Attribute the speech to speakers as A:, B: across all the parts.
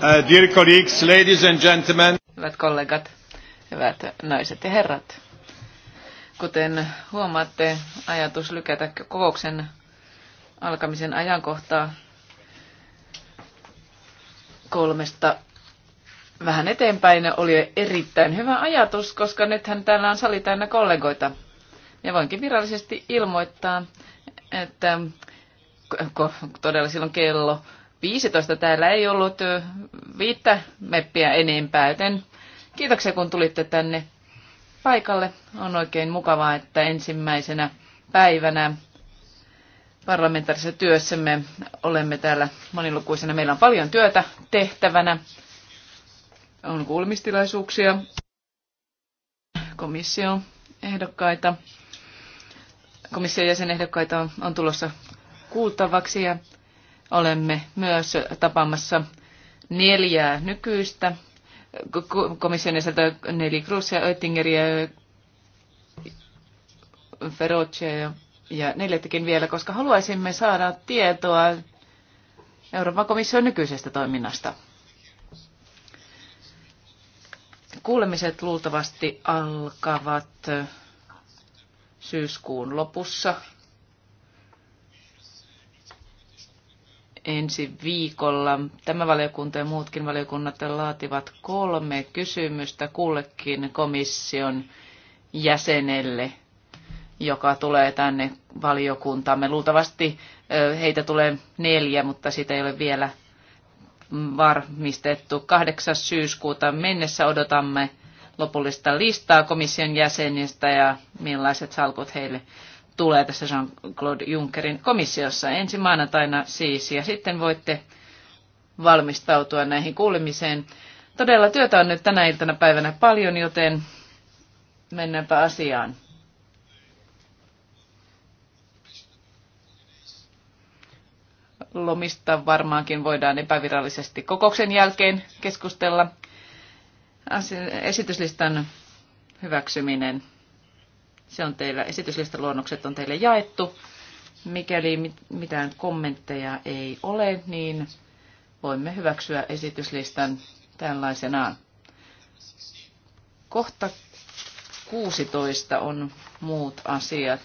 A: Uh, dear colleagues, ladies and gentlemen.
B: Hyvät kollegat, hyvät naiset ja herrat. Kuten huomaatte, ajatus lykätä kokouksen alkamisen ajankohtaa kolmesta vähän eteenpäin oli erittäin hyvä ajatus, koska nythän täällä on sali täynnä kollegoita. Ja voinkin virallisesti ilmoittaa, että todella silloin kello 15 täällä ei ollut viittä meppiä enempää, joten kiitoksia kun tulitte tänne paikalle. On oikein mukavaa, että ensimmäisenä päivänä parlamentaarisessa työssämme olemme täällä monilukuisena. Meillä on paljon työtä tehtävänä. On kuulemistilaisuuksia, komission ehdokkaita, komission jäsenehdokkaita on, on tulossa kuultavaksi ja Olemme myös tapaamassa neljää nykyistä komission jäsentä Neli Cruzia, Oettingeria, Ferrocea ja, ja neljättäkin vielä, koska haluaisimme saada tietoa Euroopan komission nykyisestä toiminnasta. Kuulemiset luultavasti alkavat syyskuun lopussa ensi viikolla. Tämä valiokunta ja muutkin valiokunnat laativat kolme kysymystä kullekin komission jäsenelle, joka tulee tänne valiokuntaamme. Luultavasti heitä tulee neljä, mutta sitä ei ole vielä varmistettu. 8. syyskuuta mennessä odotamme lopullista listaa komission jäsenistä ja millaiset salkut heille tulee tässä Jean-Claude Junckerin komissiossa ensi maanantaina siis, ja sitten voitte valmistautua näihin kuulemiseen. Todella työtä on nyt tänä iltana päivänä paljon, joten mennäänpä asiaan. Lomista varmaankin voidaan epävirallisesti kokouksen jälkeen keskustella. Esityslistan hyväksyminen se on teillä, esityslistaluonnokset on teille jaettu. Mikäli mitään kommentteja ei ole, niin voimme hyväksyä esityslistan tällaisenaan. Kohta 16 on muut asiat.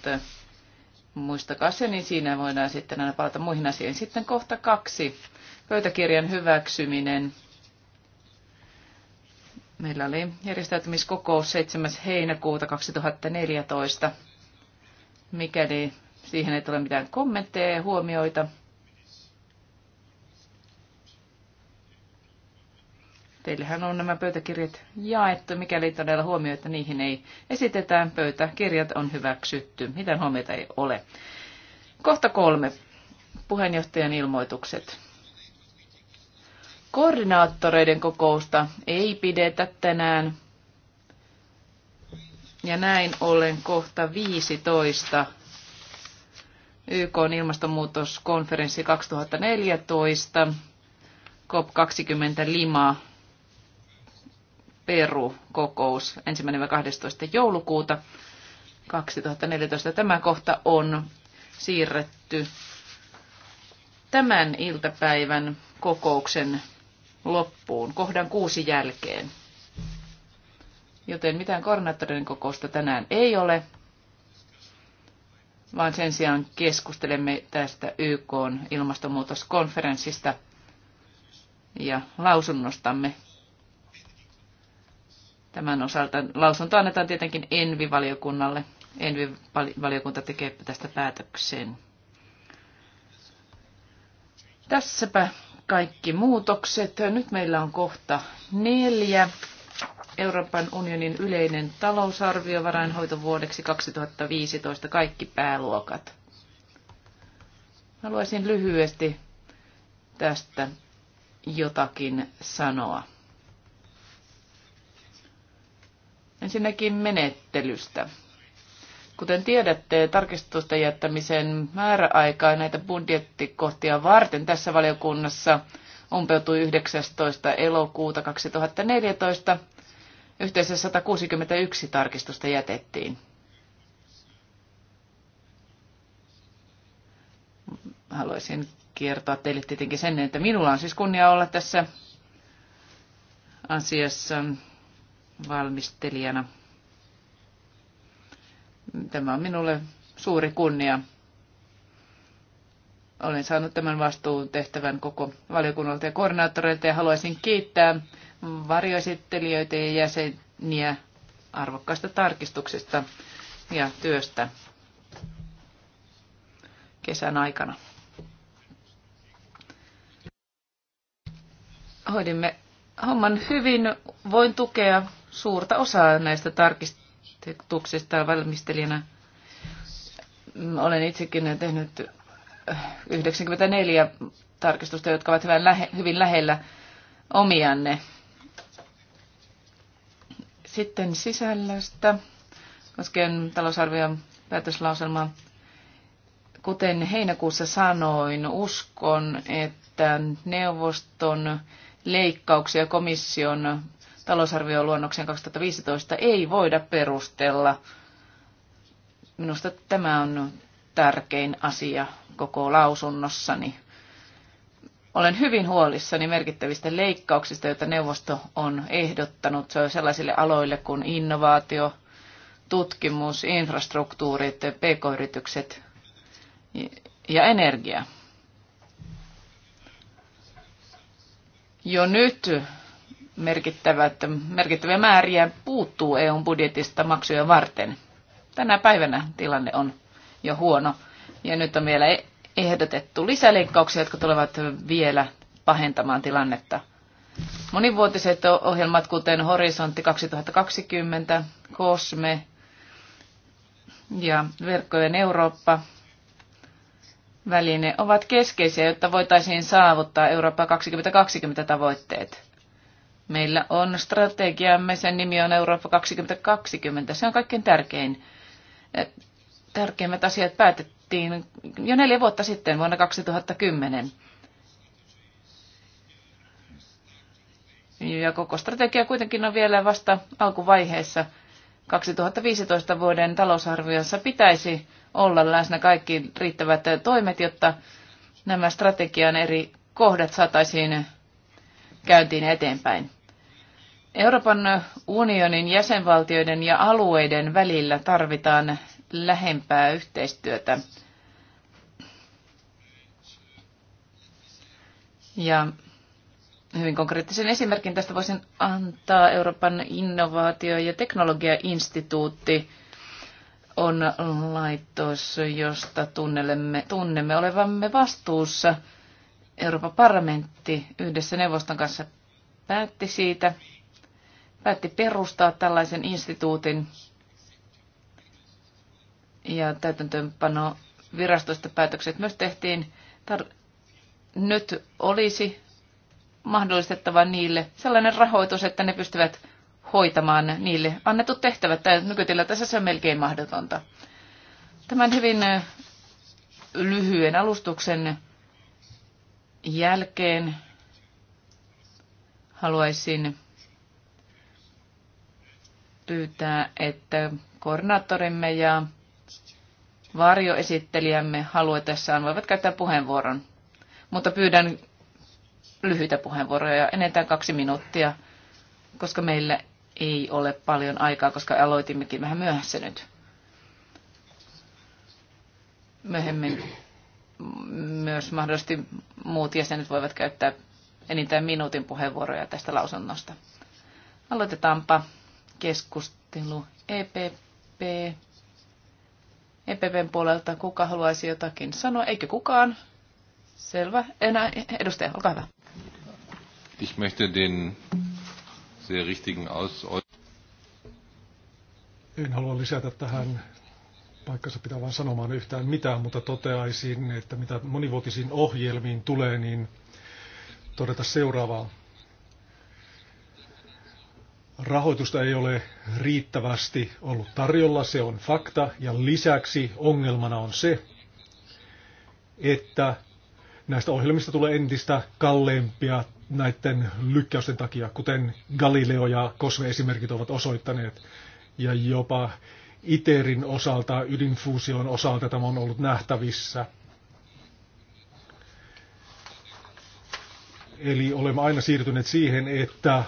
B: Muistakaa se, niin siinä voidaan sitten aina palata muihin asioihin. Sitten kohta kaksi. Pöytäkirjan hyväksyminen Meillä oli järjestäytymiskokous 7. heinäkuuta 2014. Mikäli siihen ei tule mitään kommentteja ja huomioita, Teillähän on nämä pöytäkirjat jaettu, mikäli todella huomioita niihin ei esitetään. Pöytäkirjat on hyväksytty. Mitään huomioita ei ole. Kohta kolme. Puheenjohtajan ilmoitukset. Koordinaattoreiden kokousta ei pidetä tänään. Ja näin ollen kohta 15. YK on ilmastonmuutoskonferenssi 2014, COP20 Lima, Peru kokous 1-12. joulukuuta 2014. Tämä kohta on siirretty tämän iltapäivän kokouksen loppuun, kohdan kuusi jälkeen. Joten mitään koordinaattorin kokousta tänään ei ole, vaan sen sijaan keskustelemme tästä YK ilmastonmuutoskonferenssista ja lausunnostamme. Tämän osalta lausunto annetaan tietenkin Envi-valiokunnalle. Envi-valiokunta tekee tästä päätöksen. Tässäpä kaikki muutokset. Nyt meillä on kohta neljä. Euroopan unionin yleinen talousarvio varainhoitovuodeksi 2015 kaikki pääluokat. Haluaisin lyhyesti tästä jotakin sanoa. Ensinnäkin menettelystä. Kuten tiedätte, tarkistusten jättämisen määräaikaa näitä budjettikohtia varten tässä valiokunnassa umpeutui 19. elokuuta 2014. Yhteensä 161 tarkistusta jätettiin. Haluaisin kertoa teille tietenkin sen, että minulla on siis kunnia olla tässä asiassa valmistelijana. Tämä on minulle suuri kunnia. Olen saanut tämän vastuun tehtävän koko valiokunnalta ja koordinaattoreilta ja haluaisin kiittää varjoesittelijöitä ja jäseniä arvokkaista tarkistuksista ja työstä kesän aikana. Hoidimme homman hyvin. Voin tukea suurta osaa näistä tarkistuksista tuksesta valmistelijana. Olen itsekin tehnyt 94 äh, tarkistusta, jotka ovat hyvin, lähe, hyvin lähellä omianne. Sitten sisällöstä koskien talousarvion päätöslauselmaa. Kuten heinäkuussa sanoin, uskon, että neuvoston leikkauksia komission talousarvioluonnokseen 2015 ei voida perustella. Minusta tämä on tärkein asia koko lausunnossani. Olen hyvin huolissani merkittävistä leikkauksista, joita neuvosto on ehdottanut sellaisille aloille kuin innovaatio, tutkimus, infrastruktuurit, pk-yritykset ja energia. Jo nyt merkittävät, merkittäviä määriä puuttuu EUn budjetista maksuja varten. Tänä päivänä tilanne on jo huono. Ja nyt on vielä ehdotettu lisäleikkauksia, jotka tulevat vielä pahentamaan tilannetta. Monivuotiset ohjelmat, kuten Horisontti 2020, Kosme ja Verkkojen Eurooppa, väline ovat keskeisiä, jotta voitaisiin saavuttaa Eurooppa 2020 tavoitteet. Meillä on strategiamme, sen nimi on Eurooppa 2020. Se on kaikkein tärkein. Eh, tärkeimmät asiat päätettiin jo neljä vuotta sitten, vuonna 2010. Ja koko strategia kuitenkin on vielä vasta alkuvaiheessa. 2015 vuoden talousarviossa pitäisi olla läsnä kaikki riittävät toimet, jotta nämä strategian eri kohdat saataisiin käyntiin eteenpäin. Euroopan unionin jäsenvaltioiden ja alueiden välillä tarvitaan lähempää yhteistyötä. Ja hyvin konkreettisen esimerkin tästä voisin antaa Euroopan innovaatio- ja teknologiainstituutti on laitos, josta tunnelemme, tunnemme olevamme vastuussa. Euroopan parlamentti yhdessä neuvoston kanssa päätti siitä päätti perustaa tällaisen instituutin ja täytäntöönpano virastoista päätökset myös tehtiin. Tar- nyt olisi mahdollistettava niille sellainen rahoitus, että ne pystyvät hoitamaan niille annetut tehtävät. Tämä nykytillä tässä se on melkein mahdotonta. Tämän hyvin lyhyen alustuksen jälkeen haluaisin pyytää, että koordinaattorimme ja varjoesittelijämme haluetessaan voivat käyttää puheenvuoron. Mutta pyydän lyhyitä puheenvuoroja, enintään kaksi minuuttia, koska meillä ei ole paljon aikaa, koska aloitimmekin vähän myöhässä nyt. Myöhemmin myös mahdollisesti muut jäsenet voivat käyttää enintään minuutin puheenvuoroja tästä lausunnosta. Aloitetaanpa keskustelu. EPP. EPPn puolelta kuka haluaisi jotakin sanoa? Eikö kukaan? Selvä. Enää edustaja, olkaa hyvä.
A: Ich möchte den sehr richtigen aus...
C: En halua lisätä tähän paikkansa vain sanomaan yhtään mitään, mutta toteaisin, että mitä monivuotisiin ohjelmiin tulee, niin todeta seuraavaa. Rahoitusta ei ole riittävästi ollut tarjolla, se on fakta, ja lisäksi ongelmana on se, että näistä ohjelmista tulee entistä kalleimpia näiden lykkäysten takia, kuten Galileo ja Cosme-esimerkit ovat osoittaneet, ja jopa ITERin osalta, ydinfuusion osalta tämä on ollut nähtävissä – Eli olemme aina siirtyneet siihen, että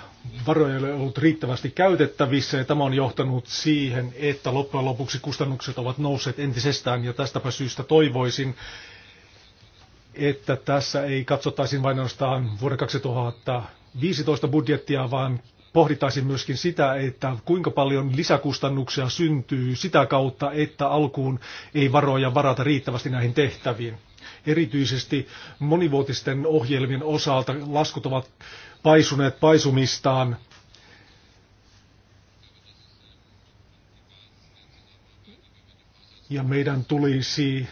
C: varoja ei ole ollut riittävästi käytettävissä ja tämä on johtanut siihen, että loppujen lopuksi kustannukset ovat nousseet entisestään ja tästäpä syystä toivoisin, että tässä ei katsottaisi vain ainoastaan vuoden 2015 budjettia, vaan pohdittaisiin myöskin sitä, että kuinka paljon lisäkustannuksia syntyy sitä kautta, että alkuun ei varoja varata riittävästi näihin tehtäviin. Erityisesti monivuotisten ohjelmien osalta laskut ovat paisuneet paisumistaan. Ja meidän tulisi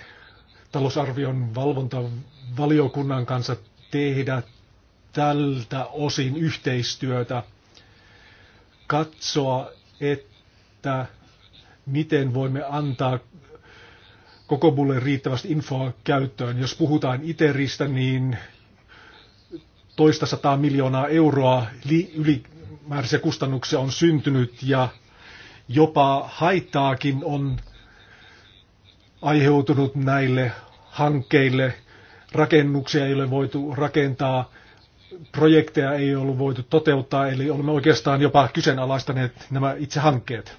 C: talousarvion valvontavaliokunnan kanssa tehdä tältä osin yhteistyötä, katsoa, että miten voimme antaa koko mulle riittävästi infoa käyttöön. Jos puhutaan ITERistä, niin toista sataa miljoonaa euroa ylimääräisiä kustannuksia on syntynyt ja jopa haittaakin on aiheutunut näille hankkeille. Rakennuksia ei ole voitu rakentaa, projekteja ei ollut voitu toteuttaa, eli olemme oikeastaan jopa kyseenalaistaneet nämä itse hankkeet.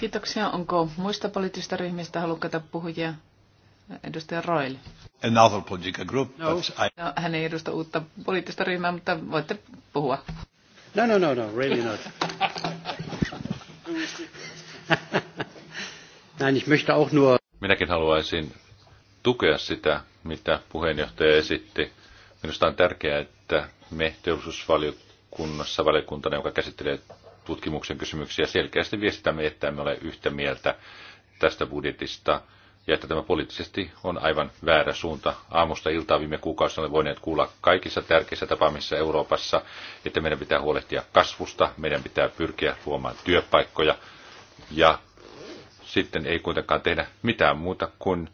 B: Kiitoksia. Onko muista poliittisista ryhmistä halukkaita puhujia? Edustaja Roil.
A: Another political group, no. I...
B: no, hän ei edusta uutta poliittista ryhmää, mutta voitte puhua. No, no, no, no, really not.
A: Nein, ich möchte auch nur... Minäkin haluaisin tukea sitä, mitä puheenjohtaja esitti. Minusta on tärkeää, että me teollisuusvaliokunnassa, valiokuntana, joka käsittelee tutkimuksen kysymyksiä. Selkeästi viestitämme, että emme ole yhtä mieltä tästä budjetista ja että tämä poliittisesti on aivan väärä suunta. Aamusta iltaa viime kuukausina olemme voineet kuulla kaikissa tärkeissä tapaamissa Euroopassa, että meidän pitää huolehtia kasvusta, meidän pitää pyrkiä luomaan työpaikkoja ja sitten ei kuitenkaan tehdä mitään muuta kuin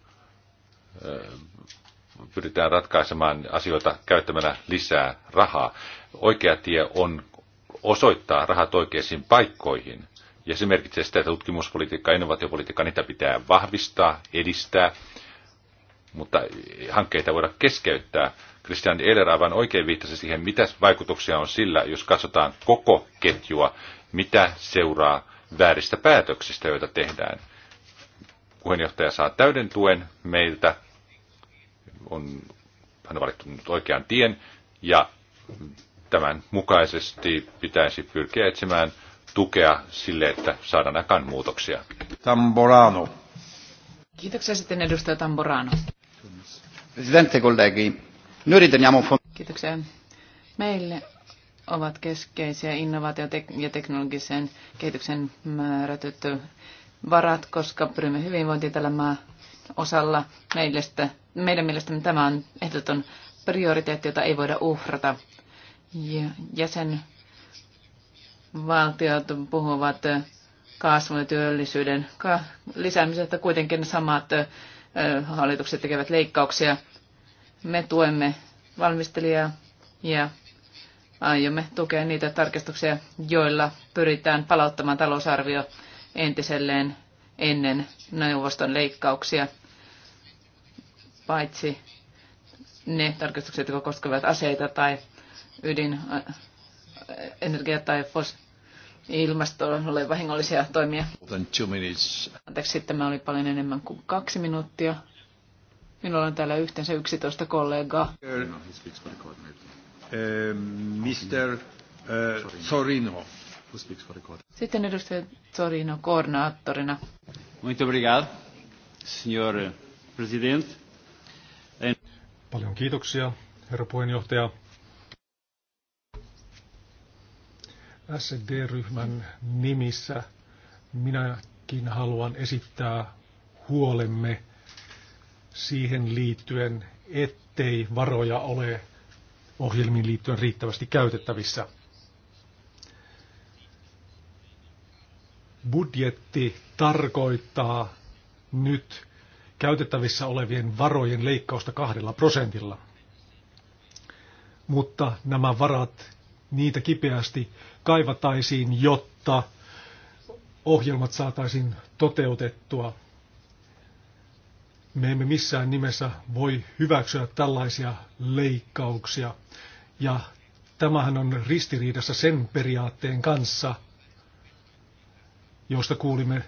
A: pyritään ratkaisemaan asioita käyttämällä lisää rahaa. Oikea tie on osoittaa rahat oikeisiin paikkoihin. Ja se merkitsee sitä, että tutkimuspolitiikka ja innovaatiopolitiikka, niitä pitää vahvistaa, edistää, mutta hankkeita voida keskeyttää. Christian Eller aivan oikein viittasi siihen, mitä vaikutuksia on sillä, jos katsotaan koko ketjua, mitä seuraa vääristä päätöksistä, joita tehdään. Puheenjohtaja saa täyden tuen meiltä, on, hän on valittu nyt oikean tien, ja tämän mukaisesti pitäisi pyrkiä etsimään tukea sille, että saadaan aikaan muutoksia.
B: Tamborano. Kiitoksia sitten edustaja Tamborano. Presidente, kollegi. Noi riteniamo... Kiitoksia. Meille ovat keskeisiä innovaatio- ja teknologisen kehityksen määrätyt varat, koska pyrimme hyvinvointiin tällä maa osalla. Meidän mielestämme tämä on ehdoton prioriteetti, jota ei voida uhrata. Ja jäsenvaltiot puhuvat kasvun ja työllisyyden lisäämisestä kuitenkin samat hallitukset tekevät leikkauksia. Me tuemme valmistelijaa ja aiomme tukea niitä tarkistuksia, joilla pyritään palauttamaan talousarvio entiselleen ennen neuvoston leikkauksia, paitsi ne tarkistukset, jotka koskevat aseita tai ydinenergia tai fos, ilmastolle vahingollisia toimia. Anteeksi, mä olin paljon enemmän kuin kaksi minuuttia. Minulla on täällä yhteensä 11 kollegaa.
A: Mr. No, Sorino.
B: Sitten edustaja Sorino koordinaattorina.
A: Muito obrigado, signor
C: president. Paljon kiitoksia, herra puheenjohtaja. SD-ryhmän nimissä minäkin haluan esittää huolemme siihen liittyen, ettei varoja ole ohjelmiin liittyen riittävästi käytettävissä. Budjetti tarkoittaa nyt käytettävissä olevien varojen leikkausta kahdella prosentilla. Mutta nämä varat, niitä kipeästi kaivataisiin, jotta ohjelmat saataisiin toteutettua. Me emme missään nimessä voi hyväksyä tällaisia leikkauksia. Ja tämähän on ristiriidassa sen periaatteen kanssa, josta kuulimme.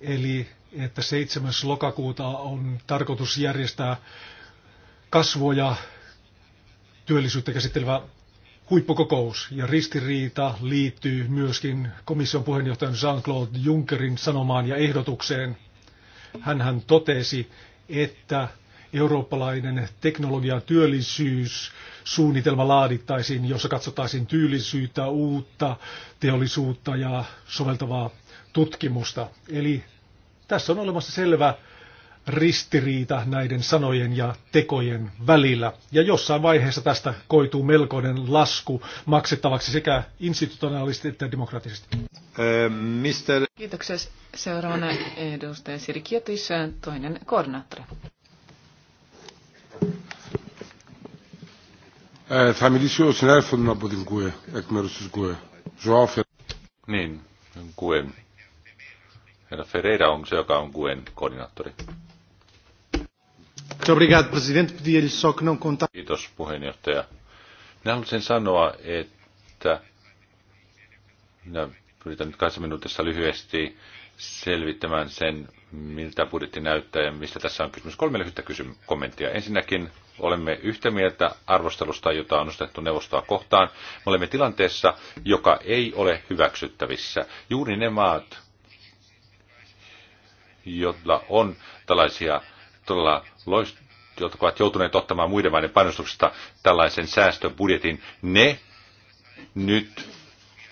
C: Eli että 7. lokakuuta on tarkoitus järjestää kasvua ja työllisyyttä käsittelevä huippukokous ja ristiriita liittyy myöskin komission puheenjohtajan Jean-Claude Junckerin sanomaan ja ehdotukseen. Hänhän totesi, että eurooppalainen teknologia työllisyys suunnitelma laadittaisiin, jossa katsottaisiin työllisyyttä uutta teollisuutta ja soveltavaa tutkimusta. Eli tässä on olemassa selvä ristiriita näiden sanojen ja tekojen välillä. Ja jossain vaiheessa tästä koituu melkoinen lasku maksettavaksi sekä institutionaalisesti että demokraattisesti.
A: Äh, mister...
B: Kiitoksia. Seuraavana edustaja Siri Kietis, toinen koordinaattori.
A: Θα μιλήσει ο συνάδελφος από την ΚΟΕ, εκ ΚΟΕ. Niin, ΚΟΕ. Herra Ferreira on se, joka on Guen koordinaattori. Kiitos puheenjohtaja. Minä haluaisin sanoa, että minä pyritän nyt kahdessa minuutissa lyhyesti selvittämään sen, miltä budjetti näyttää ja mistä tässä on kysymys. Kolme lyhyttä kysym- kommenttia. Ensinnäkin olemme yhtä mieltä arvostelusta, jota on nostettu neuvostoa kohtaan. Me olemme tilanteessa, joka ei ole hyväksyttävissä. Juuri ne maat, joilla on tällaisia todella loist, jotka ovat joutuneet ottamaan muiden maiden painostuksesta tällaisen säästöbudjetin, ne nyt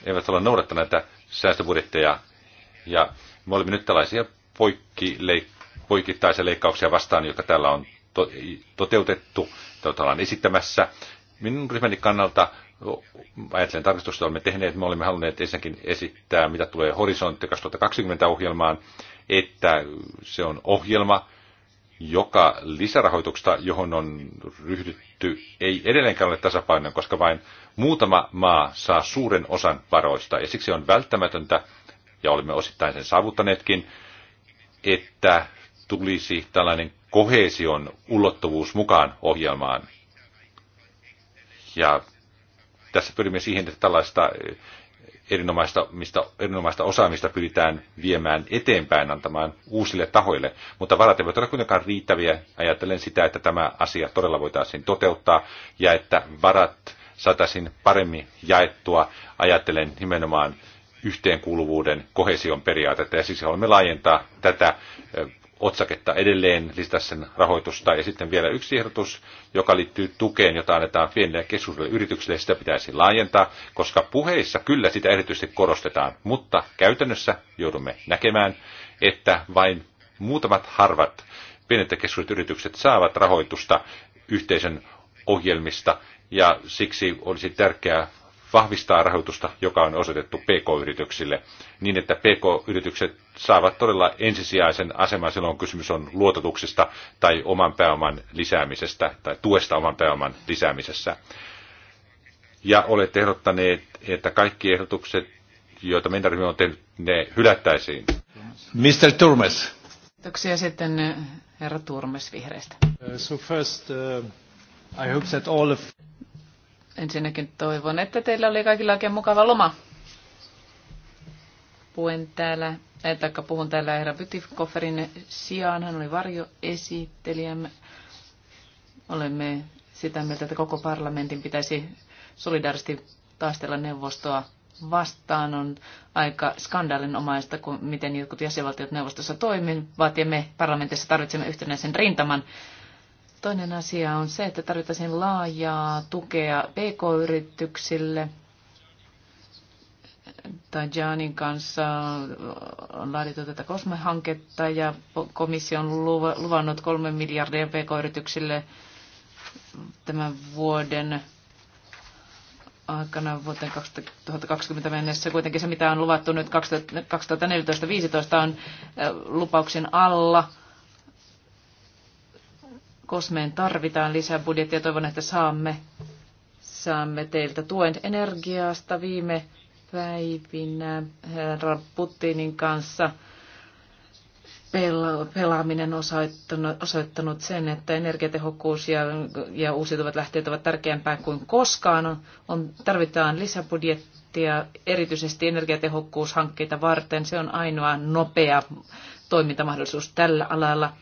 A: eivät ole noudattaneet näitä säästöbudjetteja. Ja me olemme nyt tällaisia poikkileik- poikittaisia leikkauksia vastaan, jotka täällä on to- toteutettu, joita ollaan esittämässä. Minun ryhmäni kannalta ajattelen tarkistusta olemme tehneet, me olemme halunneet ensinnäkin esittää, mitä tulee Horisontti 2020 ohjelmaan, että se on ohjelma, joka lisärahoituksesta, johon on ryhdytty, ei edelleenkään ole tasapainoinen, koska vain muutama maa saa suuren osan varoista. Ja siksi on välttämätöntä, ja olemme osittain sen saavuttaneetkin, että tulisi tällainen kohesion ulottuvuus mukaan ohjelmaan. Ja tässä pyrimme siihen, että tällaista erinomaista, mistä, erinomaista osaamista pyritään viemään eteenpäin antamaan uusille tahoille, mutta varat eivät ole kuitenkaan riittäviä. Ajattelen sitä, että tämä asia todella voitaisiin toteuttaa ja että varat saataisiin paremmin jaettua. Ajattelen nimenomaan yhteenkuuluvuuden kohesion periaatetta ja siksi haluamme laajentaa tätä otsaketta edelleen, lisätä sen rahoitusta. Ja sitten vielä yksi ehdotus, joka liittyy tukeen, jota annetaan pienille ja keskuisille yrityksille, sitä pitäisi laajentaa, koska puheissa kyllä sitä erityisesti korostetaan, mutta käytännössä joudumme näkemään, että vain muutamat harvat pienet ja keskuiset yritykset saavat rahoitusta yhteisön ohjelmista, ja siksi olisi tärkeää vahvistaa rahoitusta, joka on osoitettu PK-yrityksille, niin että PK-yritykset saavat todella ensisijaisen aseman silloin, kun kysymys on luototuksesta tai oman pääoman lisäämisestä tai tuesta oman pääoman lisäämisessä. Ja olette ehdottaneet, että kaikki ehdotukset, joita meidän ryhmä on tehnyt, ne hylättäisiin. Mr. Turmes.
B: Kiitoksia sitten eh, herra Turmes vihreistä. Uh, so first, uh,
C: I hope that all of...
B: Ensinnäkin toivon, että teillä oli kaikilla oikein mukava loma. Puhun täällä, eh, taikka puhun täällä herra Bytifkofferin sijaan. Hän oli varjoesittelijämme. Olemme sitä mieltä, että koko parlamentin pitäisi solidaristi taistella neuvostoa vastaan. On aika skandaalinomaista, kun miten jotkut jäsenvaltiot neuvostossa toimivat, ja me parlamentissa tarvitsemme yhtenäisen rintaman Toinen asia on se, että tarvittaisiin laajaa tukea pk-yrityksille. Tajanin kanssa on laadittu tätä COSME-hanketta ja komissio on luvannut kolme miljardia pk-yrityksille tämän vuoden aikana vuoteen 2020 mennessä. Kuitenkin se, mitä on luvattu nyt 2014-2015, on lupauksen alla – Kosmeen tarvitaan lisää budjettia. Toivon, että saamme, saamme teiltä tuen energiasta viime päivinä herra Putinin kanssa pelaaminen osoittanut, osoittanut sen, että energiatehokkuus ja, ja uusiutuvat lähteet ovat tärkeämpää kuin koskaan. On, on, tarvitaan lisäbudjettia erityisesti energiatehokkuushankkeita varten. Se on ainoa nopea toimintamahdollisuus tällä alalla.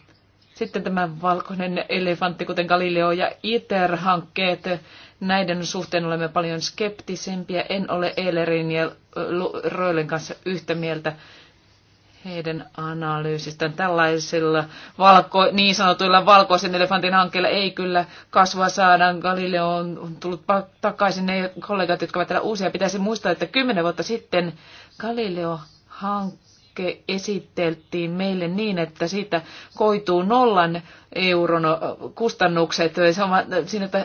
B: Sitten tämä valkoinen elefantti, kuten Galileo ja ITER-hankkeet. Näiden suhteen olemme paljon skeptisempiä. En ole Eilerin ja Roilen kanssa yhtä mieltä heidän analyysistään. Tällaisilla valko, niin sanotuilla valkoisen elefantin hankkeilla ei kyllä kasvua saada. Galileo on tullut takaisin. Ne kollegat, jotka ovat täällä uusia, pitäisi muistaa, että kymmenen vuotta sitten galileo hankkeet hanke esiteltiin meille niin, että siitä koituu nollan euron kustannukset.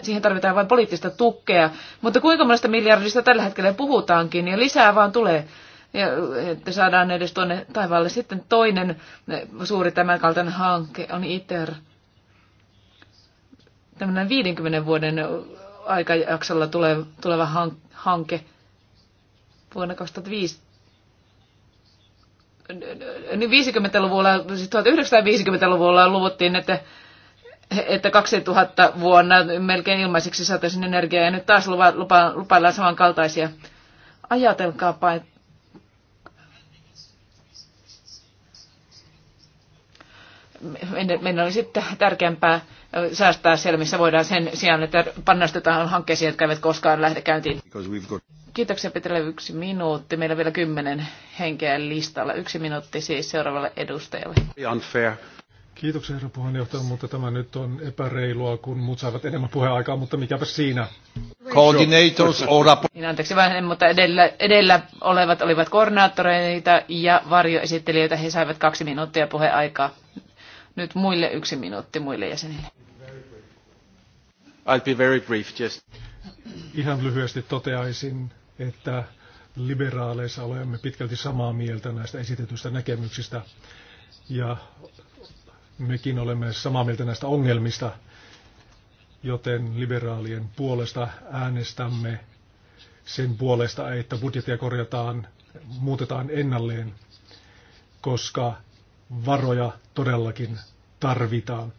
B: Siihen tarvitaan vain poliittista tukea. Mutta kuinka monesta miljardista tällä hetkellä puhutaankin ja lisää vaan tulee. Ja, että saadaan edes tuonne taivaalle. Sitten toinen suuri kaltainen hanke on ITER. Tämmöinen 50 vuoden aikajaksolla tuleva hanke vuonna 2015. 50-luvulla, niin siis 1950-luvulla luvuttiin, että, että 2000 vuonna melkein ilmaiseksi saataisiin energiaa ja nyt taas lupa, lupa, lupaillaan samankaltaisia. Ajatelkaapa, että meidän olisi tärkeämpää säästää siellä, missä voidaan sen sijaan, että pannastetaan hankkeisiin, jotka eivät koskaan lähde käyntiin. Kiitoksia Petrille yksi minuutti. Meillä on vielä kymmenen henkeä listalla. Yksi minuutti siis seuraavalle edustajalle.
C: Unfair. Kiitoksia herra puheenjohtaja, mutta tämä nyt on epäreilua, kun muut saavat enemmän puheaikaa, mutta mikäpä siinä. Coordinators or
B: niin, anteeksi vähän, mutta edellä, edellä olevat olivat koordinaattoreita ja varjoesittelijöitä. He saivat kaksi minuuttia puheaikaa. Nyt muille yksi minuutti muille jäsenille.
A: I'll be very brief, just.
C: Ihan lyhyesti toteaisin, että liberaaleissa olemme pitkälti samaa mieltä näistä esitetyistä näkemyksistä ja mekin olemme samaa mieltä näistä ongelmista, joten liberaalien puolesta äänestämme sen puolesta, että budjettia korjataan, muutetaan ennalleen, koska varoja todellakin tarvitaan.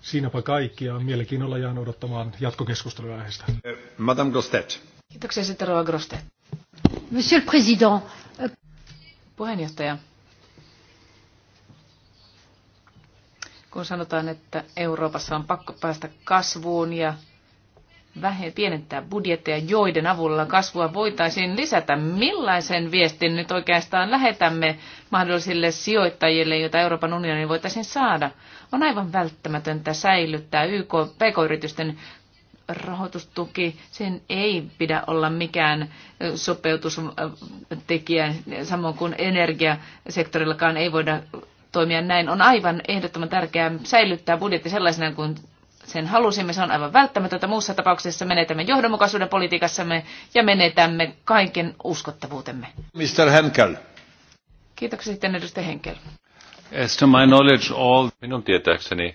C: Siinäpä kaikkia. mielenkiinnolla jään odottamaan jatkokeskustelua aiheesta. Madame Gostet.
B: Kiitoksia sitten Roa Groste. Monsieur le Président. Puheenjohtaja. Kun sanotaan, että Euroopassa on pakko päästä kasvuun ja vähen, pienentää budjetteja, joiden avulla kasvua voitaisiin lisätä. Millaisen viestin nyt oikeastaan lähetämme mahdollisille sijoittajille, joita Euroopan unioniin voitaisiin saada? On aivan välttämätöntä säilyttää YK, PK-yritysten rahoitustuki, sen ei pidä olla mikään sopeutustekijä, samoin kuin energiasektorillakaan ei voida toimia näin. On aivan ehdottoman tärkeää säilyttää budjetti sellaisena kuin sen halusimme, se on aivan välttämätöntä. Muussa tapauksessa menetämme johdonmukaisuuden politiikassamme ja menetämme kaiken uskottavuutemme. Mr. Henkel. Kiitoksia sitten edustaja Henkel.
A: As to my knowledge, all... Minun tietääkseni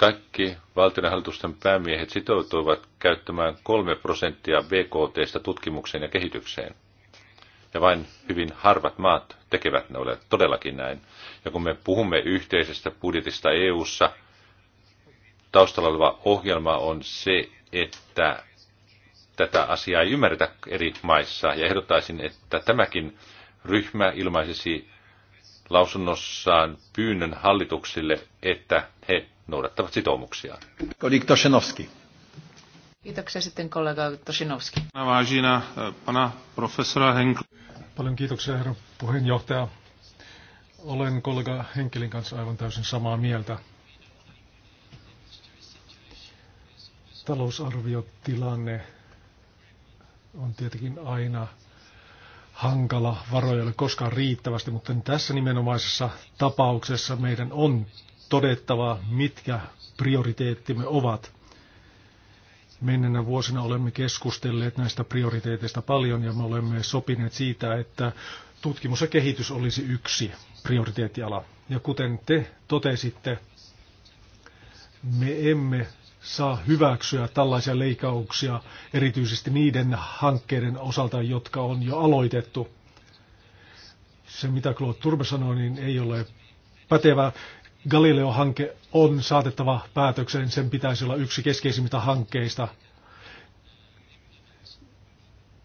A: kaikki valtionhallitusten päämiehet sitoutuivat käyttämään 3 prosenttia BKT tutkimukseen ja kehitykseen. Ja vain hyvin harvat maat tekevät ne ole todellakin näin. Ja kun me puhumme yhteisestä budjetista EU:ssa, taustalla oleva ohjelma on se, että tätä asiaa ei ymmärretä eri maissa. Ja ehdottaisin, että tämäkin ryhmä ilmaisisi lausunnossaan pyynnön hallituksille, että he noudattavat sitoumuksiaan.
C: Kodik
B: Kiitoksia sitten kollega Toshinovski.
C: Vážina eh, pana professora Henkl. Paljon kiitoksia herra puheenjohtaja. Olen kollega Henkelin kanssa aivan täysin samaa mieltä. Talousarviotilanne on tietenkin aina hankala, varoja ole koskaan riittävästi, mutta tässä nimenomaisessa tapauksessa meidän on todettava, mitkä prioriteettimme ovat. Mennenä vuosina olemme keskustelleet näistä prioriteeteista paljon ja me olemme sopineet siitä, että tutkimus ja kehitys olisi yksi prioriteettiala. Ja kuten te totesitte, me emme saa hyväksyä tällaisia leikauksia erityisesti niiden hankkeiden osalta, jotka on jo aloitettu. Se, mitä Claude Turbe sanoi, niin ei ole pätevä. Galileo-hanke on saatettava päätökseen, sen pitäisi olla yksi keskeisimmistä hankkeista.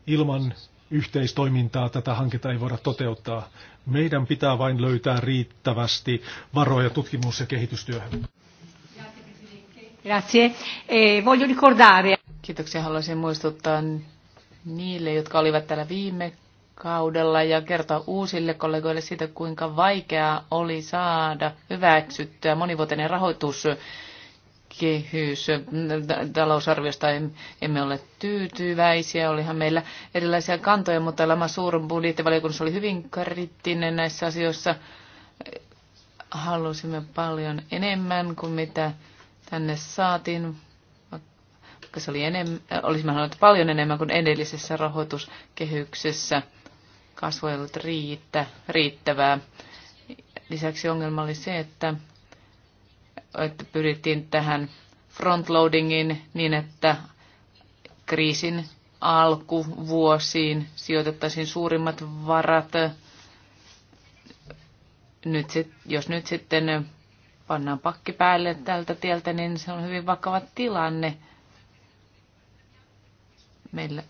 C: Ilman yhteistoimintaa tätä hanketta ei voida toteuttaa. Meidän pitää vain löytää riittävästi varoja tutkimus- ja kehitystyöhön.
B: Grazie. E, voglio ricordare. Kiitoksia. Haluaisin muistuttaa niille, jotka olivat täällä viime kaudella ja kertoa uusille kollegoille siitä, kuinka vaikeaa oli saada hyväksyttyä monivuotinen rahoitus kehys talousarviosta emme ole tyytyväisiä. Olihan meillä erilaisia kantoja, mutta Lama suurin budjettivaliokunnassa oli hyvin kriittinen näissä asioissa. Halusimme paljon enemmän kuin mitä tänne saatiin, se oli enemmän, olisimme halunneet paljon enemmän kuin edellisessä rahoituskehyksessä kasvu ei ollut riittä, riittävää. Lisäksi ongelma oli se, että, että pyrittiin tähän frontloadingin niin, että kriisin alkuvuosiin sijoitettaisiin suurimmat varat. Nyt sit, jos nyt sitten pannaan pakki päälle tältä tieltä, niin se on hyvin vakava tilanne. Meillä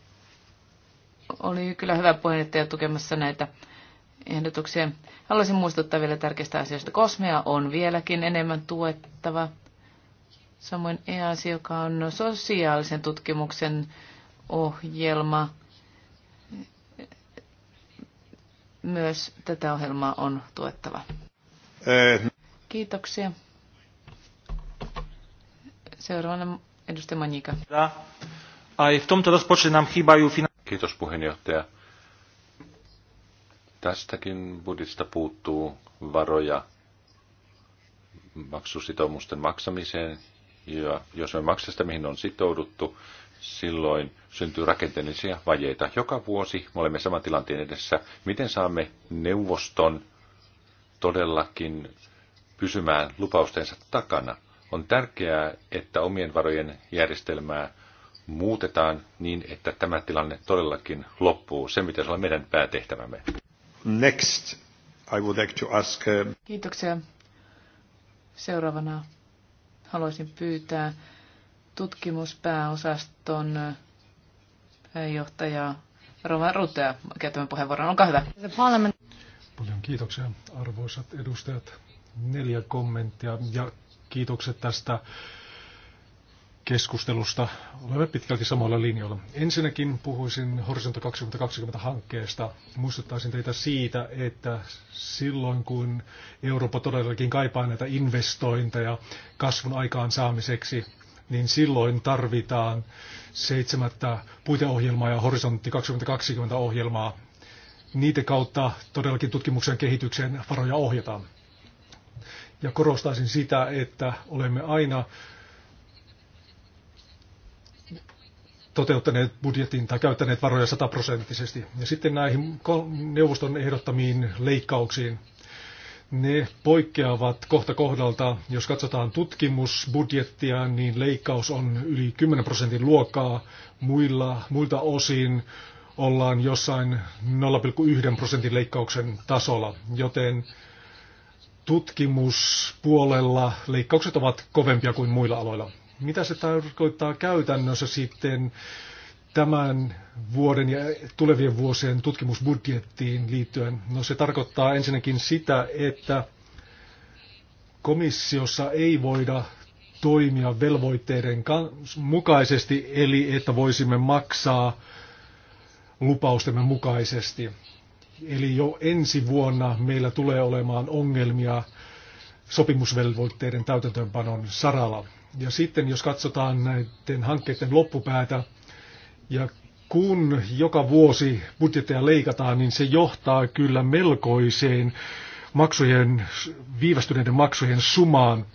B: oli kyllä hyvä puheenjohtaja tukemassa näitä ehdotuksia. Haluaisin muistuttaa vielä tärkeistä asioista. Kosmea on vieläkin enemmän tuettava. Samoin EAS, joka on sosiaalisen tutkimuksen ohjelma. Myös tätä ohjelmaa on tuettava. Kiitoksia. Seuraavana edustaja Manika.
A: Ai, w tomto rozpoczy nam chyba już Kiitos puheenjohtaja. Tästäkin budista puuttuu varoja maksusitoumusten maksamiseen, ja jos me maksasta, mihin on sitouduttu, silloin syntyy rakenteellisia vajeita. Joka vuosi me olemme saman tilanteen edessä. Miten saamme neuvoston todellakin pysymään lupaustensa takana? On tärkeää, että omien varojen järjestelmää muutetaan niin, että tämä tilanne todellakin loppuu. Se pitäisi olla meidän päätehtävämme. Next, I would like to ask... Uh,
B: kiitoksia. Seuraavana haluaisin pyytää tutkimuspääosaston pääjohtajaa uh, Rova Rutea käyttämään puheenvuoron. Olkaa hyvä.
C: Paljon kiitoksia arvoisat edustajat. Neljä kommenttia ja kiitokset tästä keskustelusta. Olemme pitkälti samoilla linjoilla. Ensinnäkin puhuisin Horisonta 2020 hankkeesta. Muistuttaisin teitä siitä, että silloin kun Eurooppa todellakin kaipaa näitä investointeja kasvun aikaan saamiseksi, niin silloin tarvitaan seitsemättä puiteohjelmaa ja Horisontti 2020 ohjelmaa. niitä kautta todellakin tutkimuksen kehitykseen varoja ohjataan. Ja korostaisin sitä, että olemme aina toteuttaneet budjetin tai käyttäneet varoja sataprosenttisesti. Ja sitten näihin neuvoston ehdottamiin leikkauksiin. Ne poikkeavat kohta kohdalta, jos katsotaan tutkimusbudjettia, niin leikkaus on yli 10 prosentin luokkaa. Muilla, muilta osin ollaan jossain 0,1 prosentin leikkauksen tasolla, joten tutkimuspuolella leikkaukset ovat kovempia kuin muilla aloilla. Mitä se tarkoittaa käytännössä sitten tämän vuoden ja tulevien vuosien tutkimusbudjettiin liittyen? No se tarkoittaa ensinnäkin sitä, että komissiossa ei voida toimia velvoitteiden mukaisesti, eli että voisimme maksaa lupaustemme mukaisesti. Eli jo ensi vuonna meillä tulee olemaan ongelmia sopimusvelvoitteiden täytäntöönpanon saralla. Ja sitten jos katsotaan näiden hankkeiden loppupäätä, ja kun joka vuosi budjetteja leikataan, niin se johtaa kyllä melkoiseen maksujen, viivästyneiden maksujen sumaan.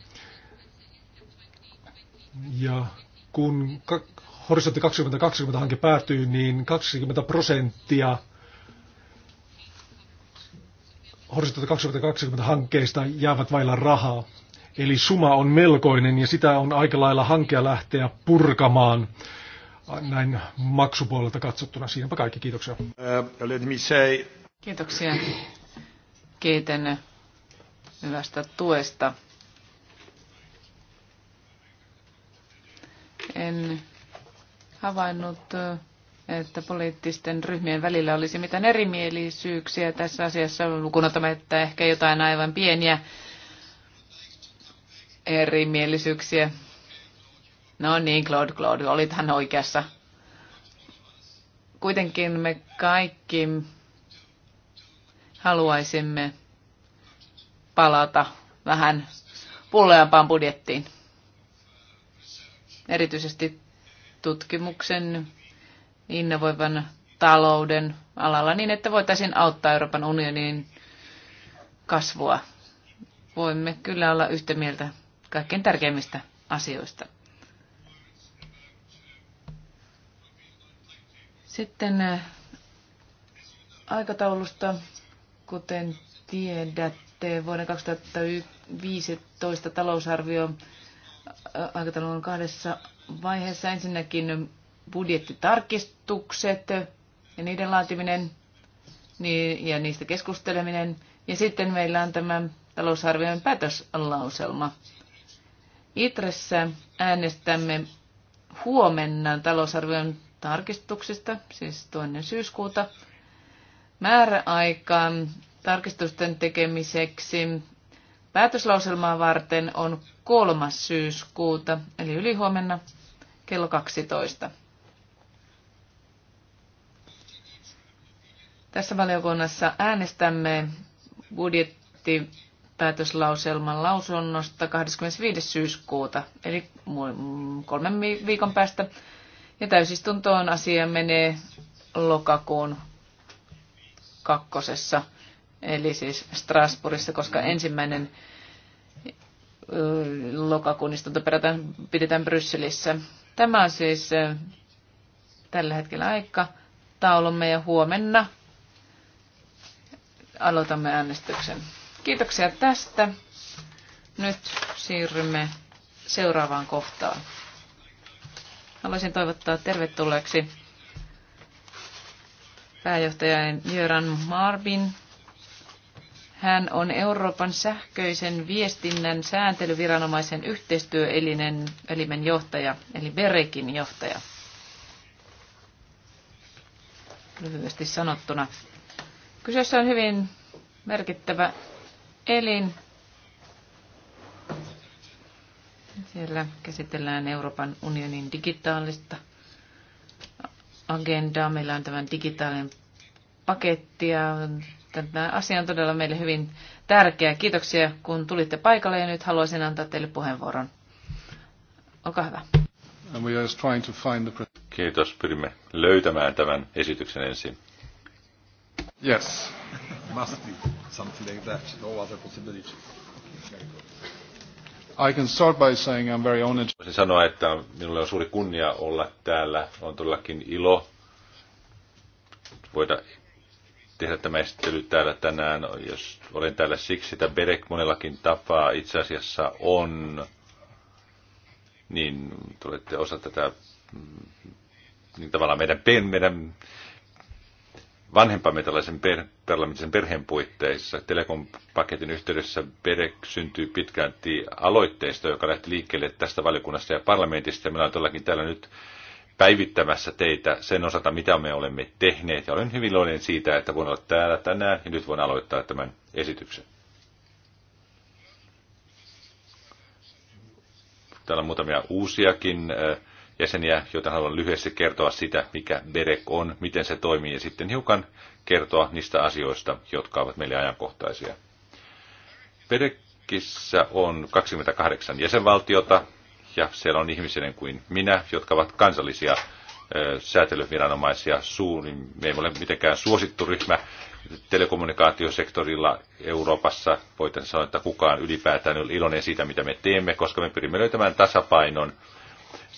C: Ja kun Horisontti 2020 hanke päättyy, niin 20 prosenttia Horisontti 2020 hankkeista jäävät vailla rahaa. Eli suma on melkoinen ja sitä on aika lailla hankea lähteä purkamaan näin maksupuolelta katsottuna. Siinäpä kaikki, kiitoksia.
A: Uh,
B: kiitoksia. Kiitän hyvästä tuesta. En havainnut, että poliittisten ryhmien välillä olisi mitään erimielisyyksiä tässä asiassa, lukunottamatta ehkä jotain aivan pieniä erimielisyyksiä. No niin, Claude, Claude, olithan oikeassa. Kuitenkin me kaikki haluaisimme palata vähän pulleampaan budjettiin. Erityisesti tutkimuksen, innovoivan talouden alalla niin, että voitaisiin auttaa Euroopan unionin kasvua. Voimme kyllä olla yhtä mieltä kaikkein tärkeimmistä asioista. Sitten äh, aikataulusta, kuten tiedätte, vuoden 2015 talousarvio äh, aikataulu on kahdessa vaiheessa. Ensinnäkin budjettitarkistukset ja niiden laatiminen ja niistä keskusteleminen. Ja sitten meillä on tämä talousarvion päätöslauselma. Itressä äänestämme huomenna talousarvion tarkistuksista, siis toinen syyskuuta. Määräaika tarkistusten tekemiseksi päätöslauselmaa varten on kolmas syyskuuta, eli ylihuomenna kello 12. Tässä valiokunnassa äänestämme budjetti päätöslauselman lausunnosta 25. syyskuuta, eli kolmen viikon päästä. Ja täysistuntoon asia menee lokakuun kakkosessa, eli siis Strasbourgissa, koska ensimmäinen lokakuun istunto pidetään Brysselissä. Tämä on siis tällä hetkellä aika taulumme ja huomenna aloitamme äänestyksen. Kiitoksia tästä. Nyt siirrymme seuraavaan kohtaan. Haluaisin toivottaa tervetulleeksi pääjohtajan Jöran Marbin. Hän on Euroopan sähköisen viestinnän sääntelyviranomaisen yhteistyöelimen johtaja, eli Berekin johtaja. Lyhyesti sanottuna. Kyseessä on hyvin merkittävä elin. Siellä käsitellään Euroopan unionin digitaalista agendaa. Meillä on tämän digitaalinen paketti ja tämä asia on todella meille hyvin tärkeä. Kiitoksia, kun tulitte paikalle ja nyt haluaisin antaa teille puheenvuoron. Olkaa hyvä.
A: Kiitos. Pyrimme löytämään tämän esityksen ensin. Yes. must be something like that, no other possibility.
C: I can start by saying I'm very honored.
A: Voisin sanoa, että minulle on suuri kunnia olla täällä. On todellakin ilo voida tehdä tämä esittely täällä tänään. Jos olen täällä siksi, että Berek monellakin tapaa itse asiassa on, niin tulette osa tätä mm, niin tavallaan meidän, meidän vanhempamme tällaisen per, parlamentin perheen puitteissa. Telekom-paketin yhteydessä PEDEC syntyi pitkälti aloitteista, joka lähti liikkeelle tästä valiokunnasta ja parlamentista. Ja minä olen todellakin täällä nyt päivittämässä teitä sen osalta, mitä me olemme tehneet. Ja olen hyvin iloinen siitä, että voin olla täällä tänään ja nyt voin aloittaa tämän esityksen. Täällä on muutamia uusiakin äh, jäseniä, joten haluan lyhyesti kertoa sitä, mikä BEREC on, miten se toimii ja sitten hiukan kertoa niistä asioista, jotka ovat meille ajankohtaisia. BERECissä on 28 jäsenvaltiota ja siellä on ihmisiä kuin minä, jotka ovat kansallisia säätelyviranomaisia suurin, me ei ole mitenkään suosittu ryhmä telekommunikaatiosektorilla Euroopassa. Voitaisiin sanoa, että kukaan ylipäätään ei ole iloinen siitä, mitä me teemme, koska me pyrimme löytämään tasapainon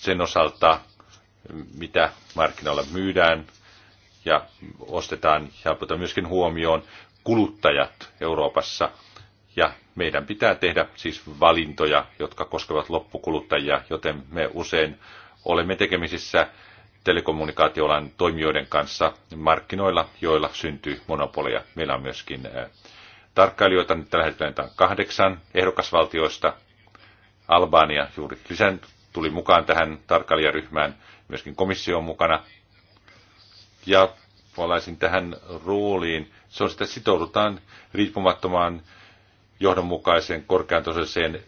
A: sen osalta, mitä markkinoilla myydään ja ostetaan ja otetaan myöskin huomioon kuluttajat Euroopassa. Ja meidän pitää tehdä siis valintoja, jotka koskevat loppukuluttajia, joten me usein olemme tekemisissä telekommunikaatioalan toimijoiden kanssa markkinoilla, joilla syntyy monopolia. Meillä on myöskin tarkkailijoita, nyt tällä hetkellä on kahdeksan ehdokasvaltioista. Albania juuri lisän, tuli mukaan tähän tarkkailijaryhmään, myöskin komissio on mukana. Ja palaisin tähän rooliin. Se on sitä sitoudutaan riippumattomaan johdonmukaiseen korkean tasoiseen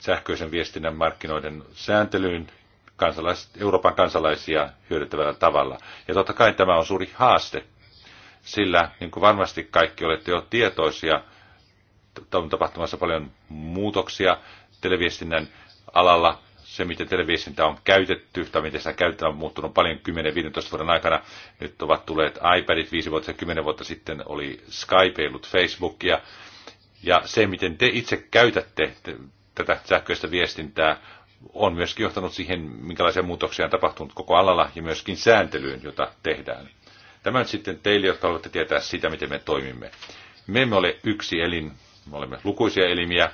A: sähköisen viestinnän markkinoiden sääntelyyn kansalais, Euroopan kansalaisia hyödyttävällä tavalla. Ja totta kai tämä on suuri haaste, sillä niin kuin varmasti kaikki olette jo tietoisia, on tapahtumassa paljon muutoksia televiestinnän alalla se, miten televisiota on käytetty tai miten sitä käytetään, on muuttunut paljon 10-15 vuoden aikana. Nyt ovat tulleet iPadit 5 vuotta ja 10 vuotta sitten oli Skype, ollut Facebookia. Ja se, miten te itse käytätte tätä sähköistä viestintää, on myöskin johtanut siihen, minkälaisia muutoksia on tapahtunut koko alalla ja myöskin sääntelyyn, jota tehdään. Tämä nyt sitten teille, jotka haluatte tietää sitä, miten me toimimme. Me emme ole yksi elin, me olemme lukuisia elimiä,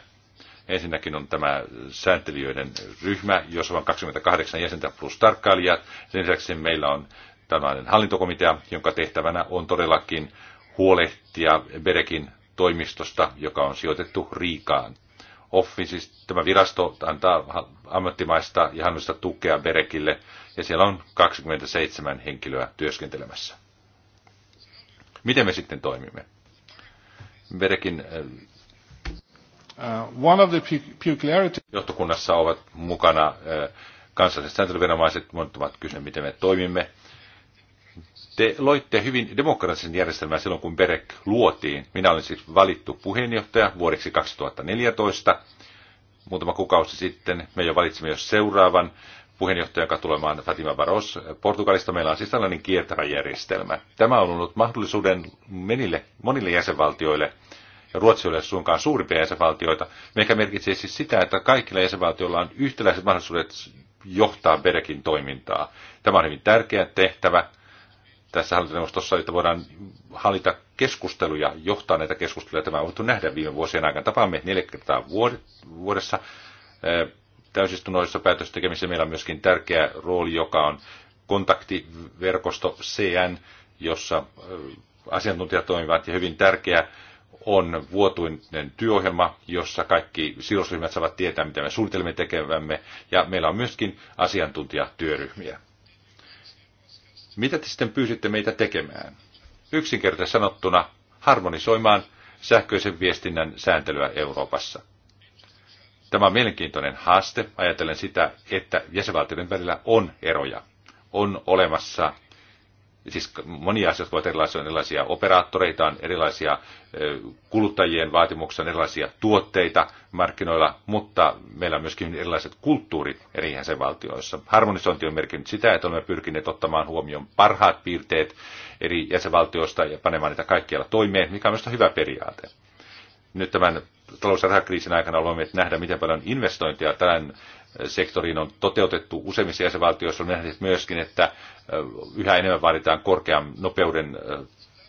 A: Ensinnäkin on tämä sääntelijöiden ryhmä, jossa on 28 jäsentä plus tarkkailijat. Sen lisäksi meillä on tällainen hallintokomitea, jonka tehtävänä on todellakin huolehtia Berekin toimistosta, joka on sijoitettu Riikaan. Office, tämä virasto antaa ammattimaista ja hallinnollista tukea Berekille, ja siellä on 27 henkilöä työskentelemässä. Miten me sitten toimimme? Berekin Uh, one of
C: the
A: Johtokunnassa ovat mukana uh, kansalliset sääntelyviranomaiset, monet ovat kysyneet, miten me toimimme. Te loitte hyvin demokraattisen järjestelmän silloin, kun BEREC luotiin. Minä olin siis valittu puheenjohtaja vuodeksi 2014. Muutama kuukausi sitten me jo valitsimme jo seuraavan puheenjohtajan tulemaan Fatima Baros Portugalista. Meillä on siis tällainen kiertävä järjestelmä. Tämä on ollut mahdollisuuden menille, monille jäsenvaltioille – ja Ruotsi ole suinkaan suurimpia jäsenvaltioita, mikä merkitsee siis sitä, että kaikilla jäsenvaltioilla on yhtäläiset mahdollisuudet johtaa Berekin toimintaa. Tämä on hyvin tärkeä tehtävä tässä hallintoneuvostossa, että voidaan hallita keskusteluja, johtaa näitä keskusteluja. Tämä on voitu nähdä viime vuosien aikana. Tapaamme neljä kertaa vuodessa eh, täysistunnoissa päätöstekemisessä. Meillä on myöskin tärkeä rooli, joka on kontaktiverkosto CN, jossa eh, asiantuntijat toimivat ja hyvin tärkeä on vuotuinen työohjelma, jossa kaikki sidosryhmät saavat tietää, mitä me suunnitelmme tekevämme, ja meillä on myöskin asiantuntijatyöryhmiä. Mitä te sitten pyysitte meitä tekemään? Yksinkertaisesti sanottuna harmonisoimaan sähköisen viestinnän sääntelyä Euroopassa. Tämä on mielenkiintoinen haaste, ajatellen sitä, että jäsenvaltioiden välillä on eroja. On olemassa siis monia asioita, voi erilaisia, on erilaisia operaattoreita, on erilaisia kuluttajien vaatimuksia, on erilaisia tuotteita markkinoilla, mutta meillä on myöskin erilaiset kulttuurit eri jäsenvaltioissa. Harmonisointi on merkinnyt sitä, että olemme pyrkineet ottamaan huomioon parhaat piirteet eri jäsenvaltioista ja panemaan niitä kaikkialla toimeen, mikä on myös hyvä periaate. Nyt tämän talous- ja rahakriisin aikana olemme nähdä, miten paljon investointeja tämän sektoriin on toteutettu useimmissa jäsenvaltioissa, on nähnyt myöskin, että yhä enemmän vaaditaan korkean nopeuden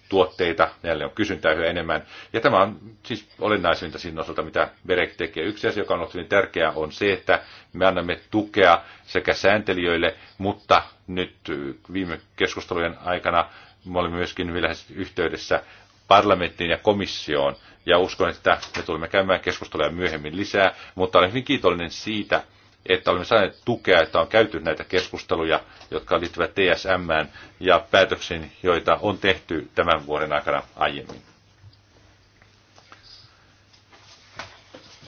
A: tuotteita, näille on kysyntää yhä enemmän. Ja tämä on siis olennaisinta siinä osalta, mitä Berek tekee. Yksi asia, joka on ollut hyvin tärkeää, on se, että me annamme tukea sekä sääntelijöille, mutta nyt viime keskustelujen aikana me olemme myöskin vielä yhteydessä parlamenttiin ja komissioon, ja uskon, että me tulemme käymään keskusteluja myöhemmin lisää, mutta olen hyvin kiitollinen siitä, että olemme saaneet tukea, että on käyty näitä keskusteluja, jotka liittyvät TSM ja päätöksiin, joita on tehty tämän vuoden aikana aiemmin.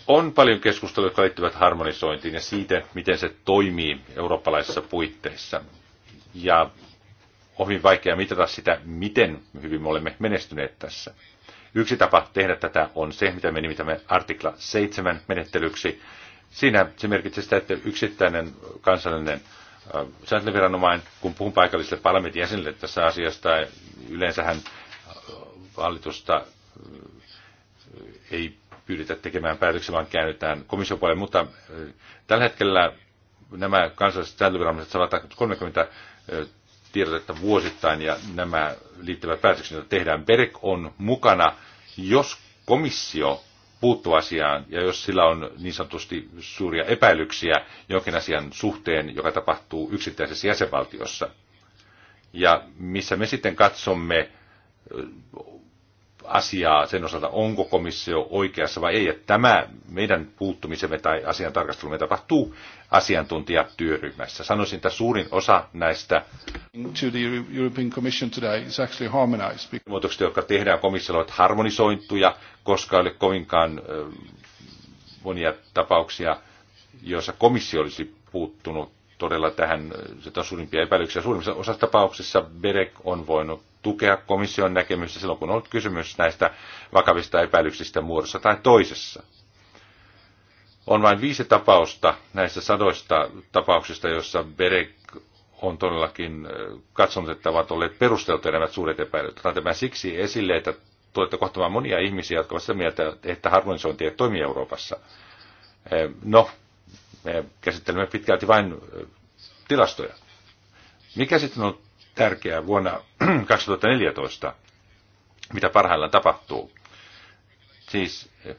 A: On paljon keskusteluja, jotka liittyvät harmonisointiin ja siitä, miten se toimii eurooppalaisissa puitteissa. Ja on hyvin vaikea mitata sitä, miten hyvin me olemme menestyneet tässä. Yksi tapa tehdä tätä on se, mitä me nimitämme artikla 7 menettelyksi, Siinä se merkitsee sitä, että yksittäinen kansallinen sääntelyviranomainen, kun puhun paikallisille parlamentin jäsenille tässä asiasta, yleensähän hallitusta ei pyydetä tekemään päätöksiä, vaan käännetään komission puolelle. Mutta tällä hetkellä nämä kansalliset sääntelyviranomaiset saavat 30 tiedotetta vuosittain ja nämä liittyvät päätökset, joita tehdään. BEREC on mukana, jos komissio puuttua asiaan, ja jos sillä on niin sanotusti suuria epäilyksiä jonkin asian suhteen, joka tapahtuu yksittäisessä jäsenvaltiossa. Ja missä me sitten katsomme, asiaa sen osalta, onko komissio oikeassa vai ei. Ja tämä meidän puuttumisemme tai asian tarkastelumme tapahtuu asiantuntijatyöryhmässä. Sanoisin, että suurin osa näistä ilmoituksista, jotka tehdään komissiolla, ovat harmonisointuja, koska ei ole kovinkaan monia tapauksia, joissa komissio olisi puuttunut todella tähän, se on suurimpia epäilyksiä. Suurimmassa osassa tapauksissa BEREC on voinut tukea komission näkemystä silloin, kun on ollut kysymys näistä vakavista epäilyksistä muodossa tai toisessa. On vain viisi tapausta näistä sadoista tapauksista, joissa BEREC on todellakin katsonut, että ovat olleet perusteltuja nämä suuret epäilyt. Otan tämän siksi esille, että tulette kohtamaan monia ihmisiä, jotka ovat sitä mieltä, että harmonisointi ei toimi Euroopassa. No, me käsittelemme pitkälti vain tilastoja. Mikä sitten on tärkeää vuonna 2014, mitä parhaillaan tapahtuu. Siis eh,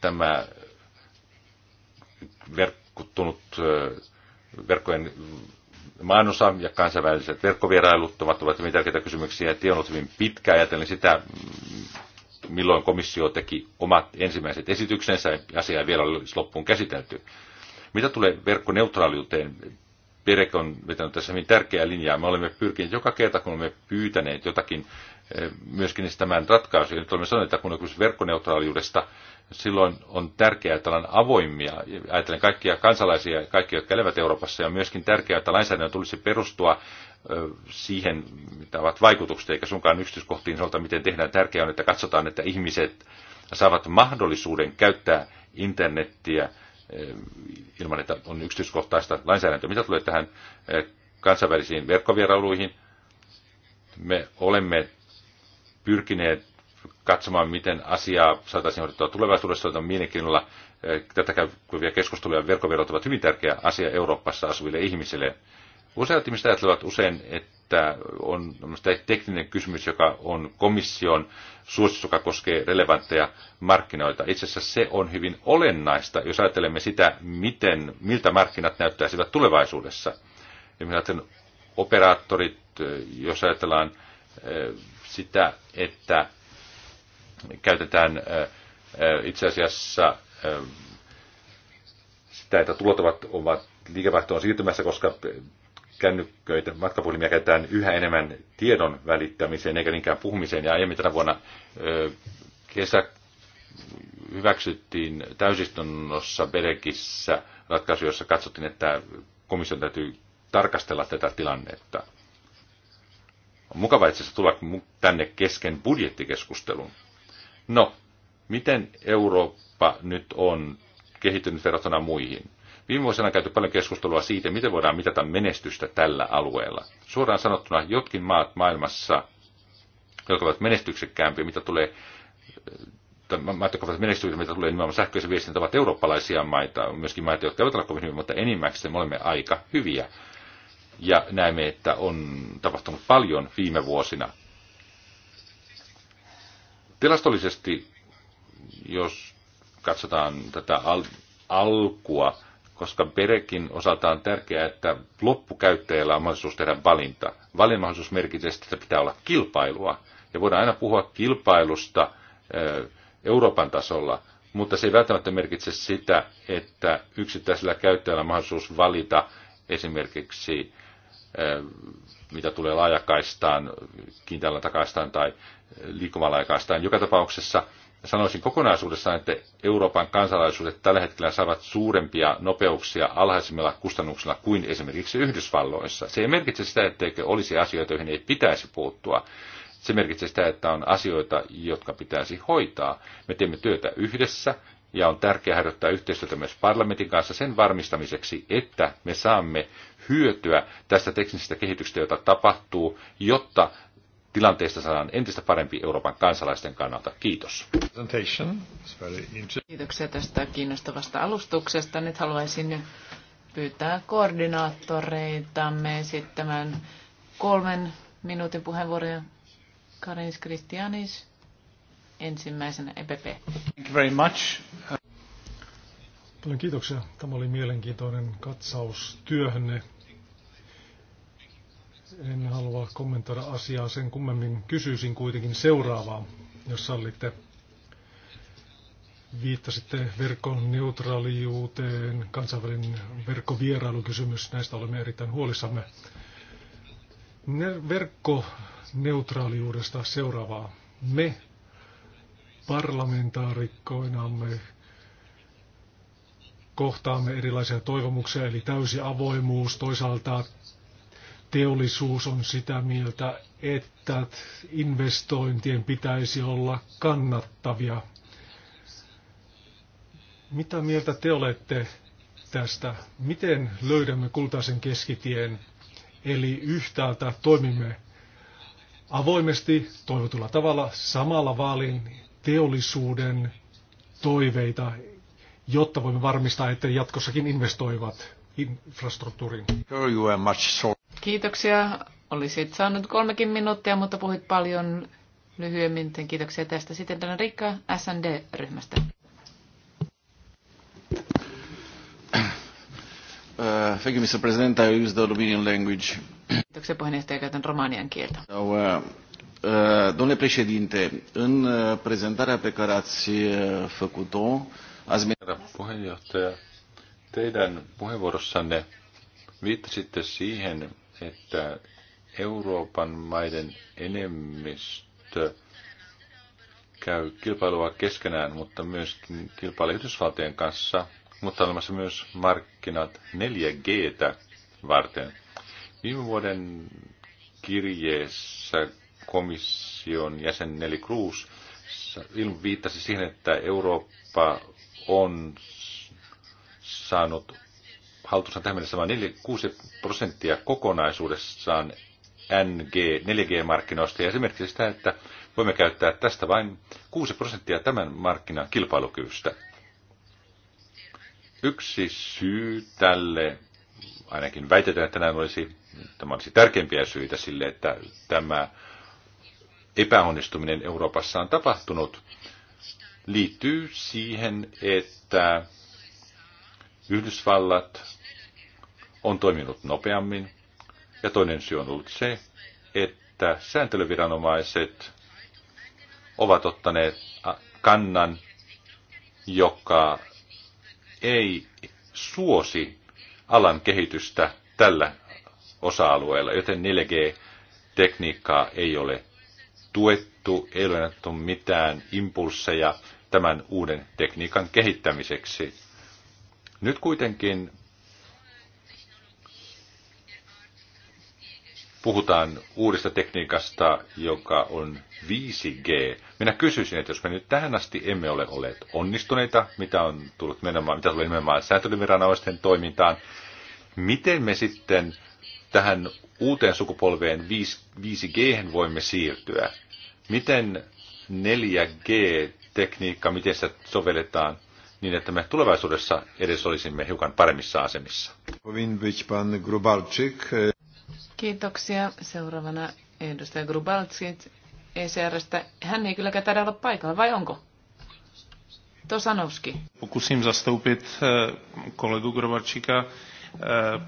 A: tämä verkkuttunut eh, verkkojen maanosa ja kansainväliset verkkovierailut ovat olleet hyvin tärkeitä kysymyksiä. Tie on ollut hyvin pitkä ajatellen sitä, mm, milloin komissio teki omat ensimmäiset esityksensä ja asia ei vielä olisi loppuun käsitelty. Mitä tulee verkkoneutraaliuteen, Pirek on vetänyt tässä hyvin tärkeää linjaa. Me olemme pyrkineet joka kerta, kun olemme pyytäneet jotakin eh, myöskin estämään ratkaisuja. Nyt olemme sanoneet, että kun on kysymys verkkoneutraaliudesta, silloin on tärkeää, että ollaan avoimia. Ajattelen kaikkia kansalaisia, kaikki, jotka elävät Euroopassa, ja myöskin tärkeää, että lainsäädännön tulisi perustua eh, siihen, mitä ovat vaikutukset, eikä sunkaan yksityiskohtiin sanotaan, miten tehdään. Tärkeää on, että katsotaan, että ihmiset saavat mahdollisuuden käyttää internettiä ilman, että on yksityiskohtaista lainsäädäntöä. Mitä tulee tähän eh, kansainvälisiin verkkovierailuihin? Me olemme pyrkineet katsomaan, miten asiaa saataisiin hoidettua tulevaisuudessa. On mielenkiinnolla eh, tätä käyviä keskusteluja. Verkkovierailut ovat hyvin tärkeä asia Euroopassa asuville ihmisille. Useat ihmiset ajattelevat usein, että on tekninen kysymys, joka on komission suositus, joka koskee relevantteja markkinoita. Itse asiassa se on hyvin olennaista, jos ajattelemme sitä, miten, miltä markkinat näyttäisivät tulevaisuudessa. Ja minä ajattelen operaattorit, jos ajatellaan eh, sitä, että käytetään eh, itse asiassa eh, sitä, että tulot ovat, ovat liikevaihtoon siirtymässä, koska kännyköitä, matkapuhelimia käytetään yhä enemmän tiedon välittämiseen eikä niinkään puhumiseen. Ja aiemmin tänä vuonna kesä hyväksyttiin täysistunnossa Berekissä ratkaisu, jossa katsottiin, että komission täytyy tarkastella tätä tilannetta. On mukava itse asiassa tulla tänne kesken budjettikeskustelun. No, miten Eurooppa nyt on kehittynyt verrattuna muihin? Viime vuosina on käyty paljon keskustelua siitä, miten voidaan mitata menestystä tällä alueella. Suoraan sanottuna jotkin maat maailmassa, jotka ovat menestyksekkäämpiä, mitä tulee maat, jotka ovat menestyviä, mitä tulee nimenomaan sähköisen viestintä, ovat eurooppalaisia maita, myöskin maita, jotka eivät ole kovin hyviä, mutta enimmäkseen me olemme aika hyviä. Ja näemme, että on tapahtunut paljon viime vuosina. Tilastollisesti, jos katsotaan tätä al- alkua, koska Berekin osalta on tärkeää, että loppukäyttäjällä on mahdollisuus tehdä valinta. Valinmahdollisuus merkitsee, että pitää olla kilpailua. Ja voidaan aina puhua kilpailusta eh, Euroopan tasolla, mutta se ei välttämättä merkitse sitä, että yksittäisellä käyttäjällä on mahdollisuus valita esimerkiksi eh, mitä tulee laajakaistaan, kiinteällä takaistaan tai eh, liikkumalaikaistaan. Joka tapauksessa sanoisin kokonaisuudessaan, että Euroopan kansalaisuudet tällä hetkellä saavat suurempia nopeuksia alhaisimmilla kustannuksilla kuin esimerkiksi Yhdysvalloissa. Se ei merkitse sitä, etteikö olisi asioita, joihin ei pitäisi puuttua. Se merkitsee sitä, että on asioita, jotka pitäisi hoitaa. Me teemme työtä yhdessä ja on tärkeää harjoittaa yhteistyötä myös parlamentin kanssa sen varmistamiseksi, että me saamme hyötyä tästä teknisestä kehityksestä, jota tapahtuu, jotta tilanteesta saadaan entistä parempi Euroopan kansalaisten kannalta. Kiitos.
B: Kiitoksia tästä kiinnostavasta alustuksesta. Nyt haluaisin pyytää koordinaattoreitamme esittämään kolmen minuutin puheenvuoroja. Karins Kristianis, ensimmäisenä EPP. Thank
C: you very much. Paljon kiitoksia. Tämä oli mielenkiintoinen katsaus työhönne en halua kommentoida asiaa sen kummemmin. Kysyisin kuitenkin seuraavaa, jos sallitte. Viittasitte verkon neutraaliuteen kansainvälinen verkkovierailukysymys, näistä olemme erittäin huolissamme. Verkkoneutraaliudesta seuraavaa. Me parlamentaarikkoinamme kohtaamme erilaisia toivomuksia, eli täysi avoimuus, toisaalta teollisuus on sitä mieltä, että investointien pitäisi olla kannattavia. Mitä mieltä te olette tästä? Miten löydämme kultaisen keskitien? Eli yhtäältä toimimme avoimesti toivotulla tavalla samalla vaalin teollisuuden toiveita, jotta voimme varmistaa, että jatkossakin investoivat infrastruktuuriin.
B: Kiitoksia. Olisit saanut kolmekin minuuttia, mutta puhuit paljon lyhyemmin. Kiitoksia tästä. Sitten tänne Rikka SND-ryhmästä.
C: Uh, thank you, Mr. President. I use the Romanian language.
B: Kiitoksia puheenjohtaja, käytän romanian kieltä.
C: So, uh, uh, domnule președinte, în uh, prezentarea pe care ați uh, făcut-o, ați...
A: menționat... puheenjohtaja, teidän puheenvuorossanne viittasitte siihen, että Euroopan maiden enemmistö käy kilpailua keskenään, mutta myös kilpailu Yhdysvaltojen kanssa, mutta olemassa myös markkinat 4 g varten. Viime vuoden kirjeessä komission jäsen Neli Cruz viittasi siihen, että Eurooppa on saanut haltuunsa tähän mennessä vain 6 prosenttia kokonaisuudessaan NG, 4G-markkinoista ja esimerkiksi sitä, että voimme käyttää tästä vain 6 prosenttia tämän markkinan kilpailukyvystä. Yksi syy tälle, ainakin väitetään, että näin olisi, tämä olisi tärkeimpiä syitä sille, että tämä epäonnistuminen Euroopassa on tapahtunut, liittyy siihen, että Yhdysvallat on toiminut nopeammin. Ja toinen syy on ollut se, että sääntelyviranomaiset ovat ottaneet kannan, joka ei suosi alan kehitystä tällä osa-alueella, joten 4G-tekniikkaa ei ole tuettu, ei ole annettu mitään impulseja tämän uuden tekniikan kehittämiseksi. Nyt kuitenkin puhutaan uudesta tekniikasta, joka on 5G. Minä kysyisin, että jos me nyt tähän asti emme ole olleet onnistuneita, mitä on tullut menemään, mitä tulee nimenomaan säätelyviranomaisten toimintaan, miten me sitten tähän uuteen sukupolveen 5G voimme siirtyä? Miten 4G-tekniikka, miten se sovelletaan niin, että me tulevaisuudessa edes olisimme hiukan paremmissa asemissa?
B: Kiitoksia. Seuraavana edustaja Grubaltsit ECRstä. Hän ei kylläkään taida olla paikalla, vai onko? Tosanovski.
C: Pokusim zastoupit eh, kolegu Grobarčika. Eh,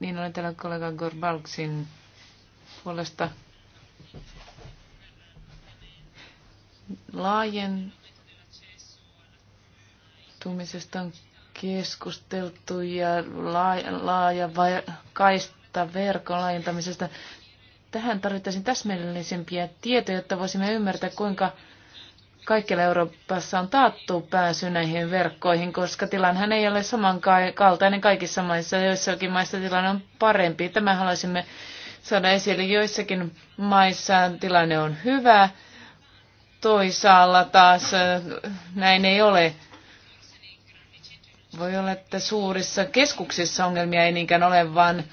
B: niin olen täällä kollega Gorbalksin puolesta laajentumisesta on keskusteltu ja laaja, laaja vai, kaista verkon laajentamisesta. Tähän tarvittaisiin täsmällisempiä tietoja, jotta voisimme ymmärtää, kuinka kaikilla Euroopassa on taattu pääsy näihin verkkoihin, koska tilannehan ei ole samankaltainen kaikissa maissa. Joissakin maissa tilanne on parempi. Tämä haluaisimme saada esille. Joissakin maissa tilanne on hyvä, toisaalla taas näin ei ole. Voi olla, että suurissa keskuksissa ongelmia ei niinkään ole, vaan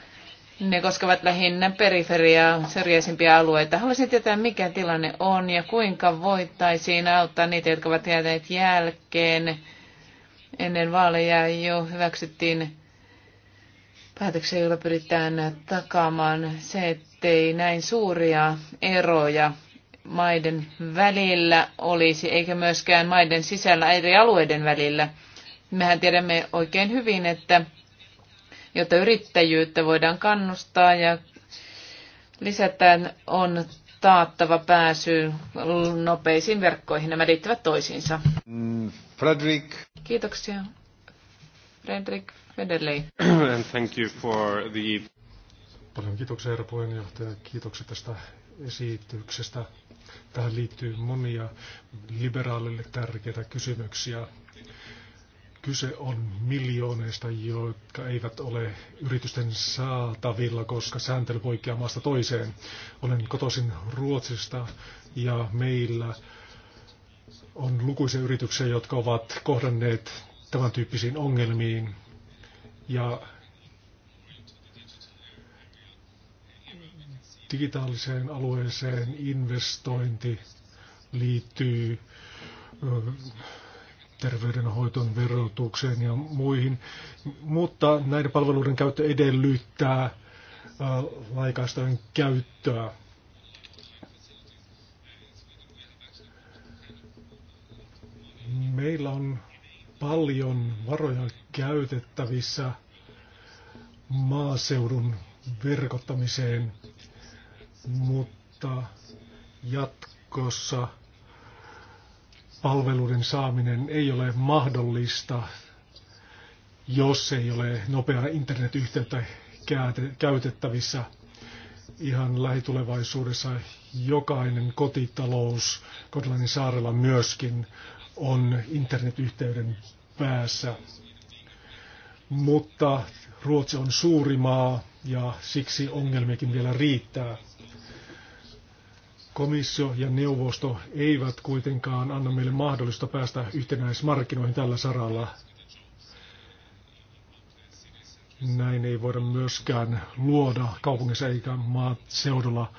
B: ne koskevat lähinnä periferiaa, syrjäisimpiä alueita. Haluaisin tietää, mikä tilanne on ja kuinka voitaisiin auttaa niitä, jotka ovat jääneet jälkeen. Ennen vaaleja jo hyväksyttiin päätöksiä, joilla pyritään takaamaan se, ettei näin suuria eroja maiden välillä olisi, eikä myöskään maiden sisällä eri alueiden välillä – Mehän tiedämme oikein hyvin, että jotta yrittäjyyttä voidaan kannustaa ja lisätään, on taattava pääsy nopeisiin verkkoihin. Nämä liittyvät toisiinsa. Mm, Fredrik. Kiitoksia. Fredrik Federley.
C: And thank you for the... Paljon kiitoksia herra puheenjohtaja. Kiitoksia tästä esityksestä. Tähän liittyy monia liberaalille tärkeitä kysymyksiä. Kyse on miljooneista, jotka eivät ole yritysten saatavilla, koska sääntely poikkeaa maasta toiseen. Olen kotoisin Ruotsista ja meillä on lukuisia yrityksiä, jotka ovat kohdanneet tämän tyyppisiin ongelmiin. Ja digitaaliseen alueeseen investointi liittyy terveydenhoitoon, verotukseen ja muihin. Mutta näiden palveluiden käyttö edellyttää laikaistojen käyttöä. Meillä on paljon varoja käytettävissä maaseudun verkottamiseen, mutta jatkossa – palveluiden saaminen ei ole mahdollista, jos ei ole nopeaa internetyhteyttä käytettävissä. Ihan lähitulevaisuudessa jokainen kotitalous Kotlannin saarella myöskin on internetyhteyden päässä. Mutta Ruotsi on suuri maa ja siksi ongelmiakin vielä riittää. Komissio ja neuvosto eivät kuitenkaan anna meille mahdollisuutta päästä yhtenäismarkkinoihin tällä saralla. Näin ei voida myöskään luoda kaupungissa eikä maaseudulla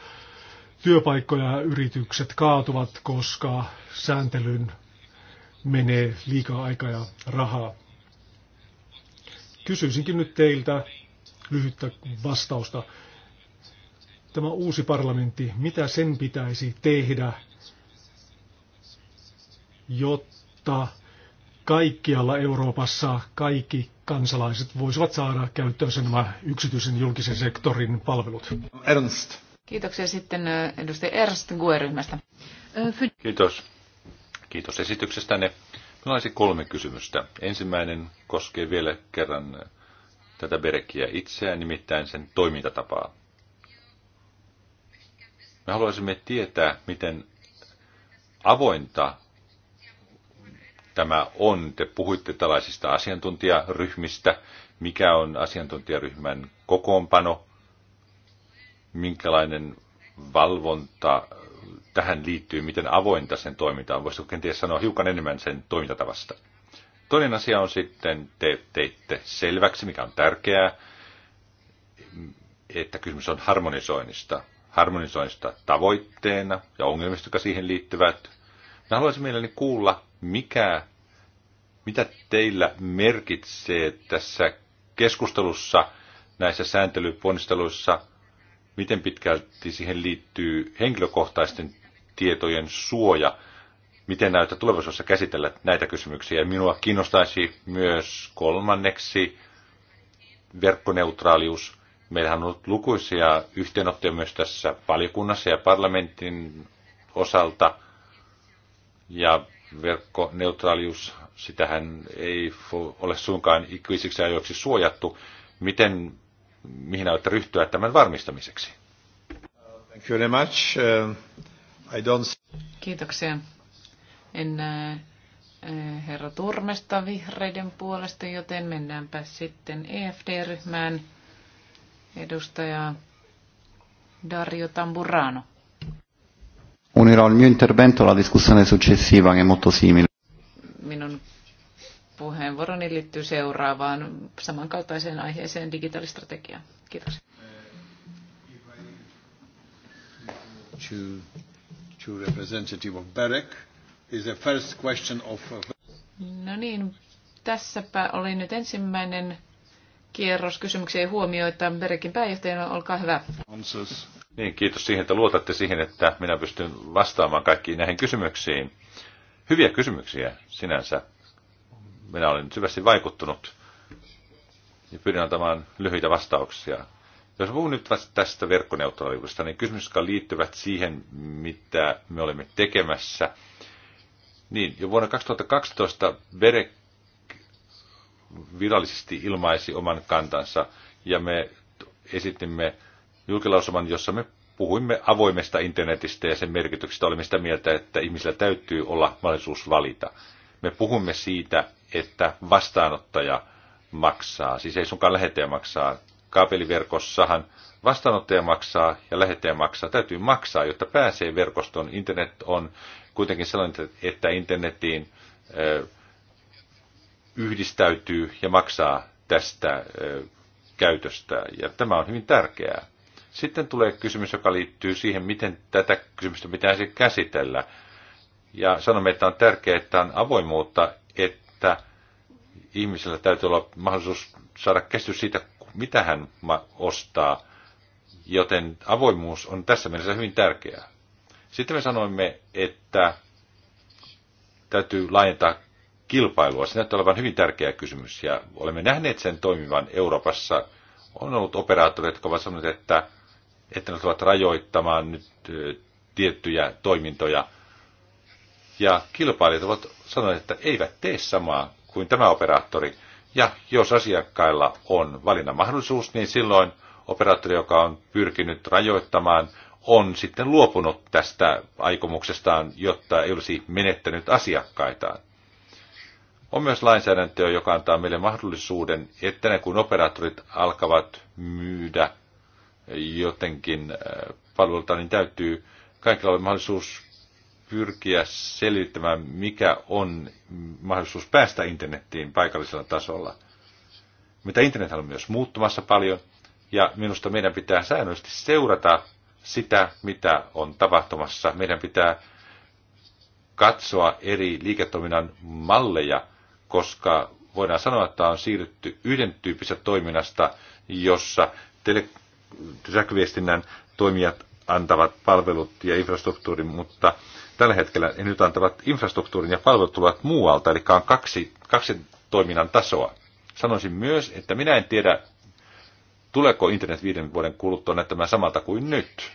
C: työpaikkoja ja yritykset kaatuvat, koska sääntelyn menee liikaa aikaa ja rahaa. Kysyisinkin nyt teiltä lyhyttä vastausta tämä uusi parlamentti, mitä sen pitäisi tehdä, jotta kaikkialla Euroopassa kaikki kansalaiset voisivat saada käyttöönsä nämä yksityisen julkisen sektorin palvelut. Ernst.
B: Kiitoksia sitten äh, edustaja Ernst GUE-ryhmästä. Äh,
A: Kiitos. Kiitos esityksestänne. Minulla olisi kolme kysymystä. Ensimmäinen koskee vielä kerran tätä Berekkiä itseään, nimittäin sen toimintatapaa. Me haluaisimme tietää, miten avointa tämä on. Te puhuitte tällaisista asiantuntijaryhmistä. Mikä on asiantuntijaryhmän kokoonpano? Minkälainen valvonta tähän liittyy? Miten avointa sen toiminta on? Voisitko kenties sanoa hiukan enemmän sen toimintatavasta? Toinen asia on sitten, te teitte selväksi, mikä on tärkeää, että kysymys on harmonisoinnista harmonisoinnista tavoitteena ja ongelmista, jotka siihen liittyvät. Mä haluaisin mielelläni kuulla, mikä, mitä teillä merkitsee tässä keskustelussa näissä sääntelyponnisteluissa, miten pitkälti siihen liittyy henkilökohtaisten tietojen suoja, miten näitä tulevaisuudessa käsitellä näitä kysymyksiä. Ja minua kiinnostaisi myös kolmanneksi verkkoneutraalius. Meillähän on ollut lukuisia yhteenottoja myös tässä valiokunnassa ja parlamentin osalta. Ja verkkoneutraalius, sitähän ei ole suinkaan ikuisiksi ajoiksi suojattu. Miten, mihin aiotte ryhtyä tämän varmistamiseksi? Thank you very much. Um,
C: I don't...
B: Kiitoksia. En näe eh, herra Turmesta vihreiden puolesta, joten mennäänpä sitten EFD-ryhmään. Edustaja Dario Tamburrano.
A: Unirò il mio intervento alla discussione successiva che è molto simile.
B: Minun puheenvuoroni liittyy seuraavaan samankaltaiseen aiheeseen digitaalistrategiaan. Kiitos. No niin, tässäpä oli nyt ensimmäinen kierros kysymyksiä ja huomioita Berekin pääjohtajana. Olkaa hyvä.
A: Niin, kiitos siihen, että luotatte siihen, että minä pystyn vastaamaan kaikkiin näihin kysymyksiin. Hyviä kysymyksiä sinänsä. Minä olen syvästi vaikuttunut ja pyrin antamaan lyhyitä vastauksia. Jos puhun nyt tästä verkkoneutraaliudesta, niin kysymykset, jotka liittyvät siihen, mitä me olemme tekemässä, niin jo vuonna 2012 Berek virallisesti ilmaisi oman kantansa ja me esitimme julkilausuman, jossa me puhuimme avoimesta internetistä ja sen merkityksestä. Olemme sitä mieltä, että ihmisillä täytyy olla mahdollisuus valita. Me puhumme siitä, että vastaanottaja maksaa, siis ei sunkaan lähettäjä maksaa. Kaapeliverkossahan vastaanottaja maksaa ja lähettäjä maksaa. Täytyy maksaa, jotta pääsee verkostoon. Internet on kuitenkin sellainen, että internetiin yhdistäytyy ja maksaa tästä käytöstä. Ja tämä on hyvin tärkeää. Sitten tulee kysymys, joka liittyy siihen, miten tätä kysymystä pitäisi käsitellä. Ja sanomme, että on tärkeää, että on avoimuutta, että ihmisellä täytyy olla mahdollisuus saada käsitys siitä, mitä hän ostaa. Joten avoimuus on tässä mielessä hyvin tärkeää. Sitten me sanoimme, että täytyy laajentaa kilpailua. Se näyttää olevan hyvin tärkeä kysymys ja olemme nähneet sen toimivan Euroopassa. On ollut operaattoreita, jotka ovat sanoneet, että, että ne tulevat rajoittamaan nyt tiettyjä toimintoja. Ja kilpailijat ovat sanoneet, että eivät tee samaa kuin tämä operaattori. Ja jos asiakkailla on valinnan mahdollisuus, niin silloin operaattori, joka on pyrkinyt rajoittamaan, on sitten luopunut tästä aikomuksestaan, jotta ei olisi menettänyt asiakkaitaan. On myös lainsäädäntöä, joka antaa meille mahdollisuuden, että ne kun operaattorit alkavat myydä jotenkin äh, palveluita, niin täytyy kaikilla olla mahdollisuus pyrkiä selvittämään, mikä on mahdollisuus päästä internettiin paikallisella tasolla. Mitä internet on myös muuttumassa paljon, ja minusta meidän pitää säännöllisesti seurata sitä, mitä on tapahtumassa. Meidän pitää katsoa eri liiketoiminnan malleja koska voidaan sanoa, että on siirrytty yhden tyyppisestä toiminnasta, jossa tele- sähköviestinnän toimijat antavat palvelut ja infrastruktuurin, mutta tällä hetkellä he nyt antavat infrastruktuurin ja palvelut tulevat muualta, eli on kaksi, kaksi toiminnan tasoa. Sanoisin myös, että minä en tiedä, tuleeko internet viiden vuoden kuluttua näyttämään samalta kuin nyt.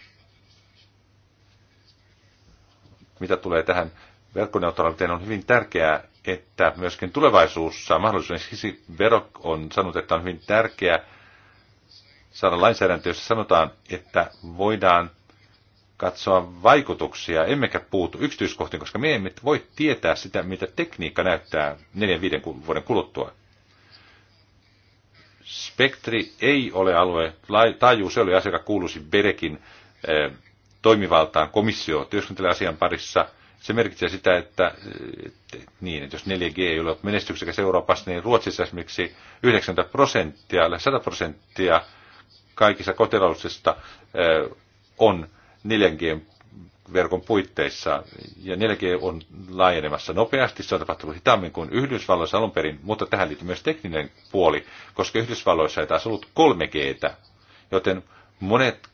A: Mitä tulee tähän verkkoneutraliteen on hyvin tärkeää, että myöskin tulevaisuussa mahdollisuus. mahdollisuuden. Verok on sanonut, että on hyvin tärkeää saada lainsäädäntö, jossa sanotaan, että voidaan katsoa vaikutuksia, emmekä puutu yksityiskohtiin, koska me emme voi tietää sitä, mitä tekniikka näyttää neljän viiden vuoden kuluttua. Spektri ei ole alue, taajuus ei ole asia, joka kuuluisi Berekin eh, toimivaltaan. Komissio työskentelee asian parissa – se merkitsee sitä, että, että, niin, että jos 4G ei ole menestyksekäs Euroopassa, niin Ruotsissa esimerkiksi 90 prosenttia, lähes 100 prosenttia kaikista kotitalouksista on 4G-verkon puitteissa. Ja 4G on laajenemassa nopeasti, se on tapahtunut hitaammin kuin Yhdysvalloissa alun perin, mutta tähän liittyy myös tekninen puoli, koska Yhdysvalloissa ei taas ollut 3 g joten monet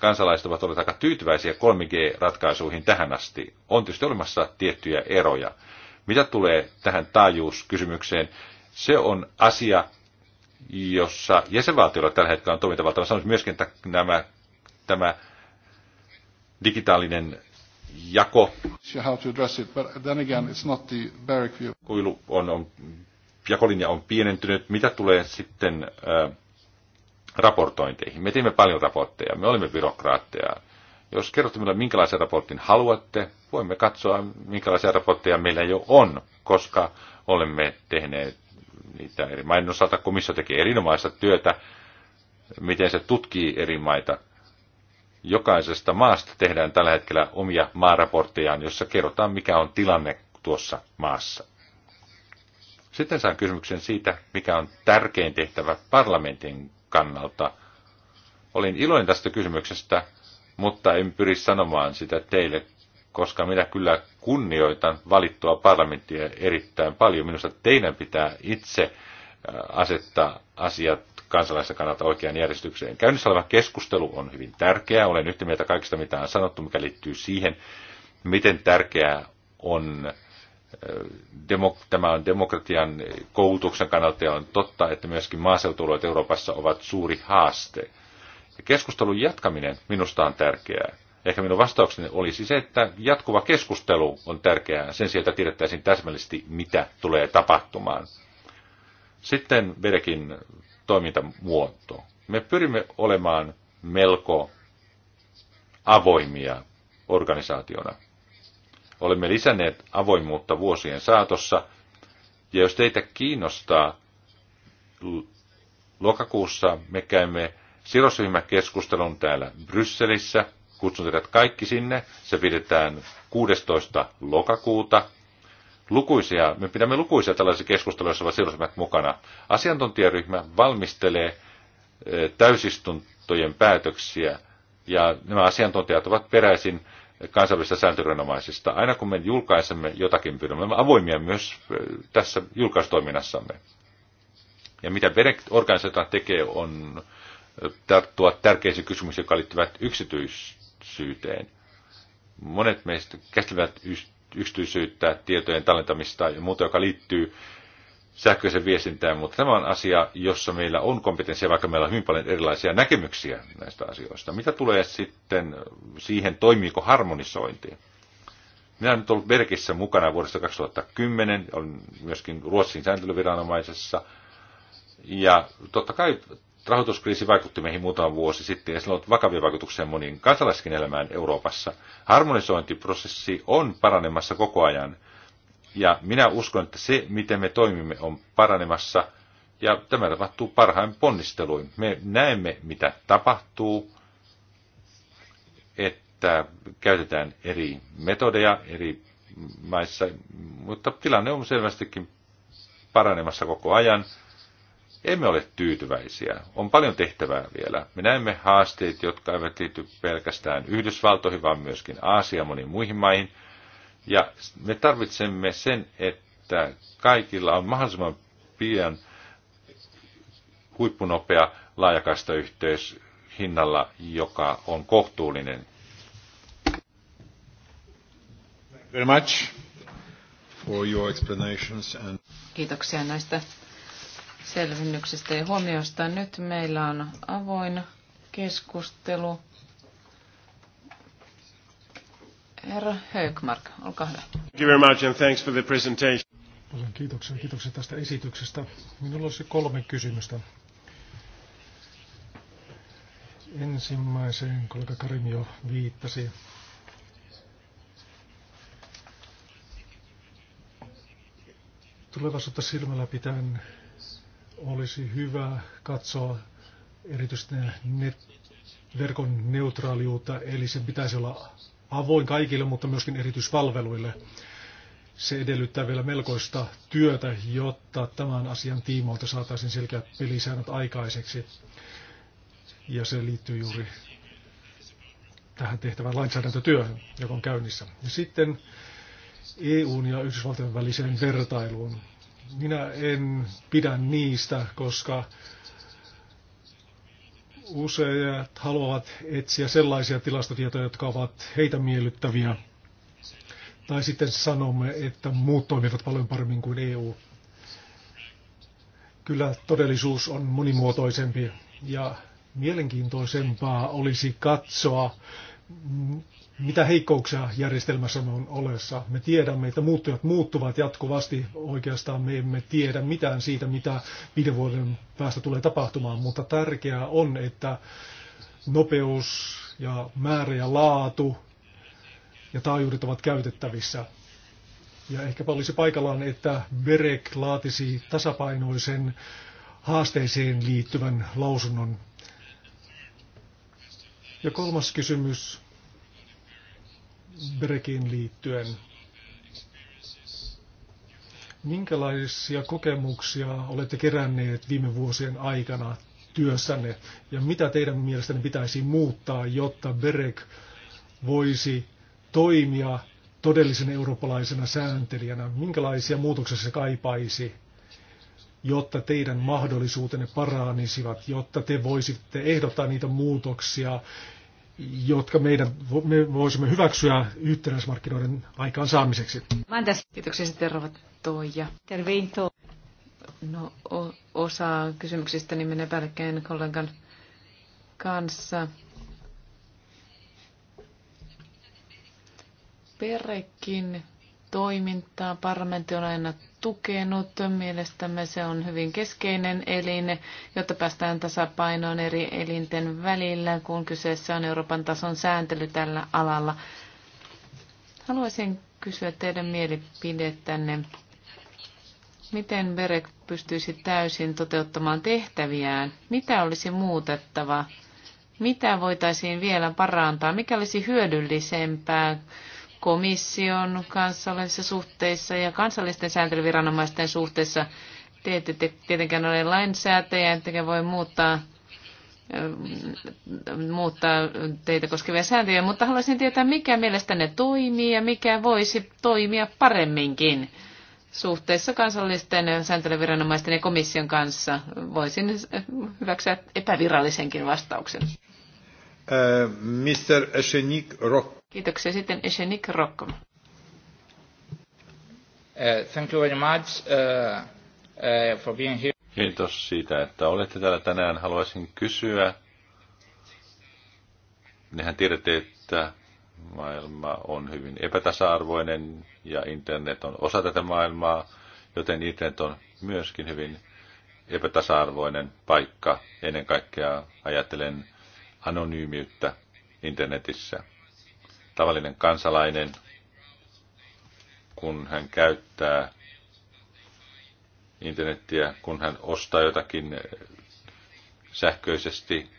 A: kansalaiset ovat olleet aika tyytyväisiä 3G-ratkaisuihin tähän asti. On tietysti olemassa tiettyjä eroja. Mitä tulee tähän taajuuskysymykseen, se on asia, jossa jäsenvaltioilla tällä hetkellä on toimintavalta. Sanoisin myöskin, että nämä, tämä digitaalinen jako kuilu on, on, jakolinja on pienentynyt. Mitä tulee sitten äh, raportointeihin. Me teimme paljon raportteja, me olimme byrokraatteja. Jos kerrotte minulle, minkälaisen raportin haluatte, voimme katsoa, minkälaisia raportteja meillä jo on, koska olemme tehneet niitä eri maiden osalta. Komissio tekee erinomaista työtä, miten se tutkii eri maita. Jokaisesta maasta tehdään tällä hetkellä omia maaraporttejaan, jossa kerrotaan, mikä on tilanne tuossa maassa. Sitten saan kysymyksen siitä, mikä on tärkein tehtävä parlamentin kannalta. Olin iloinen tästä kysymyksestä, mutta en pyri sanomaan sitä teille, koska minä kyllä kunnioitan valittua parlamenttia erittäin paljon. Minusta teidän pitää itse äh, asettaa asiat kansalaisten kannalta oikeaan järjestykseen. Käynnissä oleva keskustelu on hyvin tärkeää. Olen yhtä mieltä kaikista, mitä on sanottu, mikä liittyy siihen, miten tärkeää on tämä on demokratian koulutuksen kannalta ja on totta, että myöskin maaseutuolueet Euroopassa ovat suuri haaste. Ja keskustelun jatkaminen minusta on tärkeää. Ehkä minun vastaukseni olisi se, että jatkuva keskustelu on tärkeää sen sieltä tiedettäisiin täsmällisesti, mitä tulee tapahtumaan. Sitten Berekin toimintamuoto. Me pyrimme olemaan melko avoimia organisaationa. Olemme lisänneet avoimuutta vuosien saatossa. Ja jos teitä kiinnostaa, lokakuussa me käymme sidosryhmäkeskustelun täällä Brysselissä. Kutsun teidät kaikki sinne. Se pidetään 16. lokakuuta lukuisia, me pidämme lukuisia tällaisia keskusteluja, joissa ovat sidosryhmät mukana. Asiantuntijaryhmä valmistelee eh, täysistuntojen päätöksiä, ja nämä asiantuntijat ovat peräisin kansainvälisistä sääntöviranomaisista. Aina kun me julkaisemme jotakin, pyydämme avoimia myös eh, tässä julkaistoiminnassamme. Ja mitä organisaatio tekee, on eh, tarttua tärkeisiin kysymyksiin, jotka liittyvät yksityisyyteen. Monet meistä käsittelevät yksityisyyttä, tietojen tallentamista ja muuta, joka liittyy sähköisen viestintään, mutta tämä on asia, jossa meillä on kompetenssia, vaikka meillä on hyvin paljon erilaisia näkemyksiä näistä asioista. Mitä tulee sitten siihen, toimiiko harmonisointi? Minä olen nyt ollut Berkissä mukana vuodesta 2010, olen myöskin Ruotsin sääntelyviranomaisessa. Ja totta kai rahoituskriisi vaikutti meihin muutama vuosi sitten, ja sillä on vakavia vaikutuksia moniin kansalaiskin elämään Euroopassa. Harmonisointiprosessi on paranemassa koko ajan – ja minä uskon, että se, miten me toimimme, on paranemassa. Ja tämä tapahtuu parhain ponnisteluin. Me näemme, mitä tapahtuu, että käytetään eri metodeja eri maissa, mutta tilanne on selvästikin paranemassa koko ajan. Emme ole tyytyväisiä. On paljon tehtävää vielä. Me näemme haasteet, jotka eivät liity pelkästään Yhdysvaltoihin, vaan myöskin Aasiaan moniin muihin maihin. Ja me tarvitsemme sen, että kaikilla on mahdollisimman pian huippunopea laajakaistayhteys hinnalla, joka on kohtuullinen.
C: Very much for your explanations and...
B: Kiitoksia näistä selvennyksistä ja huomioista. Nyt meillä on avoin keskustelu. Herra Höökmark, olkaa hyvä.
C: Thank you very much and thanks for the presentation. Paljon kiitoksia, kiitoksia tästä esityksestä. Minulla olisi kolme kysymystä. Ensimmäiseen kollega Karim jo viittasi. Tulevaisuutta silmällä pitäen olisi hyvä katsoa erityisesti net, verkon neutraaliutta, eli sen pitäisi olla avoin kaikille, mutta myöskin erityispalveluille. Se edellyttää vielä melkoista työtä, jotta tämän asian tiimoilta saataisiin selkeät pelisäännöt aikaiseksi. Ja se liittyy juuri tähän tehtävään lainsäädäntötyöhön, joka on käynnissä. Ja sitten EUn ja Yhdysvaltojen väliseen vertailuun. Minä en pidä niistä, koska useat haluavat etsiä sellaisia tilastotietoja, jotka ovat heitä miellyttäviä. Tai sitten sanomme, että muut toimivat paljon paremmin kuin EU. Kyllä todellisuus on monimuotoisempi ja mielenkiintoisempaa olisi katsoa, mitä heikkouksia järjestelmässä on olessa. Me tiedämme, että muuttujat muuttuvat jatkuvasti. Oikeastaan me emme tiedä mitään siitä, mitä viiden vuoden päästä tulee tapahtumaan, mutta tärkeää on, että nopeus ja määrä ja laatu ja taajuudet ovat käytettävissä. Ja ehkäpä olisi paikallaan, että Berek laatisi tasapainoisen haasteeseen liittyvän lausunnon. Ja kolmas kysymys brekin liittyen. Minkälaisia kokemuksia olette keränneet viime vuosien aikana työssänne ja mitä teidän mielestänne pitäisi muuttaa, jotta Berek voisi toimia todellisen eurooppalaisena sääntelijänä? Minkälaisia muutoksia se kaipaisi, jotta teidän mahdollisuutenne paranisivat, jotta te voisitte ehdottaa niitä muutoksia, jotka meidän, me voisimme hyväksyä yhtenäismarkkinoiden aikaansaamiseksi.
B: Kiitoksia sitten Rovat Toija. Terveito. No, o- osa kysymyksistä niin menee päällekkäin kollegan kanssa. Perekin toimintaa parlamentti on aina tukenut. Mielestämme se on hyvin keskeinen elin, jotta päästään tasapainoon eri elinten välillä, kun kyseessä on Euroopan tason sääntely tällä alalla. Haluaisin kysyä teidän mielipidettänne. Miten Berek pystyisi täysin toteuttamaan tehtäviään? Mitä olisi muutettava? Mitä voitaisiin vielä parantaa? Mikä olisi hyödyllisempää komission kanssa olevissa suhteissa ja kansallisten sääntelyviranomaisten suhteissa. Te ette tietenkään ole lainsäätäjä, ettekä voi muuttaa, ähm, muuttaa teitä koskevia sääntöjä, mutta haluaisin tietää, mikä mielestäne toimii ja mikä voisi toimia paremminkin suhteessa kansallisten sääntelyviranomaisten ja komission kanssa. Voisin äh, hyväksyä epävirallisenkin vastauksen.
A: Äh, Mr. Eschenik Rock.
B: Kiitoksia. Sitten Eshenik Rokko. Uh, thank you very much uh, uh, for being here.
A: Kiitos siitä, että olette täällä tänään. Haluaisin kysyä. Nehän tiedätte, että maailma on hyvin epätasa-arvoinen ja internet on osa tätä maailmaa, joten internet on myöskin hyvin epätasa-arvoinen paikka. Ennen kaikkea ajattelen anonyymiyttä internetissä tavallinen kansalainen, kun hän käyttää internettiä, kun hän ostaa jotakin sähköisesti,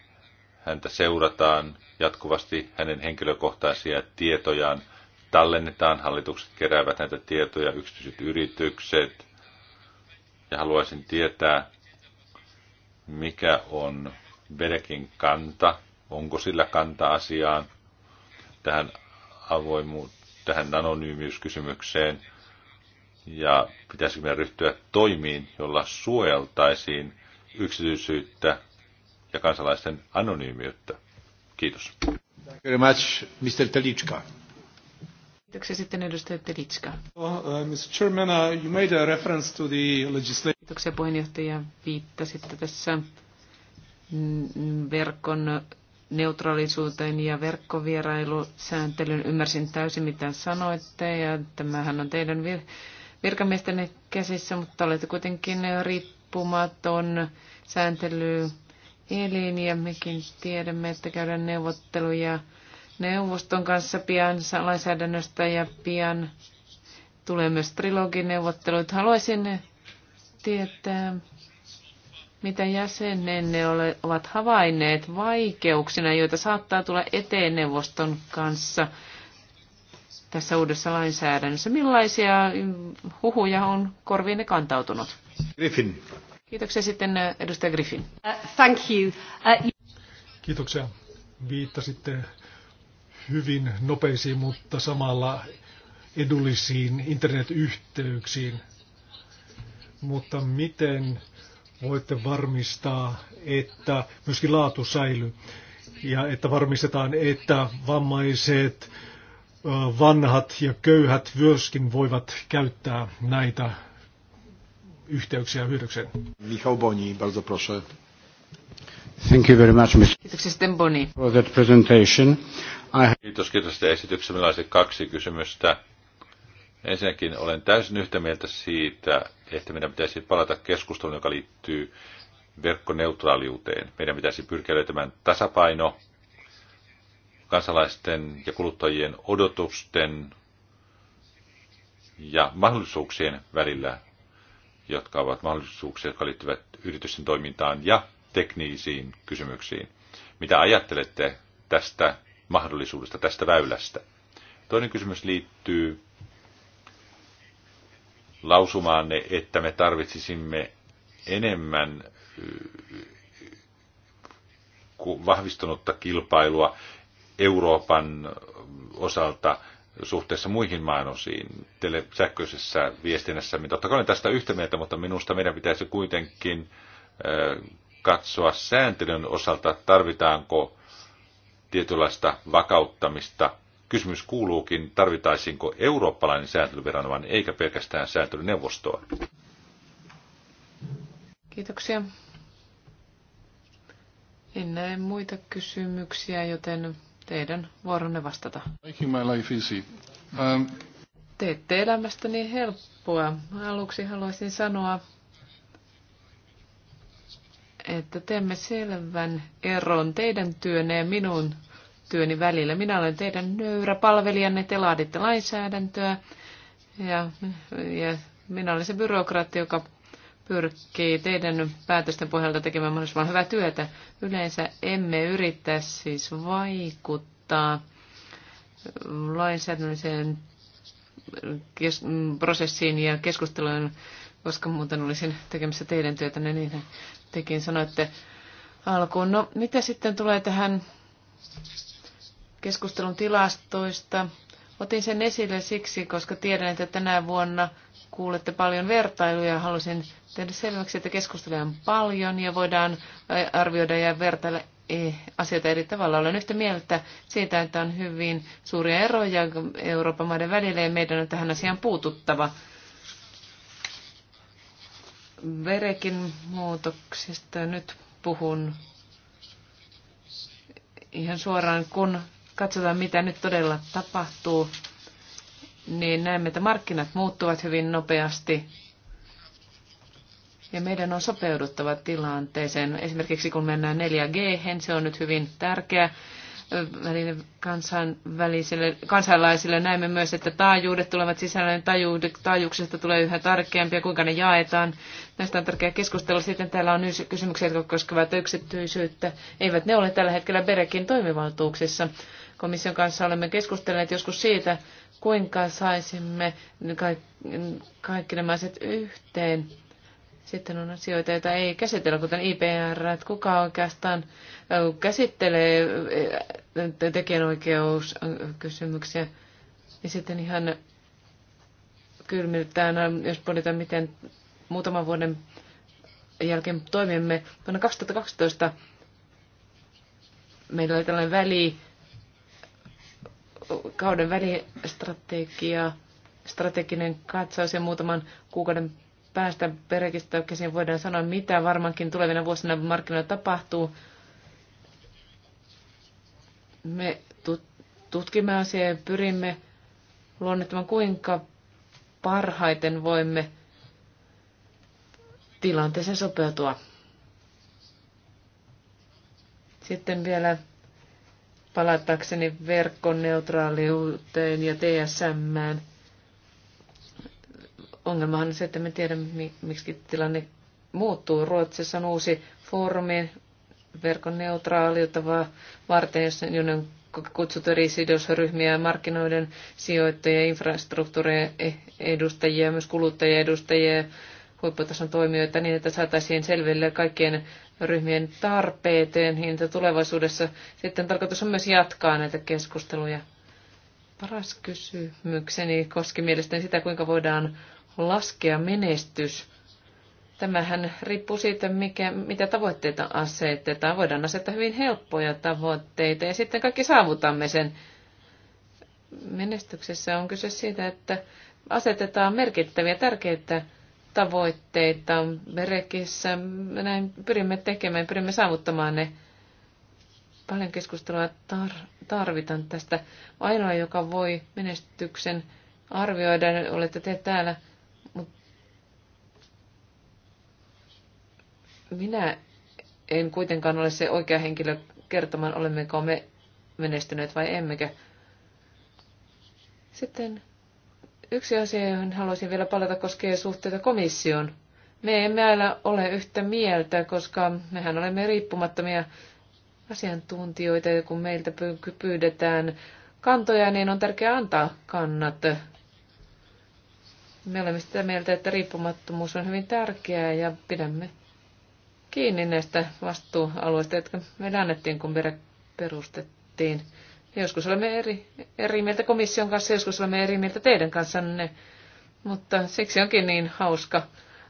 A: häntä seurataan jatkuvasti, hänen henkilökohtaisia tietojaan tallennetaan, hallitukset keräävät näitä tietoja, yksityiset yritykset, ja haluaisin tietää, mikä on Berekin kanta, onko sillä kanta asiaan tähän avoimuut tähän anonyymiyskysymykseen ja pitäisikö meidän ryhtyä toimiin, jolla suojeltaisiin yksityisyyttä ja kansalaisten anonyymiyttä. Kiitos. Thank you very much, Mr. Telitska.
B: Kiitoksia sitten edustaja Telitska. Oh, uh, uh Mr. Chairman, uh, you made a reference to the legislation. Kiitoksia puheenjohtaja. Viittasitte tässä verkon neutraalisuuteen ja verkkovierailusääntelyyn. Ymmärsin täysin, mitä sanoitte, ja tämähän on teidän vir- virkamiestenne käsissä, mutta olette kuitenkin riippumaton elin, ja mekin tiedämme, että käydään neuvotteluja neuvoston kanssa pian lainsäädännöstä ja pian tulee myös trilogineuvottelut. Haluaisin tietää, mitä jäsenenne ole, ovat havainneet vaikeuksina, joita saattaa tulla eteen neuvoston kanssa tässä uudessa lainsäädännössä. Millaisia huhuja on korviinne kantautunut? Griffin. Kiitoksia sitten äh, edustaja Griffin. Uh, thank you. Uh,
C: Kiitoksia. Viittasitte hyvin nopeisiin, mutta samalla edullisiin internetyhteyksiin. Mutta miten voitte varmistaa, että myöskin laatu säilyy ja että varmistetaan, että vammaiset, vanhat ja köyhät myöskin voivat käyttää näitä yhteyksiä hyödykseen.
A: Michał Boni, bardzo proszę.
C: Thank you very much, Mr.
B: Kiitoksia sitten Boni. For that presentation. I...
A: Kiitos, kiitos esityksen. Minulla kaksi kysymystä. Ensinnäkin olen täysin yhtä mieltä siitä, että meidän pitäisi palata keskusteluun, joka liittyy verkkoneutraaliuteen. Meidän pitäisi pyrkiä löytämään tasapaino kansalaisten ja kuluttajien odotusten ja mahdollisuuksien välillä, jotka ovat mahdollisuuksia, jotka liittyvät yritysten toimintaan ja teknisiin kysymyksiin. Mitä ajattelette tästä mahdollisuudesta, tästä väylästä? Toinen kysymys liittyy lausumaanne, että me tarvitsisimme enemmän äh, vahvistunutta kilpailua Euroopan osalta suhteessa muihin maanosiin tele- sähköisessä viestinnässä. Totta kai olen tästä yhtä mieltä, mutta minusta meidän pitäisi kuitenkin äh, katsoa sääntelyn osalta, tarvitaanko tietynlaista vakauttamista Kysymys kuuluukin, tarvitaisinko eurooppalainen sääntelyviranomainen eikä pelkästään sääntelyneuvostoa?
B: Kiitoksia. En näe muita kysymyksiä, joten teidän vuoronne vastata.
C: Making my life easy.
B: Um... Teette elämästäni helppoa. Aluksi haluaisin sanoa, että teemme selvän eron teidän työnne ja minun työni välillä. Minä olen teidän nöyrä palvelijanne, te laaditte lainsäädäntöä ja, ja minä olen se byrokraatti, joka pyrkii teidän päätösten pohjalta tekemään mahdollisimman hyvää työtä. Yleensä emme yrittää siis vaikuttaa lainsäädännölliseen prosessiin ja keskusteluun, koska muuten olisin tekemässä teidän työtä, niin tekin sanoitte alkuun. No, mitä sitten tulee tähän keskustelun tilastoista. Otin sen esille siksi, koska tiedän, että tänä vuonna kuulette paljon vertailuja. Halusin tehdä selväksi, että keskusteluja on paljon ja voidaan arvioida ja vertailla eh, asioita eri tavalla. Olen yhtä mieltä siitä, että on hyvin suuria eroja Euroopan maiden välillä ja meidän on tähän asiaan puututtava. Verekin muutoksista nyt puhun ihan suoraan, kun katsotaan, mitä nyt todella tapahtuu, niin näemme, että markkinat muuttuvat hyvin nopeasti. Ja meidän on sopeuduttava tilanteeseen. Esimerkiksi kun mennään 4G, se on nyt hyvin tärkeä kansainvälisille, kansalaisille. Näemme myös, että taajuudet tulevat sisällön taajuuksista tulee yhä tarkeampia, kuinka ne jaetaan. Näistä on tärkeää keskustella. Sitten täällä on kysymyksiä, jotka koskevat yksityisyyttä. Eivät ne ole tällä hetkellä Berekin toimivaltuuksissa komission kanssa olemme keskustelleet joskus siitä, kuinka saisimme kaikki nämä asiat yhteen. Sitten on asioita, joita ei käsitellä, kuten IPR, että kuka oikeastaan käsittelee tekijänoikeuskysymyksiä. Ja sitten ihan kylmiltään, jos pohditaan, miten muutaman vuoden jälkeen toimimme. Vuonna 2012 meillä oli tällainen väli kauden välistrategia, strateginen katsaus ja muutaman kuukauden päästä perekistä voidaan sanoa, mitä varmaankin tulevina vuosina markkinoilla tapahtuu. Me tutkimme asiaa ja pyrimme luonnettamaan, kuinka parhaiten voimme tilanteeseen sopeutua. Sitten vielä palatakseni verkkoneutraaliuteen ja TSMään. Ongelmahan on se, että me tiedämme, miksi tilanne muuttuu. Ruotsissa on uusi foorumi verkon neutraaliutta varten, jossa on kutsuttu eri sidosryhmiä, markkinoiden sijoittajia, infrastruktuurien e-, edustajia, myös kuluttajien edustajia, huipputason toimijoita, niin että saataisiin selville kaikkien ryhmien tarpeeteen hinta tulevaisuudessa. Sitten tarkoitus on myös jatkaa näitä keskusteluja. Paras kysymykseni koski mielestäni sitä, kuinka voidaan laskea menestys. Tämähän riippuu siitä, mikä, mitä tavoitteita asetetaan. Voidaan asettaa hyvin helppoja tavoitteita ja sitten kaikki saavutamme sen. Menestyksessä on kyse siitä, että asetetaan merkittäviä, tärkeitä tavoitteita merekissä. Me näin pyrimme tekemään, pyrimme saavuttamaan ne. Paljon keskustelua tar- tarvitaan tästä. Ainoa, joka voi menestyksen arvioida, olette te täällä, mut minä en kuitenkaan ole se oikea henkilö kertomaan, olemmeko me menestyneet vai emmekä. Sitten Yksi asia, johon haluaisin vielä palata, koskee suhteita komissioon. Me emme aina ole yhtä mieltä, koska mehän olemme riippumattomia asiantuntijoita ja kun meiltä pyydetään kantoja, niin on tärkeää antaa kannat. Me olemme sitä mieltä, että riippumattomuus on hyvin tärkeää ja pidämme kiinni näistä vastuualueista, jotka meille annettiin, kun perustettiin Joskus olemme eri, eri mieltä komission kanssa, joskus olemme eri mieltä teidän kanssanne. Mutta siksi onkin niin hauska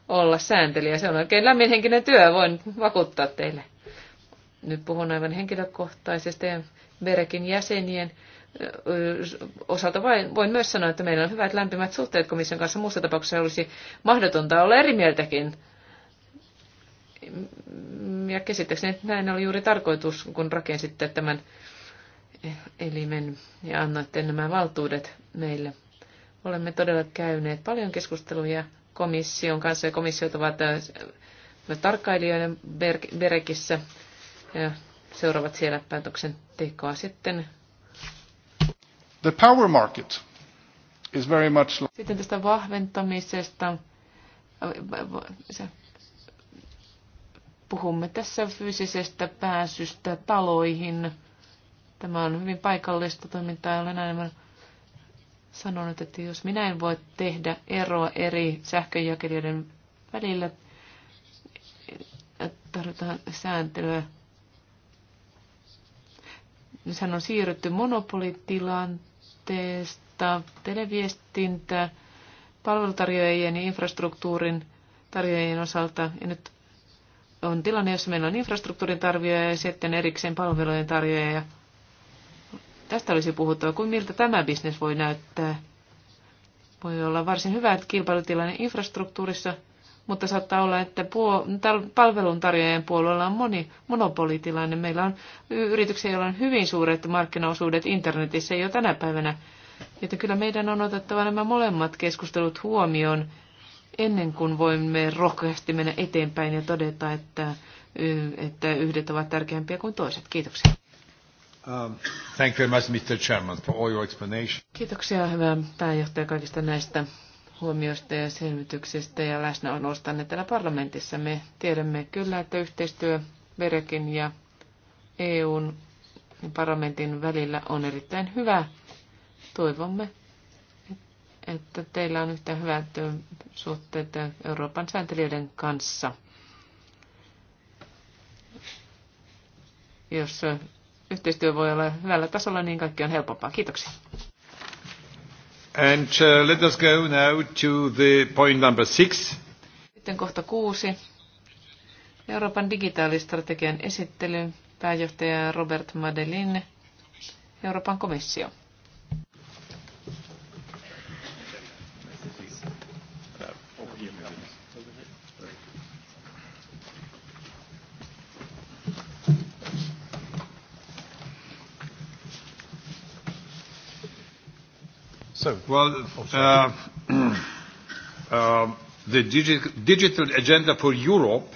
B: olla sääntelijä. Se on oikein lämminhenkinen työ, voin vakuuttaa teille. Nyt puhun aivan henkilökohtaisesti ja Berekin jäsenien osalta vain, voin myös sanoa, että meillä on hyvät lämpimät suhteet komission kanssa. Muussa tapauksessa olisi mahdotonta olla eri mieltäkin. Ja käsittääkseni näin oli juuri tarkoitus, kun rakensitte tämän elimen ja annoitte nämä valtuudet meille. Olemme todella käyneet paljon keskusteluja komission kanssa ja komissiot ovat äh, tarkkailijoina Berekissä ja seuraavat siellä päätöksen tekoa sitten.
C: The power market is very much like...
B: Sitten tästä vahventamisesta. Puhumme tässä fyysisestä pääsystä taloihin Tämä on hyvin paikallista toimintaa. Olen aina sanonut, että jos minä en voi tehdä eroa eri sähköjakelijoiden välillä, tarvitaan sääntelyä. Sehän on siirrytty monopolitilanteesta televiestintä palvelutarjoajien ja infrastruktuurin tarjoajien osalta. Ja nyt on tilanne, jossa meillä on infrastruktuurin tarjoaja ja sitten erikseen palvelujen tarjoaja Tästä olisi puhuttava, kuin miltä tämä bisnes voi näyttää. Voi olla varsin hyvä kilpailutilanne infrastruktuurissa, mutta saattaa olla, että palveluntarjoajien puolella on moni monopolitilanne. Meillä on yrityksiä, joilla on hyvin suuret markkinaosuudet internetissä jo tänä päivänä. Joten kyllä meidän on otettava nämä molemmat keskustelut huomioon ennen kuin voimme rohkeasti mennä eteenpäin ja todeta, että, että yhdet ovat tärkeämpiä kuin toiset. Kiitoksia.
A: Um, thank you very much, Mr. Chairman, for all your explanation.
B: Kiitoksia, hyvä pääjohtaja, kaikista näistä huomioista ja selvityksestä ja läsnäolosta täällä parlamentissa. Me tiedämme kyllä, että yhteistyö Verekin ja EUn parlamentin välillä on erittäin hyvä. Toivomme, että teillä on yhtä hyvät suhteet Euroopan sääntelijöiden kanssa. Jos yhteistyö voi olla hyvällä tasolla, niin kaikki on helpompaa. Kiitoksia.
A: And uh, let us go now to the point number six.
B: Sitten kohta kuusi. Euroopan digitaalistrategian esittely, pääjohtaja Robert Madeline, Euroopan komissio.
A: So, well, oh, uh, uh, the digi- digital agenda for Europe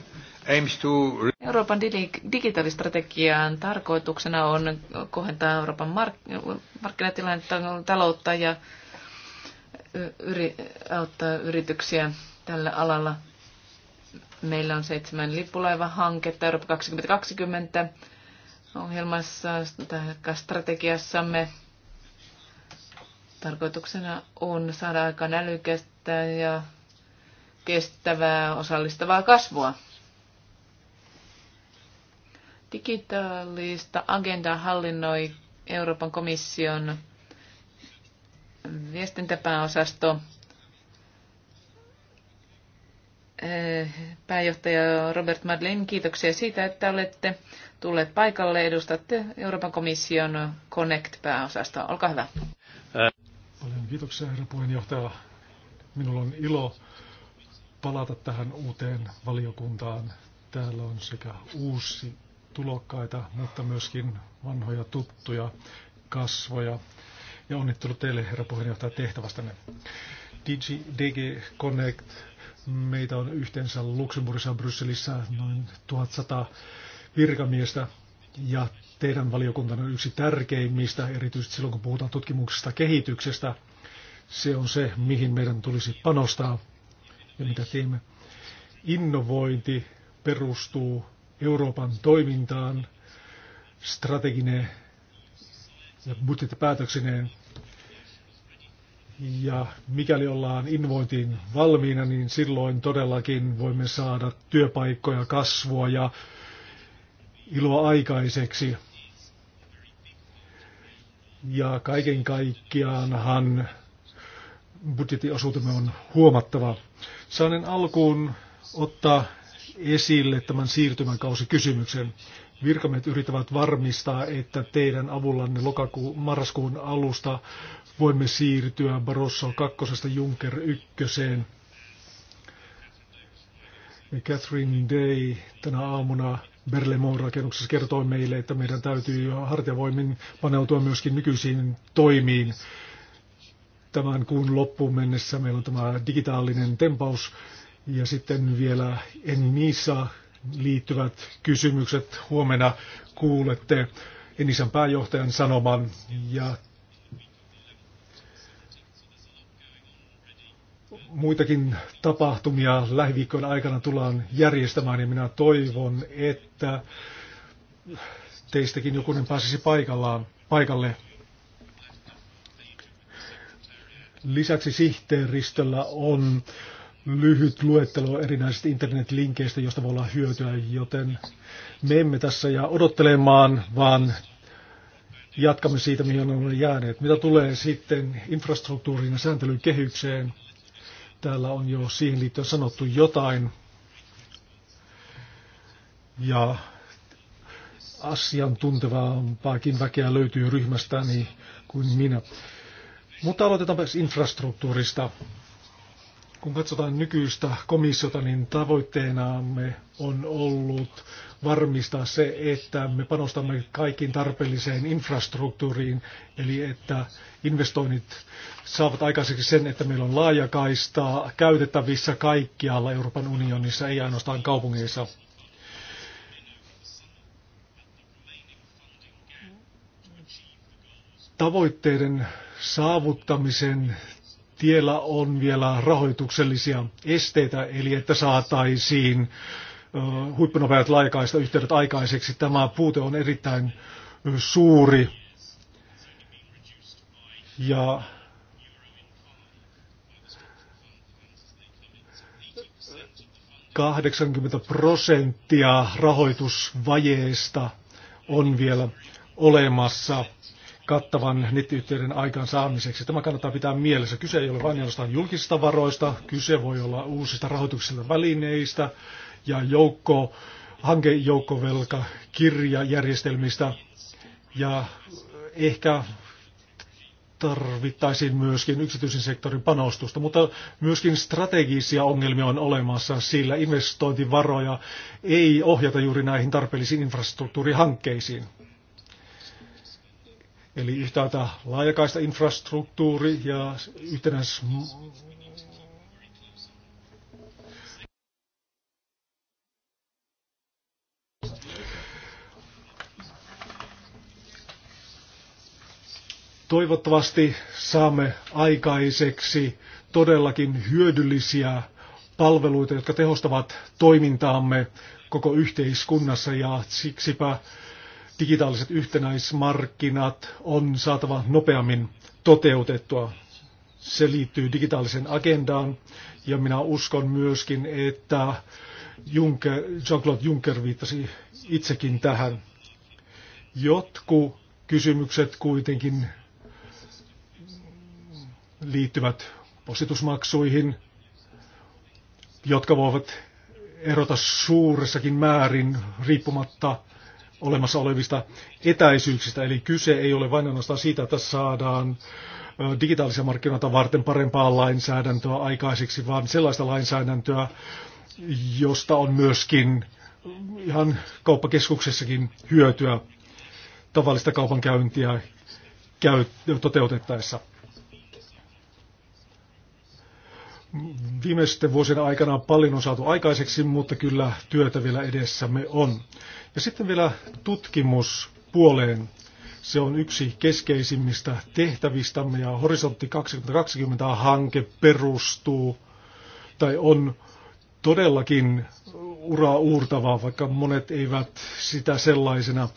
A: aims to...
B: Euroopan digitaalistrategian tarkoituksena on kohentaa Euroopan mark- markkinatilannetta, taloutta ja yri- auttaa yrityksiä tällä alalla. Meillä on seitsemän lippulaivahanketta Eurooppa 2020 ohjelmassa tai strategiassamme Tarkoituksena on saada aika älykästä ja kestävää osallistavaa kasvua. Digitaalista agendaa hallinnoi Euroopan komission viestintäpääosasto. Eh, pääjohtaja Robert Madlen, kiitoksia siitä, että olette tulleet paikalle. Edustatte Euroopan komission Connect-pääosasta. Olkaa hyvä.
C: Eh, Kiitoksia herra puheenjohtaja. Minulla on ilo palata tähän uuteen valiokuntaan. Täällä on sekä uusi tulokkaita, mutta myöskin vanhoja tuttuja kasvoja. Ja onnittelu teille, herra puheenjohtaja, tehtävästänne. Digi, DG Connect, meitä on yhteensä Luxemburgissa ja Brysselissä noin 1100 virkamiestä. Ja teidän valiokuntanne on yksi tärkeimmistä, erityisesti silloin kun puhutaan tutkimuksesta kehityksestä. Se on se, mihin meidän tulisi panostaa ja mitä teemme. Innovointi perustuu Euroopan toimintaan, strateginen ja budjettipäätöksineen. Ja mikäli ollaan innovointiin valmiina, niin silloin todellakin voimme saada työpaikkoja, kasvua ja iloa aikaiseksi. Ja kaiken kaikkiaanhan budjettiosuutemme on huomattava. Saanen alkuun ottaa esille tämän kysymyksen. Virkamiehet yrittävät varmistaa, että teidän avullanne lokakuun, marraskuun alusta voimme siirtyä Barosso 2. Juncker 1. Catherine Day tänä aamuna Berlemon rakennuksessa kertoi meille, että meidän täytyy hartiavoimin paneutua myöskin nykyisiin toimiin tämän kuun loppuun mennessä meillä on tämä digitaalinen tempaus ja sitten vielä niissä liittyvät kysymykset. Huomenna kuulette Enisan pääjohtajan sanoman ja muitakin tapahtumia lähiviikkojen aikana tullaan järjestämään ja minä toivon, että teistäkin jokunen pääsisi paikallaan, paikalle Lisäksi sihteeristöllä on lyhyt luettelo erinäisistä internetlinkeistä, josta voi olla hyötyä, joten me emme tässä ja odottelemaan, vaan jatkamme siitä, mihin olemme jääneet. Mitä tulee sitten infrastruktuuriin ja sääntelykehykseen, täällä on jo siihen liittyen sanottu jotain. Ja asiantuntevampaakin väkeä löytyy ryhmästäni kuin minä. Mutta aloitetaanpa infrastruktuurista. Kun katsotaan nykyistä komissiota, niin tavoitteenamme on ollut varmistaa se, että me panostamme kaikkiin tarpeelliseen infrastruktuuriin, eli että investoinnit saavat aikaiseksi sen, että meillä on laajakaistaa käytettävissä kaikkialla Euroopan unionissa, ei ainoastaan kaupungeissa. Tavoitteiden saavuttamisen tiellä on vielä rahoituksellisia esteitä, eli että saataisiin huippunopeat laikaista yhteydet aikaiseksi. Tämä puute on erittäin suuri. Ja Kahdeksankymmentä prosenttia rahoitusvajeesta on vielä olemassa kattavan nettiyhteyden aikaan saamiseksi. Tämä kannattaa pitää mielessä. Kyse ei ole vain ainoastaan julkisista varoista, kyse voi olla uusista rahoituksista välineistä ja joukko, hankejoukkovelka, kirjajärjestelmistä ja ehkä tarvittaisiin myöskin yksityisen sektorin panostusta, mutta myöskin strategisia ongelmia on olemassa, sillä investointivaroja ei ohjata juuri näihin tarpeellisiin infrastruktuurihankkeisiin. Eli yhtäältä laajakaista infrastruktuuri ja yhtenäis Toivottavasti saamme aikaiseksi todellakin hyödyllisiä palveluita, jotka tehostavat toimintaamme koko yhteiskunnassa ja siksipä digitaaliset yhtenäismarkkinat on saatava nopeammin toteutettua. Se liittyy digitaaliseen agendaan ja minä uskon myöskin, että Juncker, Jean-Claude Juncker viittasi itsekin tähän. Jotkut kysymykset kuitenkin liittyvät positusmaksuihin, jotka voivat erota suuressakin määrin riippumatta olemassa olevista etäisyyksistä. Eli kyse ei ole vain ainoastaan siitä, että saadaan digitaalisia markkinoita varten parempaa lainsäädäntöä aikaiseksi, vaan sellaista lainsäädäntöä, josta on myöskin ihan kauppakeskuksessakin hyötyä tavallista kaupankäyntiä toteutettaessa. viimeisten vuosien aikana paljon on saatu aikaiseksi, mutta kyllä työtä vielä edessämme on. Ja sitten vielä tutkimuspuoleen. Se on yksi keskeisimmistä tehtävistämme ja Horisontti 2020-hanke perustuu tai on todellakin uraa uurtavaa, vaikka monet eivät sitä sellaisena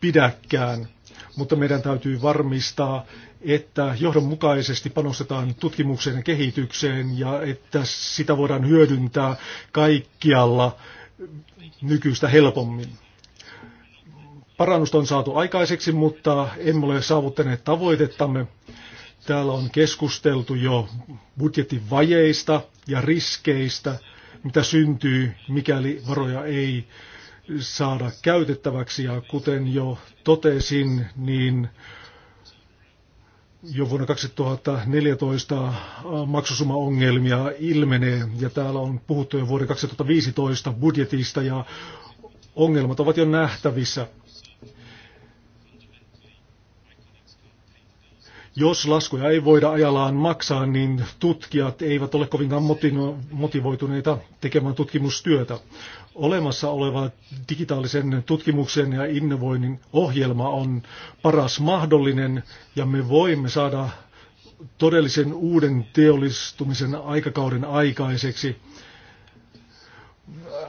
C: pidäkään. Mutta meidän täytyy varmistaa, että johdonmukaisesti panostetaan tutkimukseen ja kehitykseen ja että sitä voidaan hyödyntää kaikkialla nykyistä helpommin. Parannusta on saatu aikaiseksi, mutta emme ole saavuttaneet tavoitettamme. Täällä on keskusteltu jo budjetin vajeista ja riskeistä, mitä syntyy, mikäli varoja ei saada käytettäväksi. Ja kuten jo totesin, niin jo vuonna 2014 äh, maksusumaongelmia ilmenee ja täällä on puhuttu jo vuoden 2015 budjetista ja ongelmat ovat jo nähtävissä. Jos laskuja ei voida ajallaan maksaa, niin tutkijat eivät ole kovinkaan motivoituneita tekemään tutkimustyötä. Olemassa oleva digitaalisen tutkimuksen ja innovoinnin ohjelma on paras mahdollinen ja me voimme saada todellisen uuden teollistumisen aikakauden aikaiseksi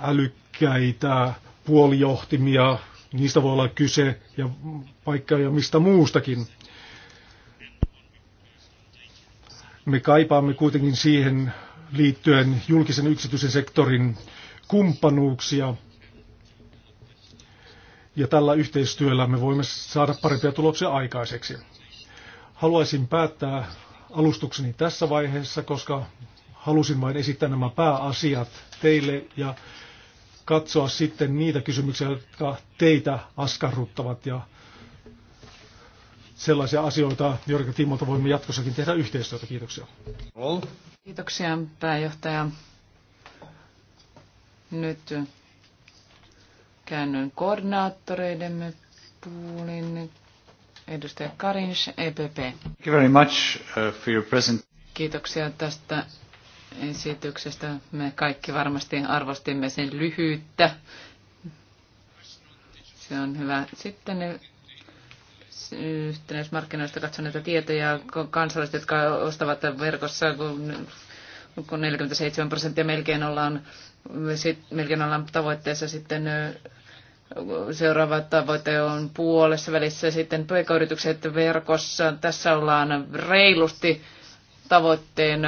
C: älykkäitä puolijohtimia, niistä voi olla kyse ja paikkaa ja mistä muustakin. Me kaipaamme kuitenkin siihen liittyen julkisen yksityisen sektorin kumppanuuksia. Ja tällä yhteistyöllä me voimme saada parempia tuloksia aikaiseksi. Haluaisin päättää alustukseni tässä vaiheessa, koska halusin vain esittää nämä pääasiat teille ja katsoa sitten niitä kysymyksiä, jotka teitä askarruttavat ja sellaisia asioita, joiden tiimoilta voimme jatkossakin tehdä yhteistyötä. Kiitoksia.
B: Kiitoksia pääjohtaja. Nyt käännyn koordinaattoreidemme puolin. Edustaja Karins, EPP. Thank
A: you very much uh, for your present.
B: Kiitoksia tästä esityksestä. Me kaikki varmasti arvostimme sen lyhyyttä. Se on hyvä. Sitten yhtenäismarkkinoista katson näitä tietoja kansalaiset, jotka ostavat verkossa, kun, 47 prosenttia melkein ollaan, melkein ollaan tavoitteessa sitten seuraava tavoite on puolessa välissä sitten pk-yritykset verkossa. Tässä ollaan reilusti tavoitteen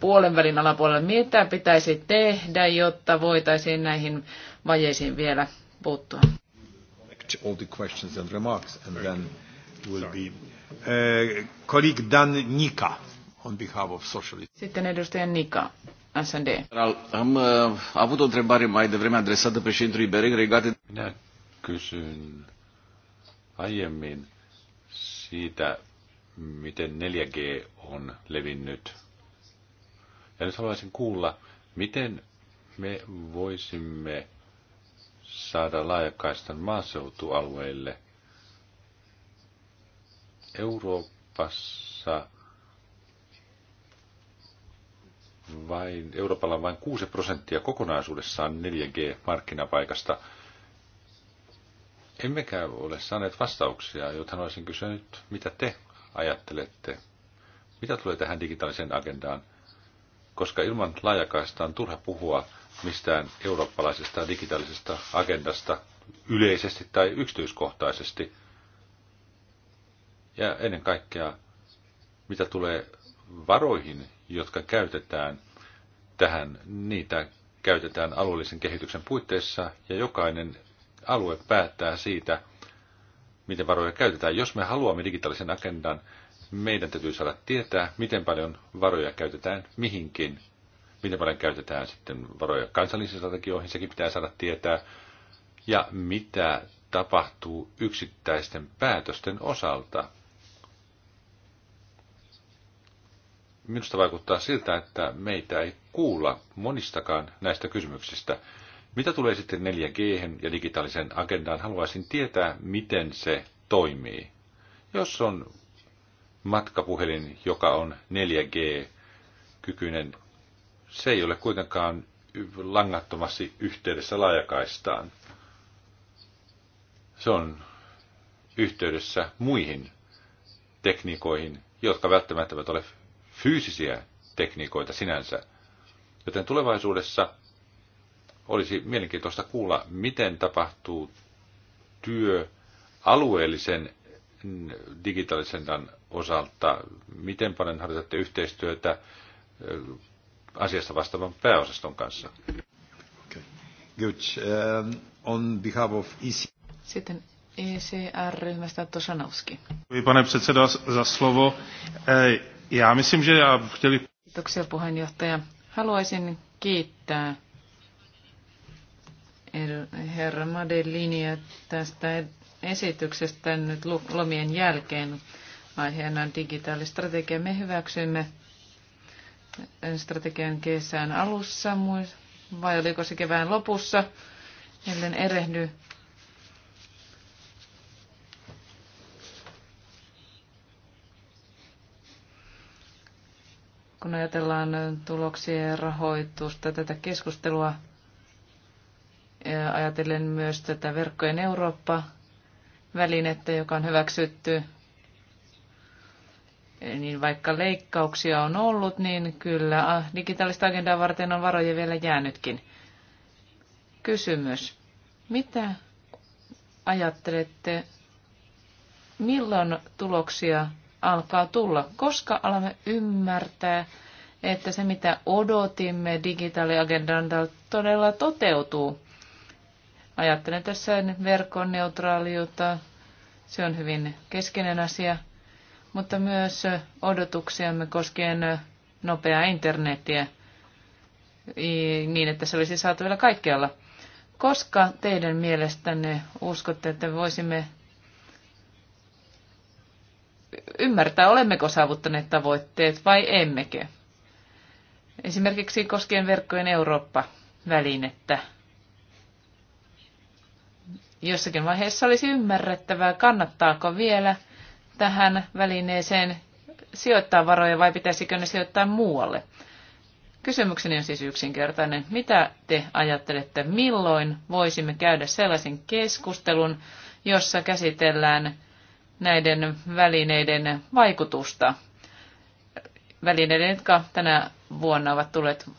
B: puolen välin alapuolella. Mitä pitäisi tehdä, jotta voitaisiin näihin vajeisiin vielä puuttua?
A: kept all the questions
C: and remarks, and Very then good. will Sorry. be uh, colleague Dan Nika on behalf of Socialists.
B: Sitten edustaja Nika. SND.
C: Am uh,
A: avut o întrebare mai devreme adresată președintelui Bereg regate... Minä kysyn aiemmin siitä, miten 4G on levinnyt. Ja nyt haluaisin kuulla, miten me voisimme saada laajakaistan maaseutualueille. Euroopassa vain, Euroopalla on vain 6 prosenttia kokonaisuudessaan 4G-markkinapaikasta. Emmekä ole saaneet vastauksia, joten olisin kysynyt, mitä te ajattelette? Mitä tulee tähän digitaaliseen agendaan? Koska ilman laajakaista on turha puhua mistään eurooppalaisesta digitaalisesta agendasta yleisesti tai yksityiskohtaisesti. Ja ennen kaikkea, mitä tulee varoihin, jotka käytetään tähän, niitä käytetään alueellisen kehityksen puitteissa ja jokainen alue päättää siitä, miten varoja käytetään. Jos me haluamme digitaalisen agendan, meidän täytyy saada tietää, miten paljon varoja käytetään mihinkin miten paljon käytetään sitten varoja kansallisiin strategioihin, sekin pitää saada tietää, ja mitä tapahtuu yksittäisten päätösten osalta. Minusta vaikuttaa siltä, että meitä ei kuulla monistakaan näistä kysymyksistä. Mitä tulee sitten 4G ja digitaalisen agendaan, haluaisin tietää, miten se toimii. Jos on matkapuhelin, joka on 4G-kykyinen, se ei ole kuitenkaan langattomasti yhteydessä laajakaistaan. Se on yhteydessä muihin tekniikoihin, jotka välttämättä eivät ole fyysisiä tekniikoita sinänsä. Joten tulevaisuudessa olisi mielenkiintoista kuulla, miten tapahtuu työ alueellisen digitaalisen osalta, miten paljon harjoitatte yhteistyötä asiasta vastaavan pääosaston kanssa. Okay. Good. Um, on behalf of EC...
B: Sitten ECR-ryhmästä Tosanowski.
C: Pane předsedo, za slovo. Já myslím, že já chtěli...
B: Kiitoksia puheenjohtaja. Haluaisin kiittää er- herra Madelinia tästä esityksestä nyt lomien jälkeen aiheena digitaalistrategia. Me hyväksymme strategian kesän alussa, vai oliko se kevään lopussa, ellen erehdy. Kun ajatellaan tuloksia ja rahoitusta, tätä keskustelua, ajatellen myös tätä verkkojen Eurooppa-välinettä, joka on hyväksytty niin vaikka leikkauksia on ollut, niin kyllä ah, digitaalista agendaa varten on varoja vielä jäänytkin. Kysymys. Mitä ajattelette, milloin tuloksia alkaa tulla? Koska alamme ymmärtää, että se mitä odotimme digitaaliagendalta todella toteutuu? Ajattelen tässä verkon neutraaliutta. Se on hyvin keskeinen asia mutta myös odotuksiamme koskien nopeaa internetiä niin, että se olisi saatavilla kaikkialla. Koska teidän mielestänne uskotte, että voisimme ymmärtää, olemmeko saavuttaneet tavoitteet vai emmekö? Esimerkiksi koskien verkkojen Eurooppa-välinettä. Jossakin vaiheessa olisi ymmärrettävää, kannattaako vielä – tähän välineeseen sijoittaa varoja vai pitäisikö ne sijoittaa muualle? Kysymykseni on siis yksinkertainen. Mitä te ajattelette, milloin voisimme käydä sellaisen keskustelun, jossa käsitellään näiden välineiden vaikutusta? Välineiden, jotka tänä vuonna ovat tulleet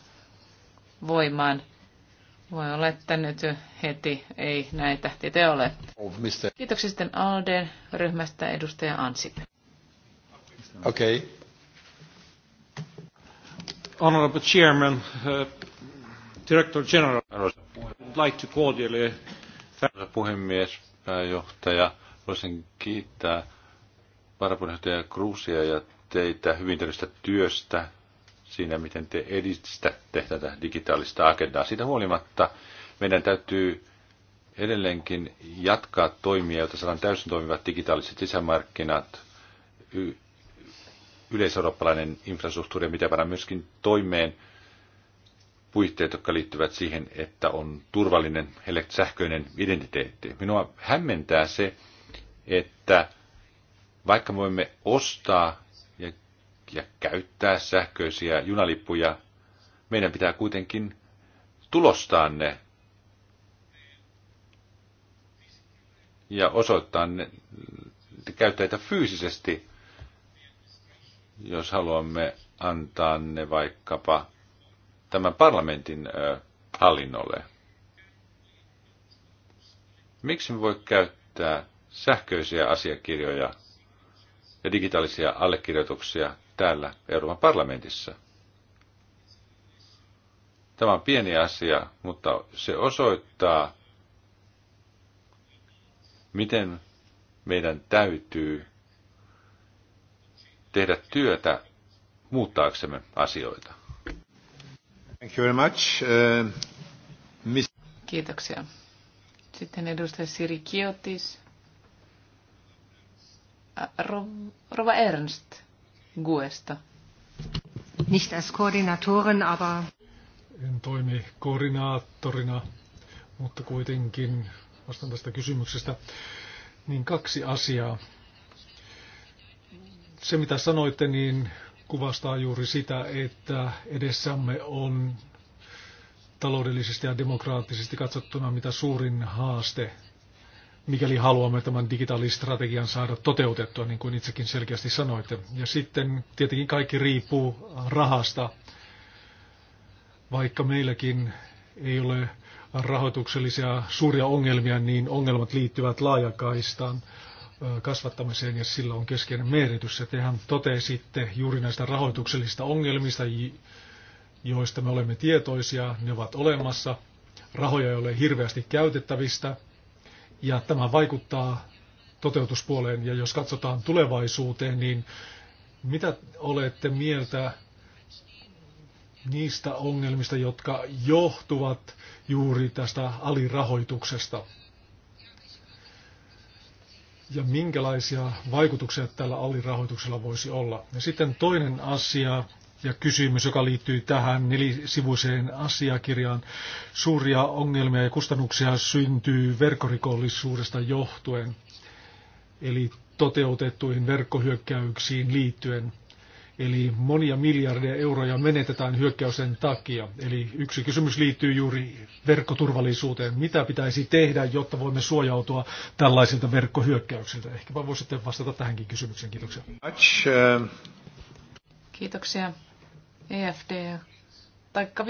B: voimaan – voi olla, että nyt heti ei näitä tietoja ole. Oh, Kiitoksia sitten Alden ryhmästä edustaja Ansip.
A: Okei. Okay.
C: Honorable Chairman, uh, Director General,
A: Arvoisa like to cordially... Arvoisa puhemies, pääjohtaja, voisin kiittää varapuheenjohtaja Kruusia ja teitä hyvin työstä siinä, miten te edistätte tätä digitaalista agendaa. Siitä huolimatta meidän täytyy edelleenkin jatkaa toimia, jotta saadaan täysin toimivat digitaaliset sisämarkkinat, y- yleiseurooppalainen infrastruktuuri ja mitä panna myöskin toimeen puitteet, jotka liittyvät siihen, että on turvallinen sähköinen identiteetti. Minua hämmentää se, että vaikka voimme ostaa ja käyttää sähköisiä junalippuja, meidän pitää kuitenkin tulostaa ne ja osoittaa ne käyttäjitä fyysisesti, jos haluamme antaa ne vaikkapa tämän parlamentin hallinnolle. Miksi me voi käyttää sähköisiä asiakirjoja ja digitaalisia allekirjoituksia täällä Euroopan parlamentissa. Tämä on pieni asia, mutta se osoittaa, miten meidän täytyy tehdä työtä muuttaaksemme asioita. Thank you very much. Uh, miss...
B: Kiitoksia. Sitten edustaja Siri Kiotis. Äh, Rova Ernst. Guesta. Nicht als Koordinatorin, aber...
C: En toimi koordinaattorina, mutta kuitenkin vastaan tästä kysymyksestä. Niin kaksi asiaa. Se, mitä sanoitte, niin kuvastaa juuri sitä, että edessämme on taloudellisesti ja demokraattisesti katsottuna mitä suurin haaste mikäli haluamme tämän digitaalistrategian saada toteutettua, niin kuin itsekin selkeästi sanoitte. Ja sitten tietenkin kaikki riippuu rahasta, vaikka meilläkin ei ole rahoituksellisia suuria ongelmia, niin ongelmat liittyvät laajakaistaan kasvattamiseen ja sillä on keskeinen merkitys. Ja tehän totesitte juuri näistä rahoituksellisista ongelmista, joista me olemme tietoisia, ne ovat olemassa, rahoja ei ole hirveästi käytettävistä – ja tämä vaikuttaa toteutuspuoleen. Ja jos katsotaan tulevaisuuteen, niin mitä olette mieltä niistä ongelmista, jotka johtuvat juuri tästä alirahoituksesta? Ja minkälaisia vaikutuksia tällä alirahoituksella voisi olla? Ja sitten toinen asia, ja kysymys, joka liittyy tähän nelisivuiseen asiakirjaan. Suuria ongelmia ja kustannuksia syntyy verkkorikollisuudesta johtuen, eli toteutettuihin verkkohyökkäyksiin liittyen. Eli monia miljardeja euroja menetetään hyökkäysen takia. Eli yksi kysymys liittyy juuri verkkoturvallisuuteen. Mitä pitäisi tehdä, jotta voimme suojautua tällaisilta verkkohyökkäyksiltä? Ehkäpä voisitte vastata tähänkin kysymykseen. Kiitoksia. Uh,
B: Kiitoksia EFD. Taikka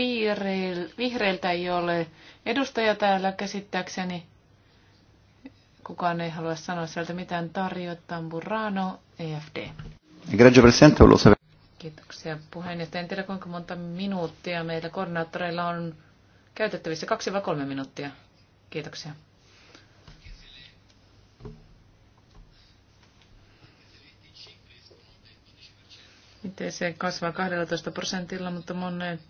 B: vihreiltä ei ole edustaja täällä käsittääkseni. Kukaan ei halua sanoa sieltä mitään tarjota. Burrano, EFD. Kiitoksia puheenjohtaja. En tiedä kuinka monta minuuttia meillä koordinaattoreilla on käytettävissä. Kaksi vai kolme minuuttia. Kiitoksia. se kasvaa 12 prosentilla, mutta monet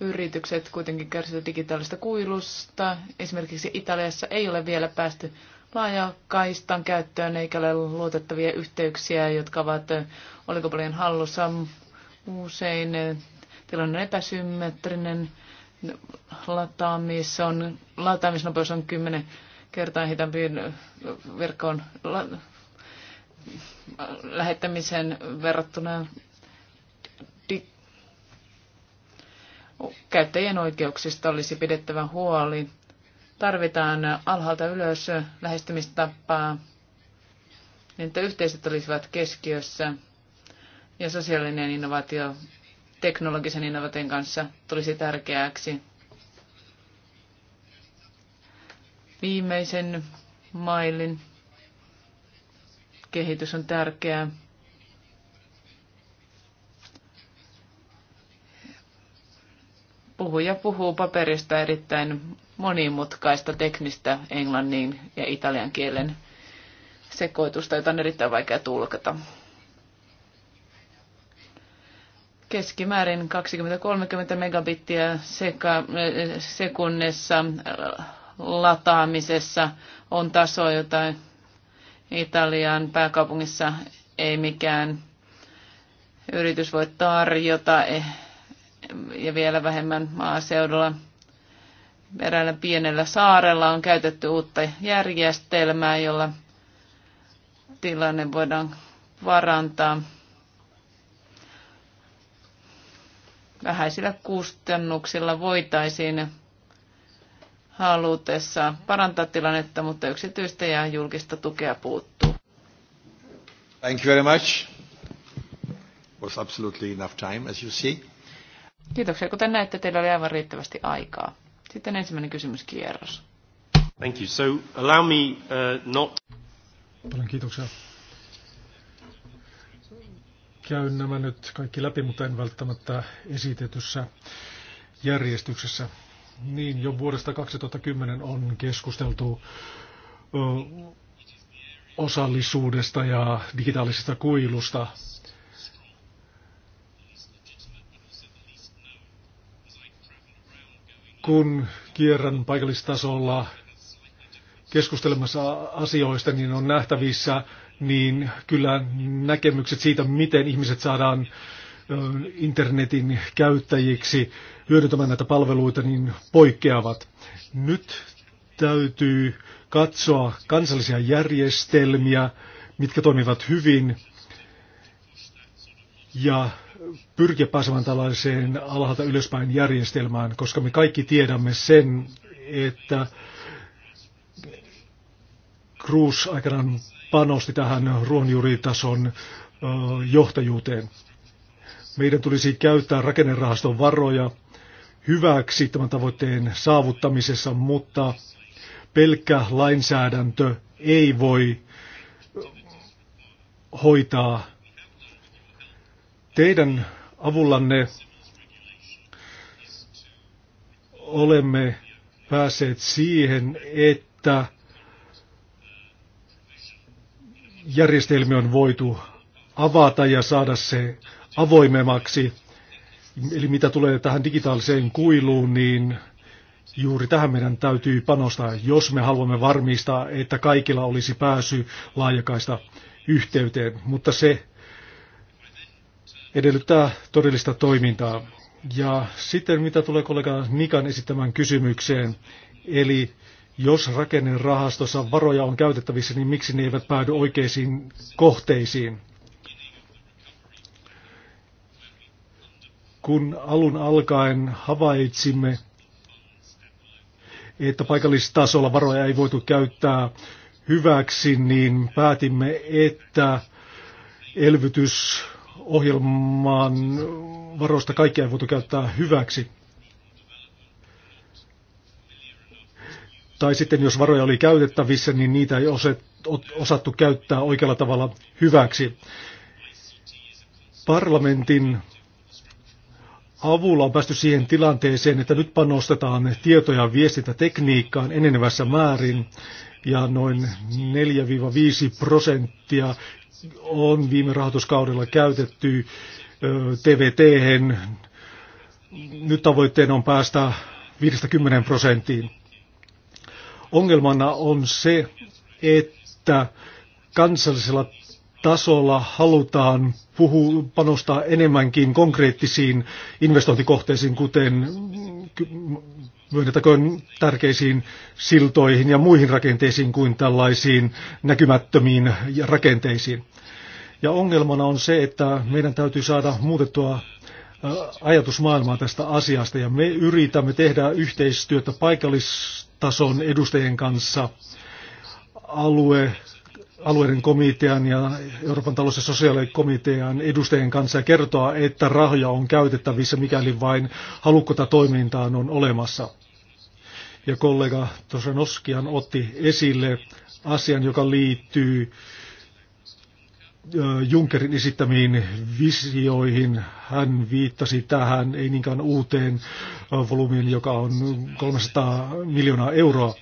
B: yritykset kuitenkin kärsivät digitaalista kuilusta. Esimerkiksi Italiassa ei ole vielä päästy laajakaistan käyttöön eikä ole luotettavia yhteyksiä, jotka ovat oliko paljon hallussa. Usein tilanne on epäsymmetrinen, lataamis on, lataamisnopeus on 10 kertaa hitaampi verkkoon lähettämiseen verrattuna di- käyttäjien oikeuksista olisi pidettävä huoli. Tarvitaan alhaalta ylös lähestymistapaa, niin että yhteiset olisivat keskiössä ja sosiaalinen innovaatio teknologisen innovaation kanssa tulisi tärkeäksi. Viimeisen mailin kehitys on tärkeää. Puhuja puhuu paperista erittäin monimutkaista teknistä englannin ja italian kielen sekoitusta, jota on erittäin vaikea tulkata. Keskimäärin 20-30 megabittiä sekunnissa lataamisessa on taso, jota Italian pääkaupungissa ei mikään yritys voi tarjota eh, ja vielä vähemmän maaseudulla. Eräällä pienellä saarella on käytetty uutta järjestelmää, jolla tilanne voidaan varantaa vähäisillä kustannuksilla voitaisiin halutessaan parantaa tilannetta, mutta yksityistä ja julkista tukea puuttuu.
A: Thank you very much. Was
C: absolutely enough time, as you see.
B: Kiitoksia. Kuten näette, teillä oli aivan riittävästi aikaa. Sitten ensimmäinen kierros.
C: Thank you. So allow me uh, not... Paljon kiitoksia. Käyn nämä nyt kaikki läpi, mutta en välttämättä esitetyssä järjestyksessä. Niin, jo vuodesta 2010 on keskusteltu osallisuudesta ja digitaalisesta kuilusta. Kun kierrän paikallistasolla keskustelemassa asioista, niin on nähtävissä, niin kyllä näkemykset siitä, miten ihmiset saadaan internetin käyttäjiksi hyödyntämään näitä palveluita, niin poikkeavat. Nyt täytyy katsoa kansallisia järjestelmiä, mitkä toimivat hyvin, ja pyrkiä pääsemään tällaiseen alhaalta ylöspäin järjestelmään, koska me kaikki tiedämme sen, että Cruz aikanaan panosti tähän ruohonjuuritason johtajuuteen. Meidän tulisi käyttää rakennerahaston varoja hyväksi tämän tavoitteen saavuttamisessa, mutta pelkkä lainsäädäntö ei voi hoitaa. Teidän avullanne olemme päässeet siihen, että järjestelmä on voitu avata ja saada se avoimemmaksi. Eli mitä tulee tähän digitaaliseen kuiluun, niin juuri tähän meidän täytyy panostaa, jos me haluamme varmistaa, että kaikilla olisi pääsy laajakaista yhteyteen. Mutta se edellyttää todellista toimintaa. Ja sitten mitä tulee kollega Nikan esittämään kysymykseen, eli jos rakennerahastossa varoja on käytettävissä, niin miksi ne eivät päädy oikeisiin kohteisiin? kun alun alkaen havaitsimme, että paikallistasolla varoja ei voitu käyttää hyväksi, niin päätimme, että elvytysohjelmaan varoista kaikkia ei voitu käyttää hyväksi. Tai sitten jos varoja oli käytettävissä, niin niitä ei osattu käyttää oikealla tavalla hyväksi. Parlamentin avulla on päästy siihen tilanteeseen, että nyt panostetaan tieto- ja viestintätekniikkaan enenevässä määrin ja noin 4-5 prosenttia on viime rahoituskaudella käytetty tvt -hen. Nyt tavoitteena on päästä 50 prosenttiin. Ongelmana on se, että kansallisella tasolla halutaan puhu, panostaa enemmänkin konkreettisiin investointikohteisiin, kuten myönnetäköön tärkeisiin siltoihin ja muihin rakenteisiin kuin tällaisiin näkymättömiin rakenteisiin. Ja ongelmana on se, että meidän täytyy saada muutettua ajatusmaailmaa tästä asiasta ja me yritämme tehdä yhteistyötä paikallistason edustajien kanssa, alue alueiden komitean ja Euroopan talous- ja sosiaalikomitean edustajien kanssa ja kertoa, että rahoja on käytettävissä, mikäli vain halukkota toimintaan on olemassa. Ja kollega Tosanoskian otti esille asian, joka liittyy Junkerin esittämiin visioihin. Hän viittasi tähän, ei niinkään uuteen volyymiin, joka on 300 miljoonaa euroa.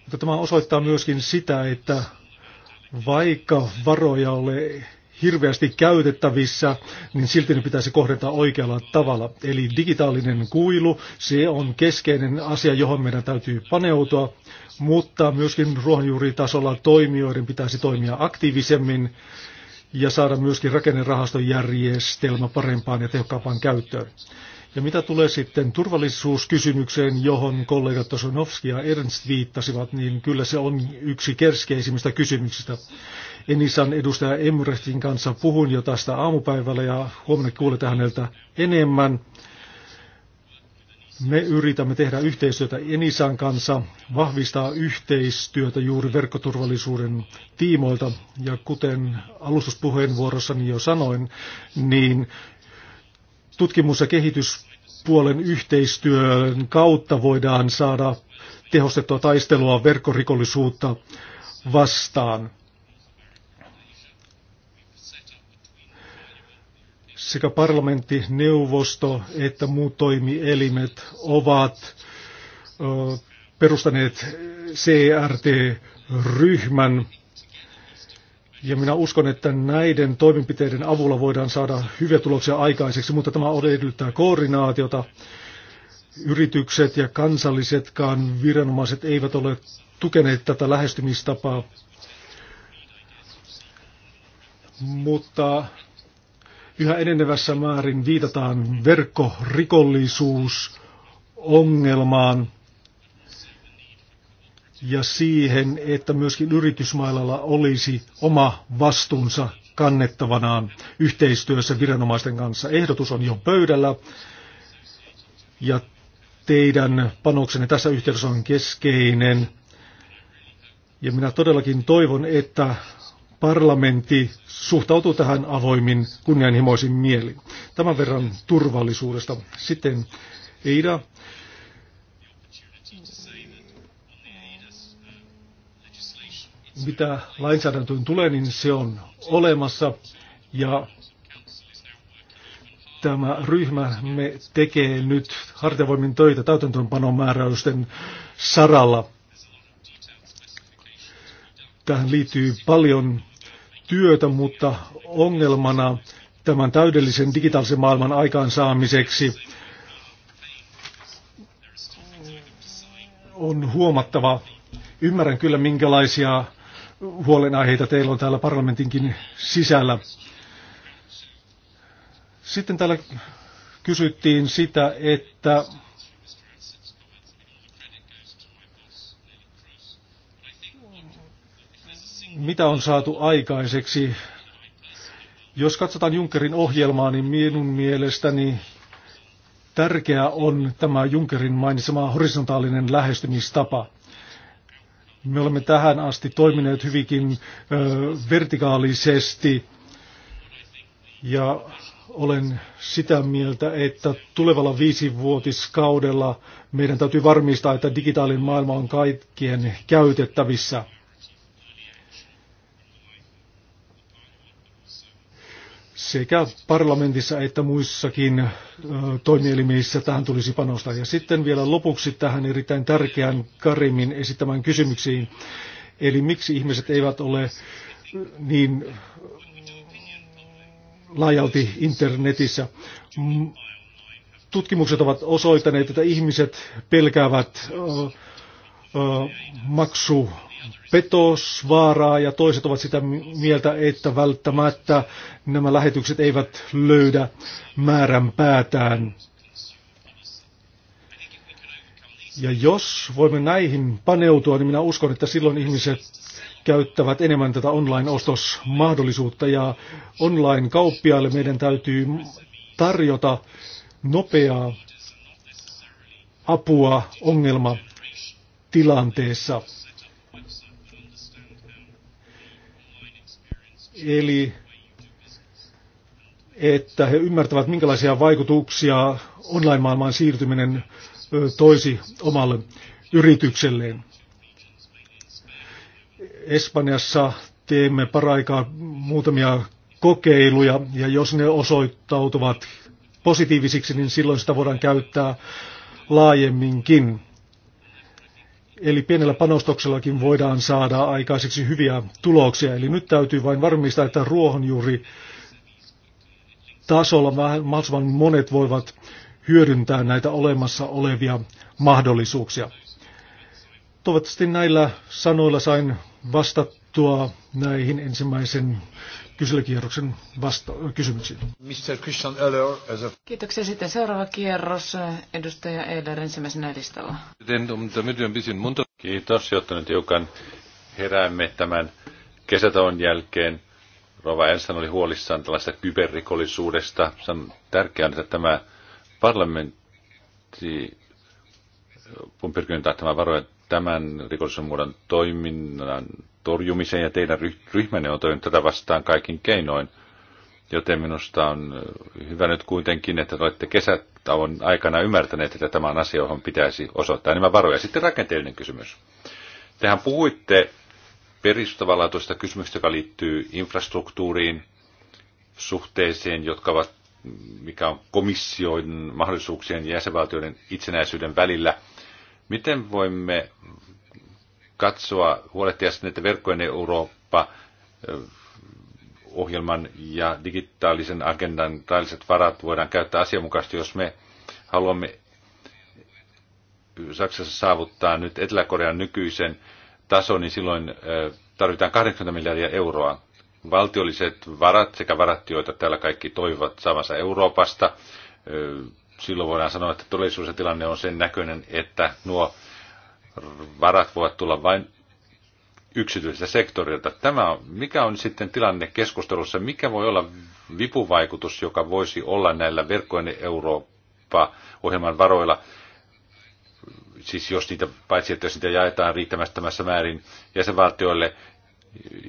C: Mutta tämä osoittaa myöskin sitä, että vaikka varoja ole hirveästi käytettävissä, niin silti ne pitäisi kohdata oikealla tavalla. Eli digitaalinen kuilu, se on keskeinen asia, johon meidän täytyy paneutua, mutta myöskin ruohonjuuritasolla toimijoiden pitäisi toimia aktiivisemmin ja saada myöskin rakennerahastojärjestelmä parempaan ja tehokkaampaan käyttöön. Ja mitä tulee sitten turvallisuuskysymykseen, johon kollegat Tosonovski ja Ernst viittasivat, niin kyllä se on yksi keskeisimmistä kysymyksistä. Enisan edustaja Emrehtin kanssa puhun jo tästä aamupäivällä ja huomenna kuulet häneltä enemmän. Me yritämme tehdä yhteistyötä Enisan kanssa, vahvistaa yhteistyötä juuri verkkoturvallisuuden tiimoilta. Ja kuten alustuspuheenvuorossani jo sanoin, niin tutkimus- ja kehityspuolen yhteistyön kautta voidaan saada tehostettua taistelua verkkorikollisuutta vastaan. Sekä parlamentti, neuvosto että muut toimielimet ovat perustaneet CRT-ryhmän ja minä uskon, että näiden toimenpiteiden avulla voidaan saada hyviä tuloksia aikaiseksi, mutta tämä edellyttää koordinaatiota. Yritykset ja kansallisetkaan viranomaiset eivät ole tukeneet tätä lähestymistapaa. Mutta yhä enenevässä määrin viitataan verkkorikollisuus ongelmaan – ja siihen, että myöskin yritysmailalla olisi oma vastuunsa kannettavanaan yhteistyössä viranomaisten kanssa. Ehdotus on jo pöydällä ja teidän panoksenne tässä yhteydessä on keskeinen. Ja minä todellakin toivon, että parlamentti suhtautuu tähän avoimin kunnianhimoisin mieli. Tämän verran turvallisuudesta. Sitten Eida, mitä lainsäädäntöön tulee, niin se on olemassa ja tämä ryhmä me tekee nyt hartiavoimin töitä täytäntöönpanon määräysten saralla. Tähän liittyy paljon työtä, mutta ongelmana tämän täydellisen digitaalisen maailman aikaansaamiseksi on huomattava. Ymmärrän kyllä, minkälaisia huolenaiheita teillä on täällä parlamentinkin sisällä. Sitten täällä kysyttiin sitä, että mitä on saatu aikaiseksi. Jos katsotaan Junckerin ohjelmaa, niin minun mielestäni tärkeää on tämä Junckerin mainitsema horisontaalinen lähestymistapa. Me olemme tähän asti toimineet hyvinkin ö, vertikaalisesti ja olen sitä mieltä, että tulevalla viisivuotiskaudella meidän täytyy varmistaa, että digitaalinen maailma on kaikkien käytettävissä – sekä parlamentissa että muissakin toimielimissä tähän tulisi panostaa. Ja sitten vielä lopuksi tähän erittäin tärkeään Karimin esittämään kysymyksiin. Eli miksi ihmiset eivät ole niin laajalti internetissä. Tutkimukset ovat osoittaneet, että ihmiset pelkäävät maksu petosvaaraa ja toiset ovat sitä mieltä, että välttämättä nämä lähetykset eivät löydä määrän päätään. Ja jos voimme näihin paneutua, niin minä uskon, että silloin ihmiset käyttävät enemmän tätä online-ostosmahdollisuutta ja online-kauppiaille meidän täytyy tarjota nopeaa apua ongelmatilanteessa. tilanteessa. Eli että he ymmärtävät, minkälaisia vaikutuksia online-maailmaan siirtyminen toisi omalle yritykselleen. Espanjassa teemme paraikaa muutamia kokeiluja, ja jos ne osoittautuvat positiivisiksi, niin silloin sitä voidaan käyttää laajemminkin. Eli pienellä panostuksellakin voidaan saada aikaiseksi hyviä tuloksia. Eli nyt täytyy vain varmistaa, että ruohonjuuri tasolla mahdollisimman monet voivat hyödyntää näitä olemassa olevia mahdollisuuksia. Toivottavasti näillä sanoilla sain vastattua puuttua näihin ensimmäisen kyselykierroksen vasta- kysymyksiin.
A: Mr. Christian Eller, as a...
B: Kiitoksia. Sitten seuraava kierros. Edustaja Eller ensimmäisenä listalla.
A: Um, Kiitos, jotta nyt hiukan heräämme tämän kesätauon jälkeen. Rova Ensan oli huolissaan tällaista kyberrikollisuudesta. Se on tärkeää, että tämä parlamentti äh, on pyrkinyt tämän varoja tämän rikollisuuden muodon toiminnan torjumiseen ja teidän ryhmänne on toiminut tätä vastaan kaikin keinoin. Joten minusta on äh, hyvä nyt kuitenkin, että olette kesätauon aikana ymmärtäneet, että tämä on asia, johon pitäisi osoittaa enemmän varoja. Sitten rakenteellinen kysymys. Tehän puhuitte perustavanlaatuisesta kysymyksestä, joka liittyy infrastruktuuriin, suhteeseen, jotka ovat, mikä on komission mahdollisuuksien ja jäsenvaltioiden itsenäisyyden välillä. Miten voimme katsoa, huolehtia sitten, että verkkojen Eurooppa ohjelman ja digitaalisen agendan rajalliset varat voidaan käyttää asianmukaisesti, jos me haluamme Saksassa saavuttaa nyt Etelä-Korean nykyisen tason, niin silloin tarvitaan 80 miljardia euroa. Valtiolliset varat sekä varat, joita täällä kaikki toivovat saavansa Euroopasta, silloin voidaan sanoa, että todellisuus tilanne on sen näköinen, että nuo varat voivat tulla vain yksityisestä sektorilta. Tämä mikä on sitten tilanne keskustelussa? Mikä voi olla vipuvaikutus, joka voisi olla näillä verkkojen Eurooppa-ohjelman varoilla? Siis jos niitä, paitsi että jos niitä jaetaan riittämättömässä määrin jäsenvaltioille,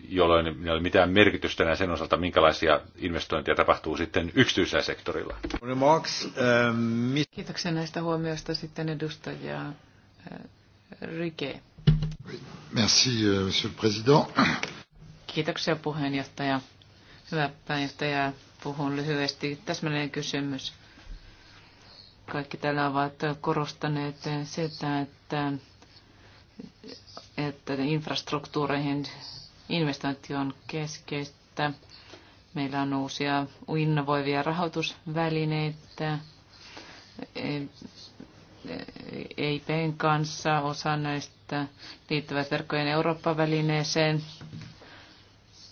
A: jolloin ei ole mitään merkitystä enää sen osalta, minkälaisia investointeja tapahtuu sitten yksityisellä sektorilla.
B: Ähm, Kiitoksia näistä huomioista sitten edustajia äh, Rike.
A: Merci, euh, monsieur le président.
B: Kiitoksia puheenjohtaja. Hyvä pääjohtaja, puhun lyhyesti. Täsmällinen kysymys. Kaikki täällä ovat korostaneet sitä, että, että infrastruktuureihin investointi on keskeistä. Meillä on uusia innovoivia rahoitusvälineitä EIPn kanssa. Osa näistä liittyvät verkkojen Eurooppa-välineeseen.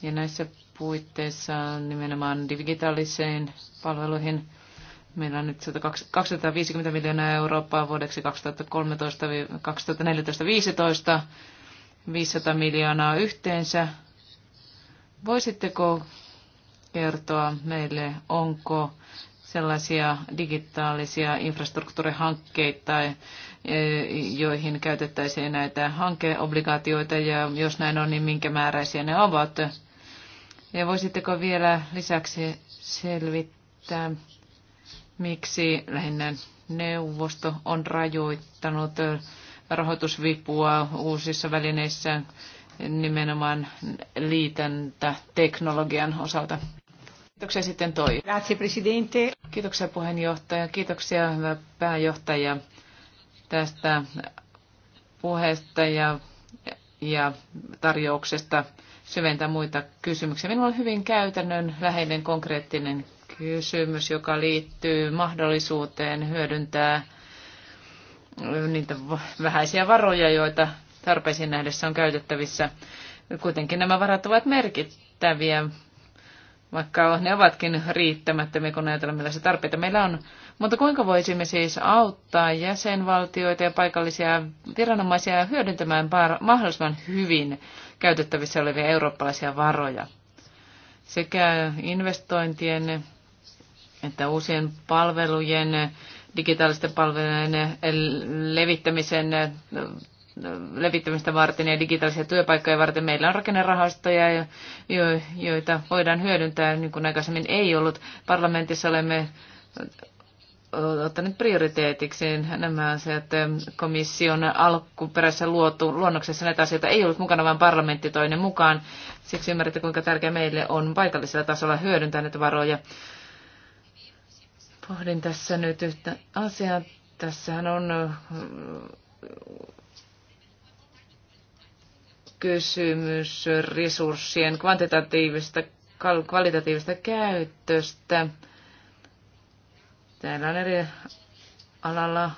B: Ja näissä puitteissa nimenomaan digitaaliseen palveluihin Meillä on nyt 250 miljoonaa Eurooppaa vuodeksi 2013-2014-2015, 500 miljoonaa yhteensä. Voisitteko kertoa meille, onko sellaisia digitaalisia infrastruktuurihankkeita, eh, joihin käytettäisiin näitä hankeobligaatioita, ja jos näin on, niin minkä määräisiä ne ovat. Ja voisitteko vielä lisäksi selvittää, miksi lähinnä neuvosto on rajoittanut rahoitusvipua uusissa välineissä nimenomaan liitäntä teknologian osalta? Kiitoksia sitten toi. Grazie, presidente. Kiitoksia puheenjohtaja, kiitoksia hyvä pääjohtaja tästä puheesta ja, ja tarjouksesta syventää muita kysymyksiä. Minulla on hyvin käytännön läheinen konkreettinen kysymys, joka liittyy mahdollisuuteen hyödyntää niitä vähäisiä varoja, joita tarpeisiin nähdessä on käytettävissä. Kuitenkin nämä varat ovat merkittäviä vaikka ne ovatkin riittämättömiä, kun ajatellaan millaisia tarpeita meillä on. Mutta kuinka voisimme siis auttaa jäsenvaltioita ja paikallisia viranomaisia hyödyntämään mahdollisimman hyvin käytettävissä olevia eurooppalaisia varoja? Sekä investointien että uusien palvelujen, digitaalisten palvelujen levittämisen levittämistä varten ja digitaalisia työpaikkoja varten. Meillä on rakennerahastoja, joita voidaan hyödyntää, niin kuin aikaisemmin ei ollut. Parlamentissa olemme ottaneet prioriteetiksi nämä asiat. Komission alkuperäisessä luotu, luonnoksessa näitä asioita ei ollut mukana, vaan parlamentti toinen mukaan. Siksi ymmärrätte, kuinka tärkeää meille on paikallisella tasolla hyödyntää näitä varoja. Pohdin tässä nyt yhtä asiaa. Tässähän on kysymys resurssien kvantitatiivista, kvalitatiivista käytöstä. Täällä on eri alalla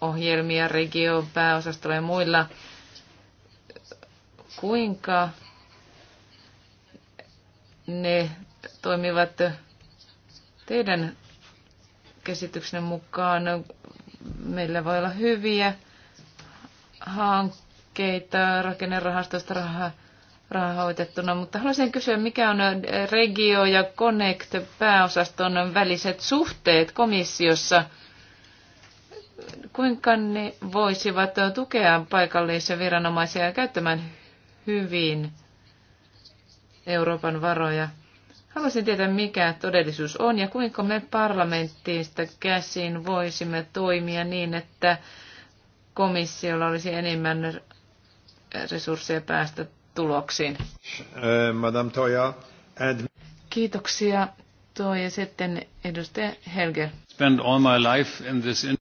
B: ohjelmia, regio, pääosastolla ja muilla. Kuinka ne toimivat teidän käsityksenne mukaan? Meillä voi olla hyviä hankkeita hankkeita rakennerahastosta rahaa rahoitettuna, mutta haluaisin kysyä, mikä on Regio ja Connect pääosaston väliset suhteet komissiossa? Kuinka ne voisivat tukea paikallisia viranomaisia käyttämään hyvin Euroopan varoja? Haluaisin tietää, mikä todellisuus on ja kuinka me parlamenttiista käsin voisimme toimia niin, että komissiolla olisi enemmän resursseja päästä tuloksiin.
A: Eh, Madame
C: Toja.
B: Kiitoksia. Tuo ja sitten edustaja Helge.
C: Spend all my life in this in-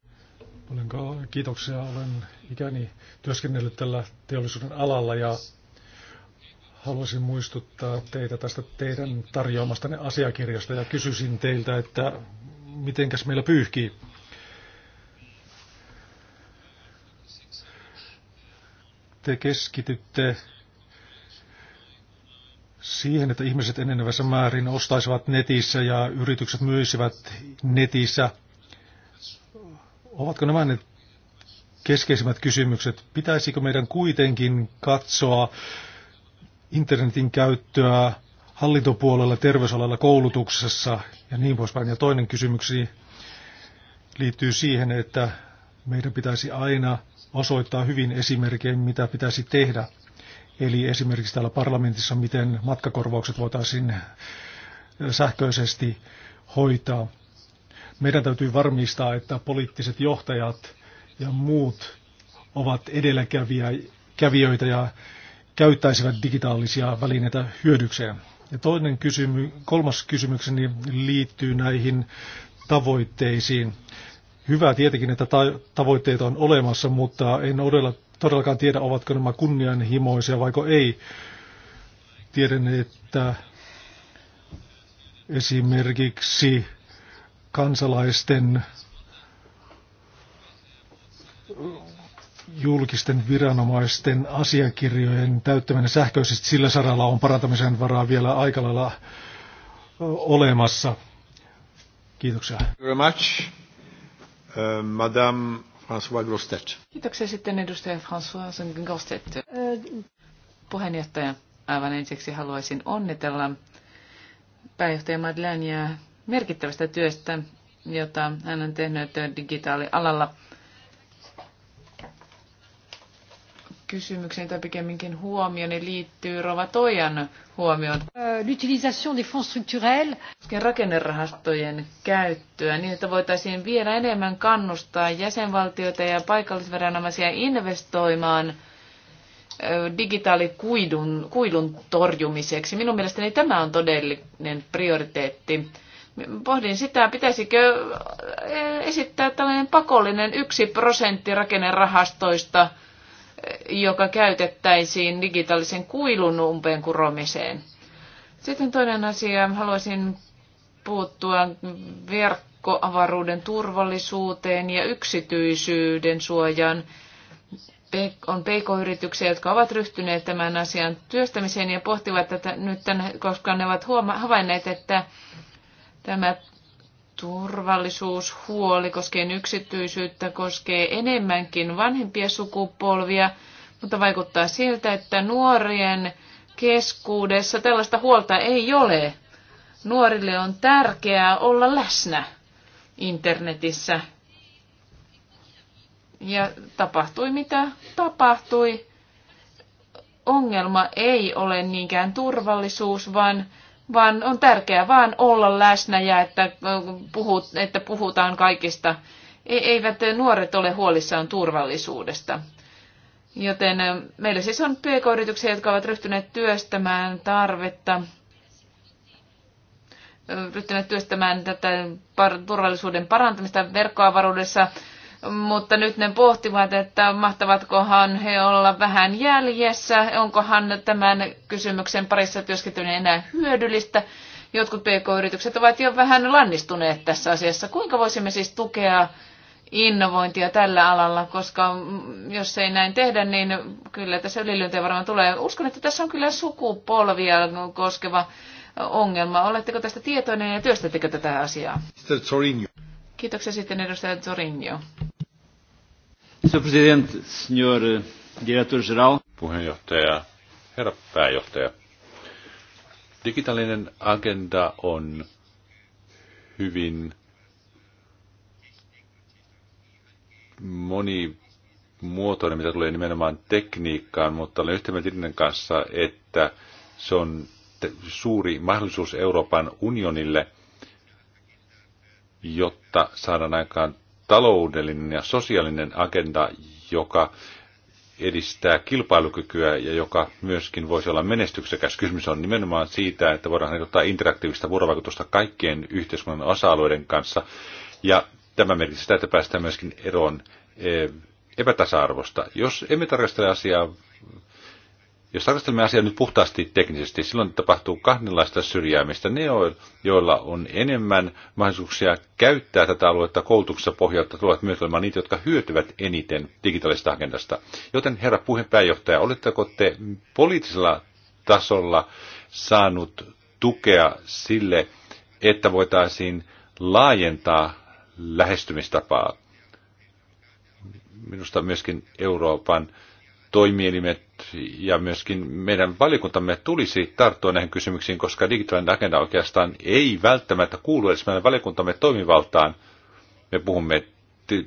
C: ka- kiitoksia. Olen ikäni työskennellyt tällä teollisuuden alalla ja haluaisin muistuttaa teitä tästä teidän tarjoamastanne asiakirjasta ja kysyisin teiltä, että mitenkäs meillä pyyhkii. te keskitytte siihen, että ihmiset enenevässä määrin ostaisivat netissä ja yritykset myisivät netissä. Ovatko nämä ne keskeisimmät kysymykset? Pitäisikö meidän kuitenkin katsoa internetin käyttöä hallintopuolella, terveysalalla, koulutuksessa ja niin poispäin? Ja toinen kysymyksi liittyy siihen, että meidän pitäisi aina osoittaa hyvin esimerkkejä, mitä pitäisi tehdä. Eli esimerkiksi täällä parlamentissa, miten matkakorvaukset voitaisiin sähköisesti hoitaa. Meidän täytyy varmistaa, että poliittiset johtajat ja muut ovat edelläkävijöitä ja käyttäisivät digitaalisia välineitä hyödykseen. Ja toinen kysymy, kolmas kysymykseni liittyy näihin tavoitteisiin hyvä tietenkin, että ta- tavoitteita on olemassa, mutta en odella, todellakaan tiedä, ovatko nämä kunnianhimoisia vaiko ei. Tiedän, että esimerkiksi kansalaisten julkisten viranomaisten asiakirjojen täyttäminen sähköisesti sillä saralla on parantamisen varaa vielä aika lailla olemassa. Kiitoksia. Very much. E, Madame François Grostet.
B: Kiitoksia sitten edustaja François Grostet. E, Puheenjohtaja, aivan ensiksi haluaisin onnitella pääjohtaja Madelainia merkittävästä työstä, jota hän on tehnyt digitaalialalla. kysymykseni tai pikemminkin huomioni niin liittyy Rova Toijan huomioon. L'utilisation des fonds structurels. Rakennerahastojen käyttöä niin, että voitaisiin vielä enemmän kannustaa jäsenvaltioita ja paikallisviranomaisia investoimaan digitaalikuidun kuidun torjumiseksi. Minun mielestäni tämä on todellinen prioriteetti. Pohdin sitä, pitäisikö esittää tällainen pakollinen yksi prosentti rakennerahastoista – joka käytettäisiin digitaalisen kuilun umpeen kuromiseen. Sitten toinen asia, haluaisin puuttua verkkoavaruuden turvallisuuteen ja yksityisyyden suojaan. On pk-yrityksiä, jotka ovat ryhtyneet tämän asian työstämiseen ja pohtivat tätä nyt, tänne, koska ne ovat huoma- havainneet, että tämä turvallisuushuoli koskee yksityisyyttä koskee enemmänkin vanhempia sukupolvia, mutta vaikuttaa siltä, että nuorien keskuudessa tällaista huolta ei ole. Nuorille on tärkeää olla läsnä internetissä. Ja tapahtui mitä tapahtui. Ongelma ei ole niinkään turvallisuus, vaan vaan on tärkeää vaan olla läsnä ja että, puhut, että puhutaan kaikista. E, eivät nuoret ole huolissaan turvallisuudesta. Joten meillä siis on pk-yrityksiä, jotka ovat ryhtyneet työstämään tarvetta, ryhtyneet työstämään tätä turvallisuuden parantamista verkkoavaruudessa mutta nyt ne pohtivat, että mahtavatkohan he olla vähän jäljessä, onkohan tämän kysymyksen parissa työskenteleminen enää hyödyllistä. Jotkut pk-yritykset ovat jo vähän lannistuneet tässä asiassa. Kuinka voisimme siis tukea innovointia tällä alalla, koska jos ei näin tehdä, niin kyllä tässä ylilyöntejä varmaan tulee. Uskon, että tässä on kyllä sukupolvia koskeva ongelma. Oletteko tästä tietoinen ja työstättekö tätä asiaa? Mr. Kiitoksia sitten edustaja zorinio.
A: Herra president, signor director general. Puheenjohtaja, herra pääjohtaja. Digitaalinen agenda on hyvin monimuotoinen, mitä tulee nimenomaan tekniikkaan, mutta olen yhtä mieltä kanssa, että se on suuri mahdollisuus Euroopan unionille – jotta saadaan aikaan taloudellinen ja sosiaalinen agenda, joka edistää kilpailukykyä ja joka myöskin voisi olla menestyksekäs. Kysymys on nimenomaan siitä, että voidaan ottaa interaktiivista vuorovaikutusta kaikkien yhteiskunnan osa-alueiden kanssa. Ja tämä merkitsee sitä, että päästään myöskin eroon eh, epätasa-arvosta. Jos emme tarkastele asiaa jos tarkastelemme asiaa nyt puhtaasti teknisesti, silloin tapahtuu kahdenlaista syrjäämistä. Ne, joilla on enemmän mahdollisuuksia käyttää tätä aluetta koulutuksessa pohjalta, tulevat myös olemaan niitä, jotka hyötyvät eniten digitaalisesta agendasta. Joten herra puheenpääjohtaja, oletteko te poliittisella tasolla saanut tukea sille, että voitaisiin laajentaa lähestymistapaa? Minusta myöskin Euroopan toimielimet ja myöskin meidän valiokuntamme tulisi tarttua näihin kysymyksiin, koska digitaalinen agenda oikeastaan ei välttämättä kuulu edes meidän valiokuntamme toimivaltaan. Me puhumme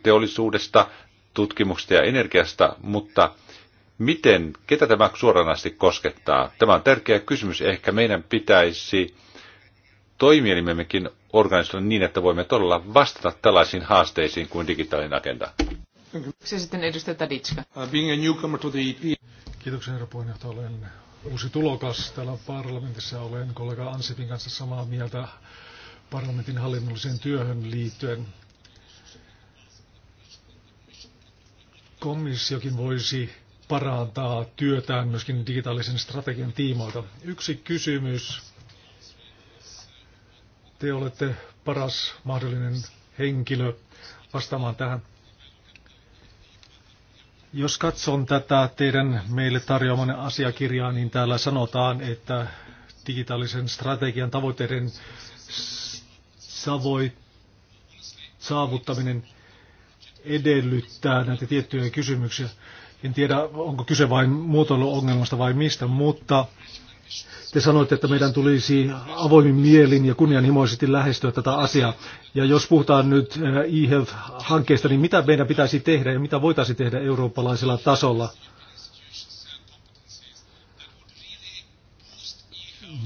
A: teollisuudesta, tutkimuksesta ja energiasta, mutta miten, ketä tämä suoranaisesti koskettaa? Tämä on tärkeä kysymys. Ehkä meidän pitäisi toimielimemmekin organisoida niin, että voimme todella vastata tällaisiin haasteisiin kuin digitaalinen agenda.
B: Sitten edustaja Tadicka. Uh,
C: Kiitoksia herra puheenjohtaja. Olen uusi tulokas täällä parlamentissa. Olen kollega Ansipin kanssa samaa mieltä parlamentin hallinnolliseen työhön liittyen. Komissiokin voisi parantaa työtään myöskin digitaalisen strategian tiimoilta. Yksi kysymys. Te olette paras mahdollinen henkilö vastaamaan tähän. Jos katson tätä teidän meille tarjoamanne asiakirjaa, niin täällä sanotaan, että digitaalisen strategian tavoitteiden savoi, saavuttaminen edellyttää näitä tiettyjä kysymyksiä. En tiedä, onko kyse vain muotoiluongelmasta vai mistä, mutta te sanoitte, että meidän tulisi avoimin mielin ja kunnianhimoisesti lähestyä tätä asiaa. Ja jos puhutaan nyt eh, e-health-hankkeesta, niin mitä meidän pitäisi tehdä ja mitä voitaisiin tehdä eurooppalaisella tasolla,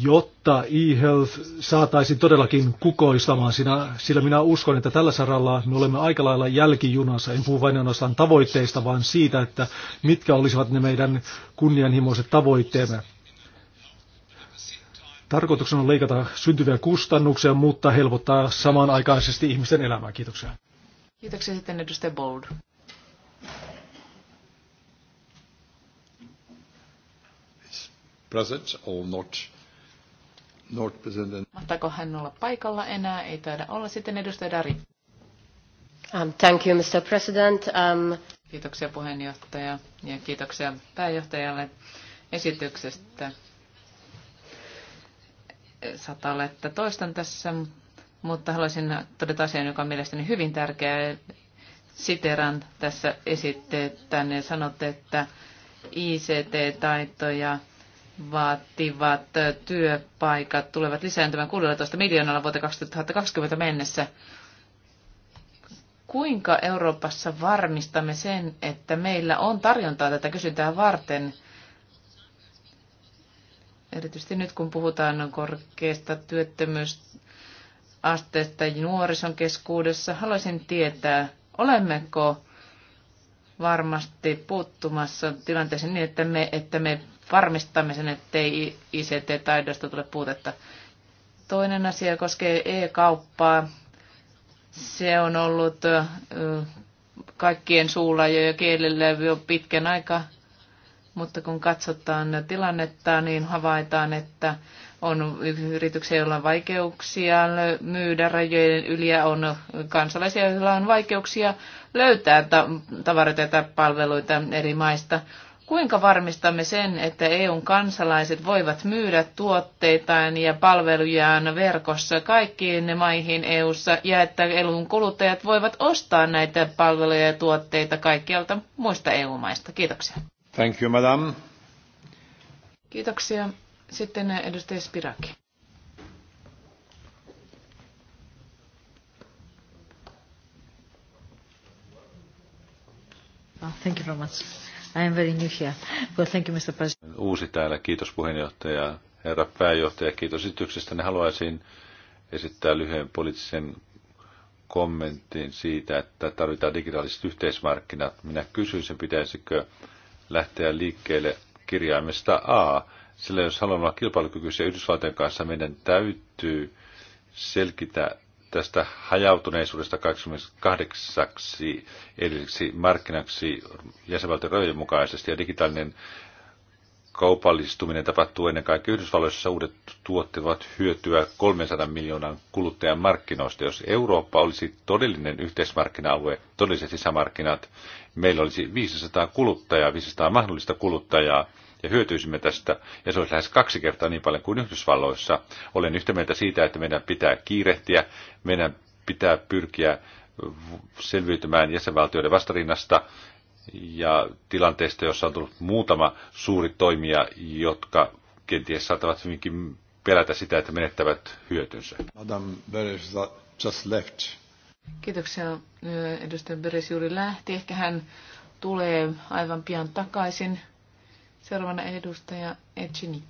C: jotta e-health saataisiin todellakin kukoistamaan, sinä, sillä minä uskon, että tällä saralla me olemme aika lailla jälkijunassa. En puhu vain ainoastaan tavoitteista, vaan siitä, että mitkä olisivat ne meidän kunnianhimoiset tavoitteemme Tarkoituksena on leikata syntyviä kustannuksia, mutta helpottaa samanaikaisesti ihmisten elämää. Kiitoksia.
B: Kiitoksia sitten edustaja Bold.
A: Present or not?
B: Not present. Mahtaako hän olla paikalla enää? Ei taida olla. Sitten edustaja Dari. Um, thank you, Mr. President. Um... Kiitoksia puheenjohtaja ja kiitoksia pääjohtajalle esityksestä satalle, että toistan tässä, mutta haluaisin todeta asian, joka on mielestäni hyvin tärkeä. Siteran tässä esitte, että ne sanotte, että ICT-taitoja vaativat työpaikat tulevat lisääntymään 16 miljoonalla vuoteen 2020 mennessä. Kuinka Euroopassa varmistamme sen, että meillä on tarjontaa tätä kysyntää varten – Erityisesti nyt kun puhutaan korkeasta työttömyysasteesta nuorison keskuudessa, haluaisin tietää, olemmeko varmasti puuttumassa tilanteeseen niin, että me, että me varmistamme sen, ettei ICT-taidosta tule puutetta. Toinen asia koskee e-kauppaa. Se on ollut kaikkien suulla jo ja kielellä jo pitkän aikaa mutta kun katsotaan tilannetta, niin havaitaan, että on yrityksiä, joilla on vaikeuksia myydä rajojen yli ja on kansalaisia, joilla on vaikeuksia löytää tavaroita ja palveluita eri maista. Kuinka varmistamme sen, että EUn kansalaiset voivat myydä tuotteitaan ja palvelujaan verkossa kaikkiin ne maihin EUssa ja että EUn kuluttajat voivat ostaa näitä palveluja ja tuotteita kaikkialta muista EU-maista? Kiitoksia.
A: Thank you, madam.
B: Kiitoksia. Sitten edustaja Spiraki.
A: Ah, thank you very much. I am very new here. Well, thank you, Mr. President. Uusi täällä. Kiitos puheenjohtaja. Herra pääjohtaja, kiitos esityksestä. Haluaisin esittää lyhyen poliittisen kommentin siitä, että tarvitaan digitaaliset yhteismarkkinat. Minä kysyisin, pitäisikö lähteä liikkeelle kirjaimesta A, sillä jos haluamme olla kilpailukykyisiä Yhdysvaltojen kanssa, meidän täytyy selkitä tästä hajautuneisuudesta 28 edelliseksi markkinaksi jäsenvaltion rajojen mukaisesti ja digitaalinen kaupallistuminen tapahtuu ennen kaikkea Yhdysvalloissa. Uudet tuotteet ovat hyötyä 300 miljoonan kuluttajan markkinoista. Jos Eurooppa olisi todellinen yhteismarkkina-alue, todelliset sisämarkkinat, meillä olisi 500 kuluttajaa, 500 mahdollista kuluttajaa, ja hyötyisimme tästä, ja se olisi lähes kaksi kertaa niin paljon kuin Yhdysvalloissa. Olen yhtä mieltä siitä, että meidän pitää kiirehtiä, meidän pitää pyrkiä selviytymään jäsenvaltioiden vastarinnasta, ja tilanteesta, jossa on tullut muutama suuri toimija, jotka kenties saattavat hyvinkin pelätä sitä, että menettävät hyötynsä. Madame Beres just left.
B: Kiitoksia. Edustaja Beres juuri lähti. Ehkä hän tulee aivan pian takaisin. Seuraavana edustaja Echinik.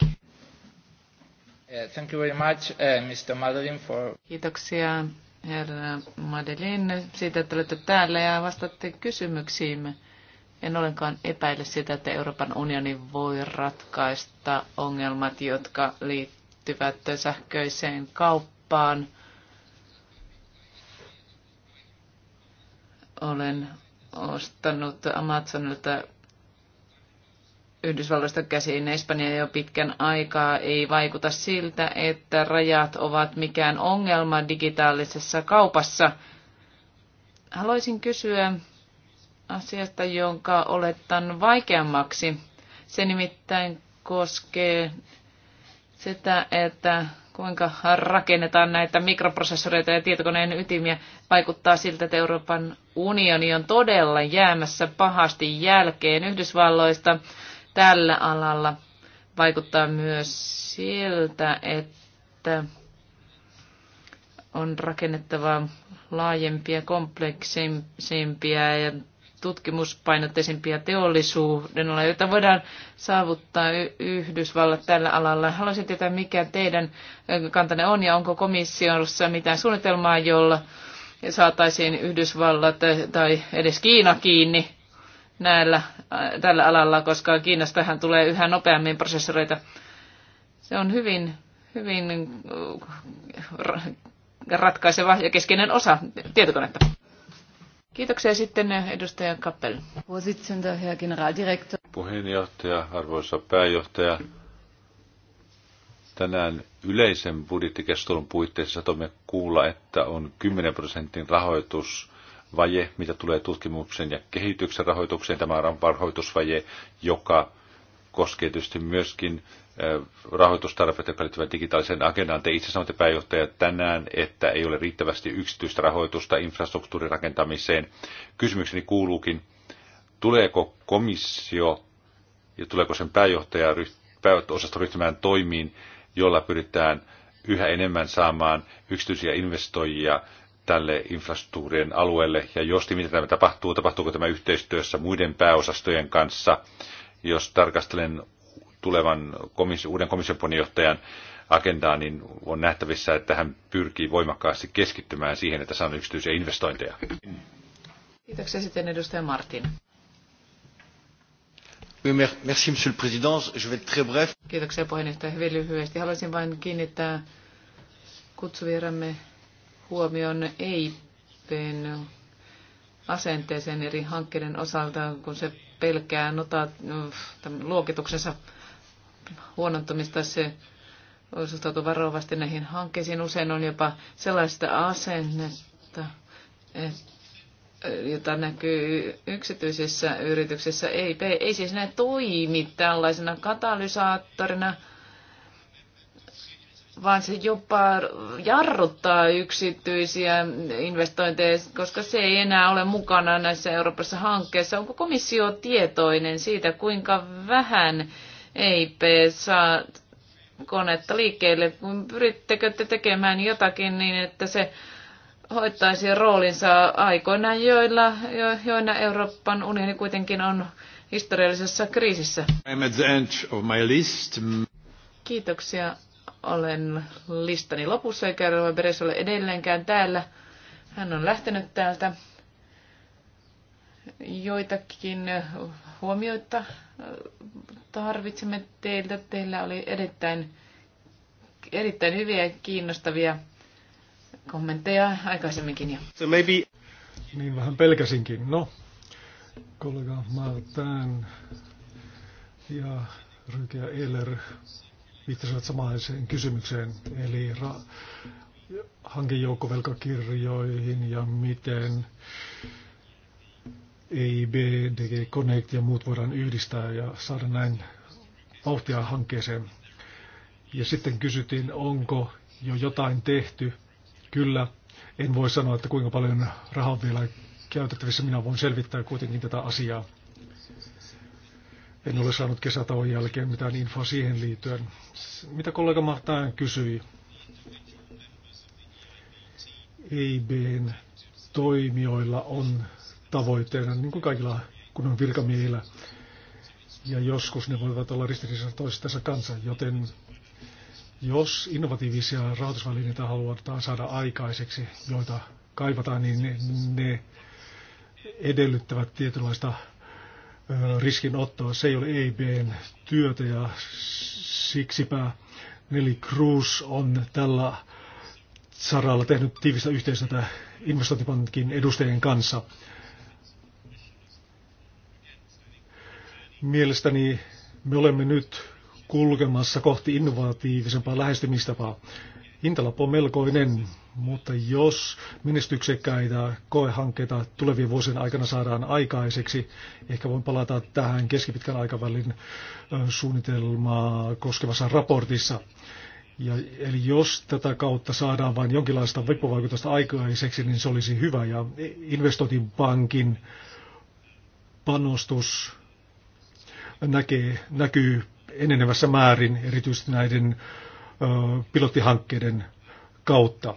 B: Eh, thank you very much, eh, Mr. Madeline, for... Kiitoksia, herra Madeline, siitä, että olette täällä ja vastatte kysymyksiimme. En ollenkaan epäile sitä, että Euroopan unioni voi ratkaista ongelmat, jotka liittyvät sähköiseen kauppaan. Olen ostanut Amazonilta Yhdysvalloista käsiin Espanja jo pitkän aikaa ei vaikuta siltä, että rajat ovat mikään ongelma digitaalisessa kaupassa. Haluaisin kysyä asiasta, jonka oletan vaikeammaksi. Se nimittäin koskee sitä, että kuinka rakennetaan näitä mikroprosessoreita ja tietokoneen ytimiä. Vaikuttaa siltä, että Euroopan unioni on todella jäämässä pahasti jälkeen Yhdysvalloista tällä alalla. Vaikuttaa myös siltä, että on rakennettava laajempia, kompleksisempia ja tutkimuspainotteisimpia teollisuuden aloja, joita voidaan saavuttaa Yhdysvallat tällä alalla. Haluaisin tietää, mikä teidän kantanne on ja onko komissiossa mitään suunnitelmaa, jolla saataisiin Yhdysvallat tai edes Kiina kiinni näillä, tällä alalla, koska Kiinastahan tulee yhä nopeammin prosessoreita. Se on hyvin, hyvin ratkaiseva ja keskeinen osa tietokonetta. Kiitoksia sitten edustaja Kappel.
A: Puheenjohtaja, arvoisa pääjohtaja. Tänään yleisen budjettikeskustelun puitteissa saamme kuulla, että on 10 prosentin rahoitus vaje, mitä tulee tutkimuksen ja kehityksen rahoitukseen. Tämä on rahoitusvaje, joka koskee tietysti myöskin rahoitustarpeet, jotka liittyvät digitaaliseen agendaan. Te itse sanoitte pääjohtaja tänään, että ei ole riittävästi yksityistä rahoitusta infrastruktuurin rakentamiseen. Kysymykseni kuuluukin, tuleeko komissio ja tuleeko sen pääjohtaja pääosasto ryhtymään toimiin, jolla pyritään yhä enemmän saamaan yksityisiä investoijia tälle infrastruktuurien alueelle, ja jos niin, mitä tämä tapahtuu, tapahtuuko tämä yhteistyössä muiden pääosastojen kanssa, jos tarkastelen tulevan komissio, uuden komission puheenjohtajan agendaa, niin on nähtävissä, että hän pyrkii voimakkaasti keskittymään siihen, että saan yksityisiä investointeja.
B: Kiitoksia sitten edustaja Martin.
A: Merci, monsieur le président. Je vais très bref.
B: Kiitoksia puheenjohtaja. Hyvin lyhyesti. Haluaisin vain kiinnittää kutsuvieramme huomioon EIPn asenteeseen eri hankkeiden osalta, kun se pelkää nota, luokituksensa huonontumista. Se suhtautuu varovasti näihin hankkeisiin. Usein on jopa sellaista asennetta, jota näkyy yksityisessä yrityksessä Ei, ei siis ne toimi tällaisena katalysaattorina, vaan se jopa jarruttaa yksityisiä investointeja, koska se ei enää ole mukana näissä Euroopassa hankkeissa. Onko komissio tietoinen siitä, kuinka vähän EIP saa konetta liikkeelle. Kun pyrittekö te tekemään jotakin niin, että se hoittaisi roolinsa aikoina, joilla, jo, joina Euroopan unioni kuitenkin on historiallisessa kriisissä.
A: I'm at the end of my list.
B: Kiitoksia. Olen listani lopussa, eikä Beres ole edelleenkään täällä. Hän on lähtenyt täältä. Joitakin huomioita tarvitsemme teiltä. Teillä oli erittäin, erittäin hyviä ja kiinnostavia kommentteja aikaisemminkin jo. So maybe...
C: Niin vähän pelkäsinkin. No, kollega Martin ja Rykeä Eller viittasivat samaiseen kysymykseen, eli ra- hankejoukkovelkakirjoihin ja miten EIB, DG Connect ja muut voidaan yhdistää ja saada näin vauhtia hankkeeseen. Ja sitten kysyttiin, onko jo jotain tehty. Kyllä, en voi sanoa, että kuinka paljon rahaa vielä käytettävissä. Minä voin selvittää kuitenkin tätä asiaa. En ole saanut kesätauon jälkeen mitään infoa siihen liittyen. Mitä kollega Mahtajan kysyi? EIBn toimijoilla on tavoitteena, niin kuin kaikilla kunnon virkamiehillä. Ja joskus ne voivat olla ristiriidassa toisessa kanssa, joten jos innovatiivisia rahoitusvälineitä halutaan saada aikaiseksi, joita kaivataan, niin ne, ne edellyttävät tietynlaista riskinottoa. Se ei ole EIBn työtä ja siksipä Neli Cruz on tällä saralla tehnyt tiivistä yhteistyötä investointipankin edustajien kanssa. Mielestäni me olemme nyt kulkemassa kohti innovatiivisempaa lähestymistapaa. Hintalappu on melkoinen, mutta jos menestyksekkäitä koehankkeita tulevien vuosien aikana saadaan aikaiseksi, ehkä voin palata tähän keskipitkän aikavälin suunnitelmaa koskevassa raportissa. Ja, eli jos tätä kautta saadaan vain jonkinlaista vipuvaikutusta aikaiseksi, niin se olisi hyvä. Ja investointipankin panostus näkee, näkyy enenevässä määrin, erityisesti näiden ö, pilottihankkeiden kautta.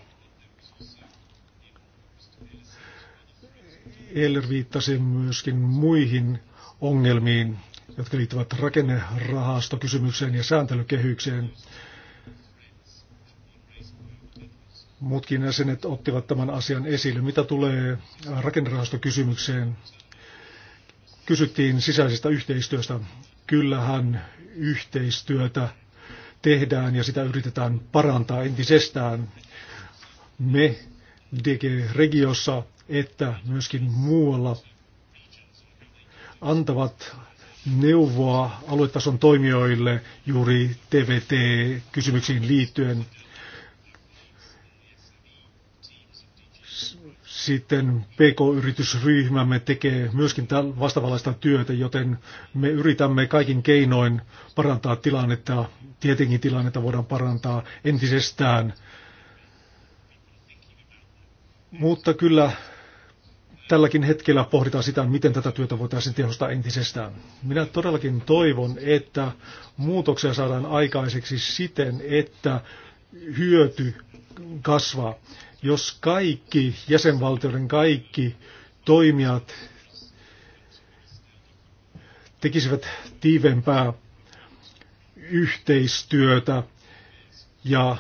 C: Eller viittasi myöskin muihin ongelmiin, jotka liittyvät rakennerahastokysymykseen ja sääntelykehykseen. Muutkin jäsenet ottivat tämän asian esille. Mitä tulee rakennerahastokysymykseen, kysyttiin sisäisestä yhteistyöstä. Kyllähän yhteistyötä tehdään ja sitä yritetään parantaa entisestään. Me DG-regiossa että myöskin muualla antavat neuvoa aluetason toimijoille juuri TVT-kysymyksiin liittyen. sitten PK-yritysryhmämme tekee myöskin vastavalaista työtä, joten me yritämme kaikin keinoin parantaa tilannetta. Tietenkin tilannetta voidaan parantaa entisestään. Mutta kyllä tälläkin hetkellä pohditaan sitä, miten tätä työtä voitaisiin tehostaa entisestään. Minä todellakin toivon, että muutoksia saadaan aikaiseksi siten, että hyöty kasvaa. Jos kaikki jäsenvaltioiden kaikki toimijat tekisivät tiivempää yhteistyötä ja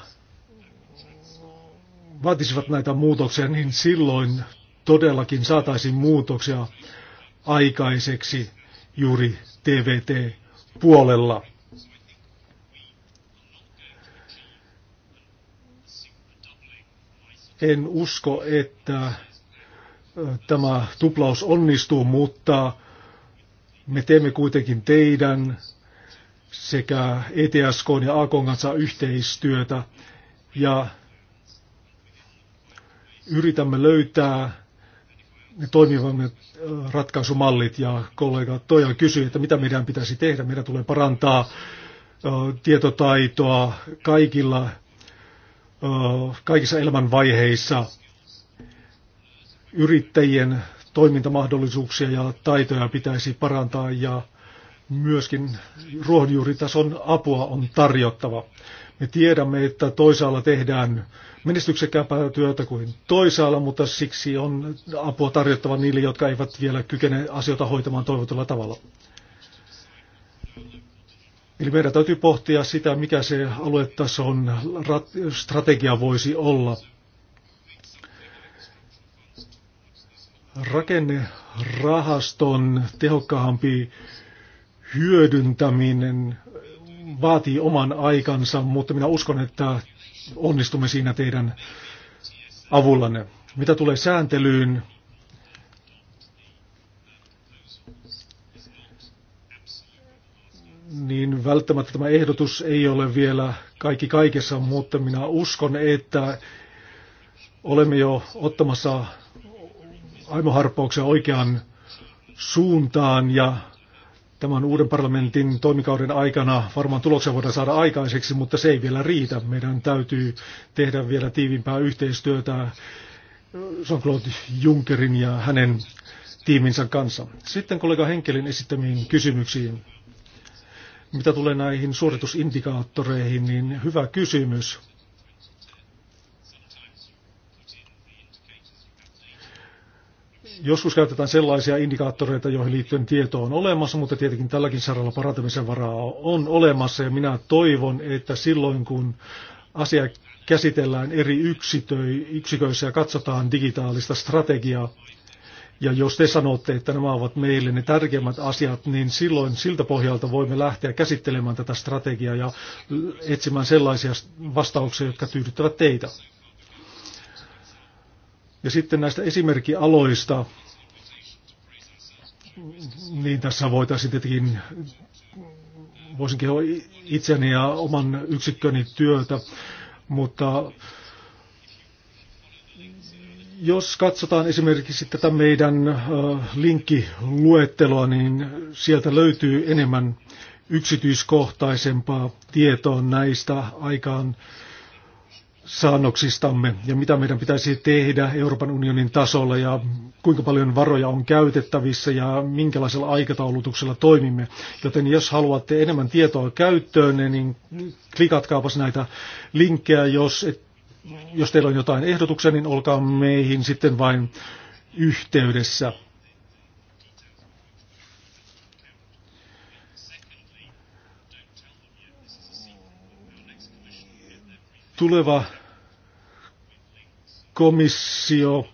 C: vaatisivat näitä muutoksia, niin silloin todellakin saataisiin muutoksia aikaiseksi juuri TVT-puolella. En usko, että äh, tämä tuplaus onnistuu, mutta me teemme kuitenkin teidän sekä ETSK ja AKon kanssa yhteistyötä ja yritämme löytää ne toimivamme äh, ratkaisumallit ja kollega Toja kysyi, että mitä meidän pitäisi tehdä. Meidän tulee parantaa äh, tietotaitoa kaikilla kaikissa elämänvaiheissa yrittäjien toimintamahdollisuuksia ja taitoja pitäisi parantaa ja myöskin ruohonjuuritason apua on tarjottava. Me tiedämme, että toisaalla tehdään menestyksekkäämpää työtä kuin toisaalla, mutta siksi on apua tarjottava niille, jotka eivät vielä kykene asioita hoitamaan toivotulla tavalla. Eli meidän täytyy pohtia sitä, mikä se aluetason strategia voisi olla. Rakennerahaston tehokkaampi hyödyntäminen vaatii oman aikansa, mutta minä uskon, että onnistumme siinä teidän avullanne. Mitä tulee sääntelyyn, niin välttämättä tämä ehdotus ei ole vielä kaikki kaikessa, mutta minä uskon, että olemme jo ottamassa aimoharppauksia oikeaan suuntaan ja tämän uuden parlamentin toimikauden aikana varmaan tuloksia voidaan saada aikaiseksi, mutta se ei vielä riitä. Meidän täytyy tehdä vielä tiivimpää yhteistyötä Jean-Claude Junckerin ja hänen tiiminsä kanssa. Sitten kollega Henkelin esittämiin kysymyksiin. Mitä tulee näihin suoritusindikaattoreihin, niin hyvä kysymys. Joskus käytetään sellaisia indikaattoreita, joihin liittyen tieto on olemassa, mutta tietenkin tälläkin saralla parantamisen varaa on olemassa. Ja minä toivon, että silloin kun asia käsitellään eri yksiköissä ja katsotaan digitaalista strategiaa, ja jos te sanotte, että nämä ovat meille ne tärkeimmät asiat, niin silloin siltä pohjalta voimme lähteä käsittelemään tätä strategiaa ja etsimään sellaisia vastauksia, jotka tyydyttävät teitä. Ja sitten näistä esimerkkialoista, niin tässä voitaisiin tietenkin, voisin kehoa itseni ja oman yksikköni työtä, mutta jos katsotaan esimerkiksi tätä meidän linkkiluetteloa, niin sieltä löytyy enemmän yksityiskohtaisempaa tietoa näistä aikaan saannoksistamme ja mitä meidän pitäisi tehdä Euroopan unionin tasolla ja kuinka paljon varoja on käytettävissä ja minkälaisella aikataulutuksella toimimme. Joten jos haluatte enemmän tietoa käyttöön, niin klikatkaapas näitä linkkejä. Jos et jos teillä on jotain ehdotuksia, niin olkaa meihin sitten vain yhteydessä. Tuleva komissio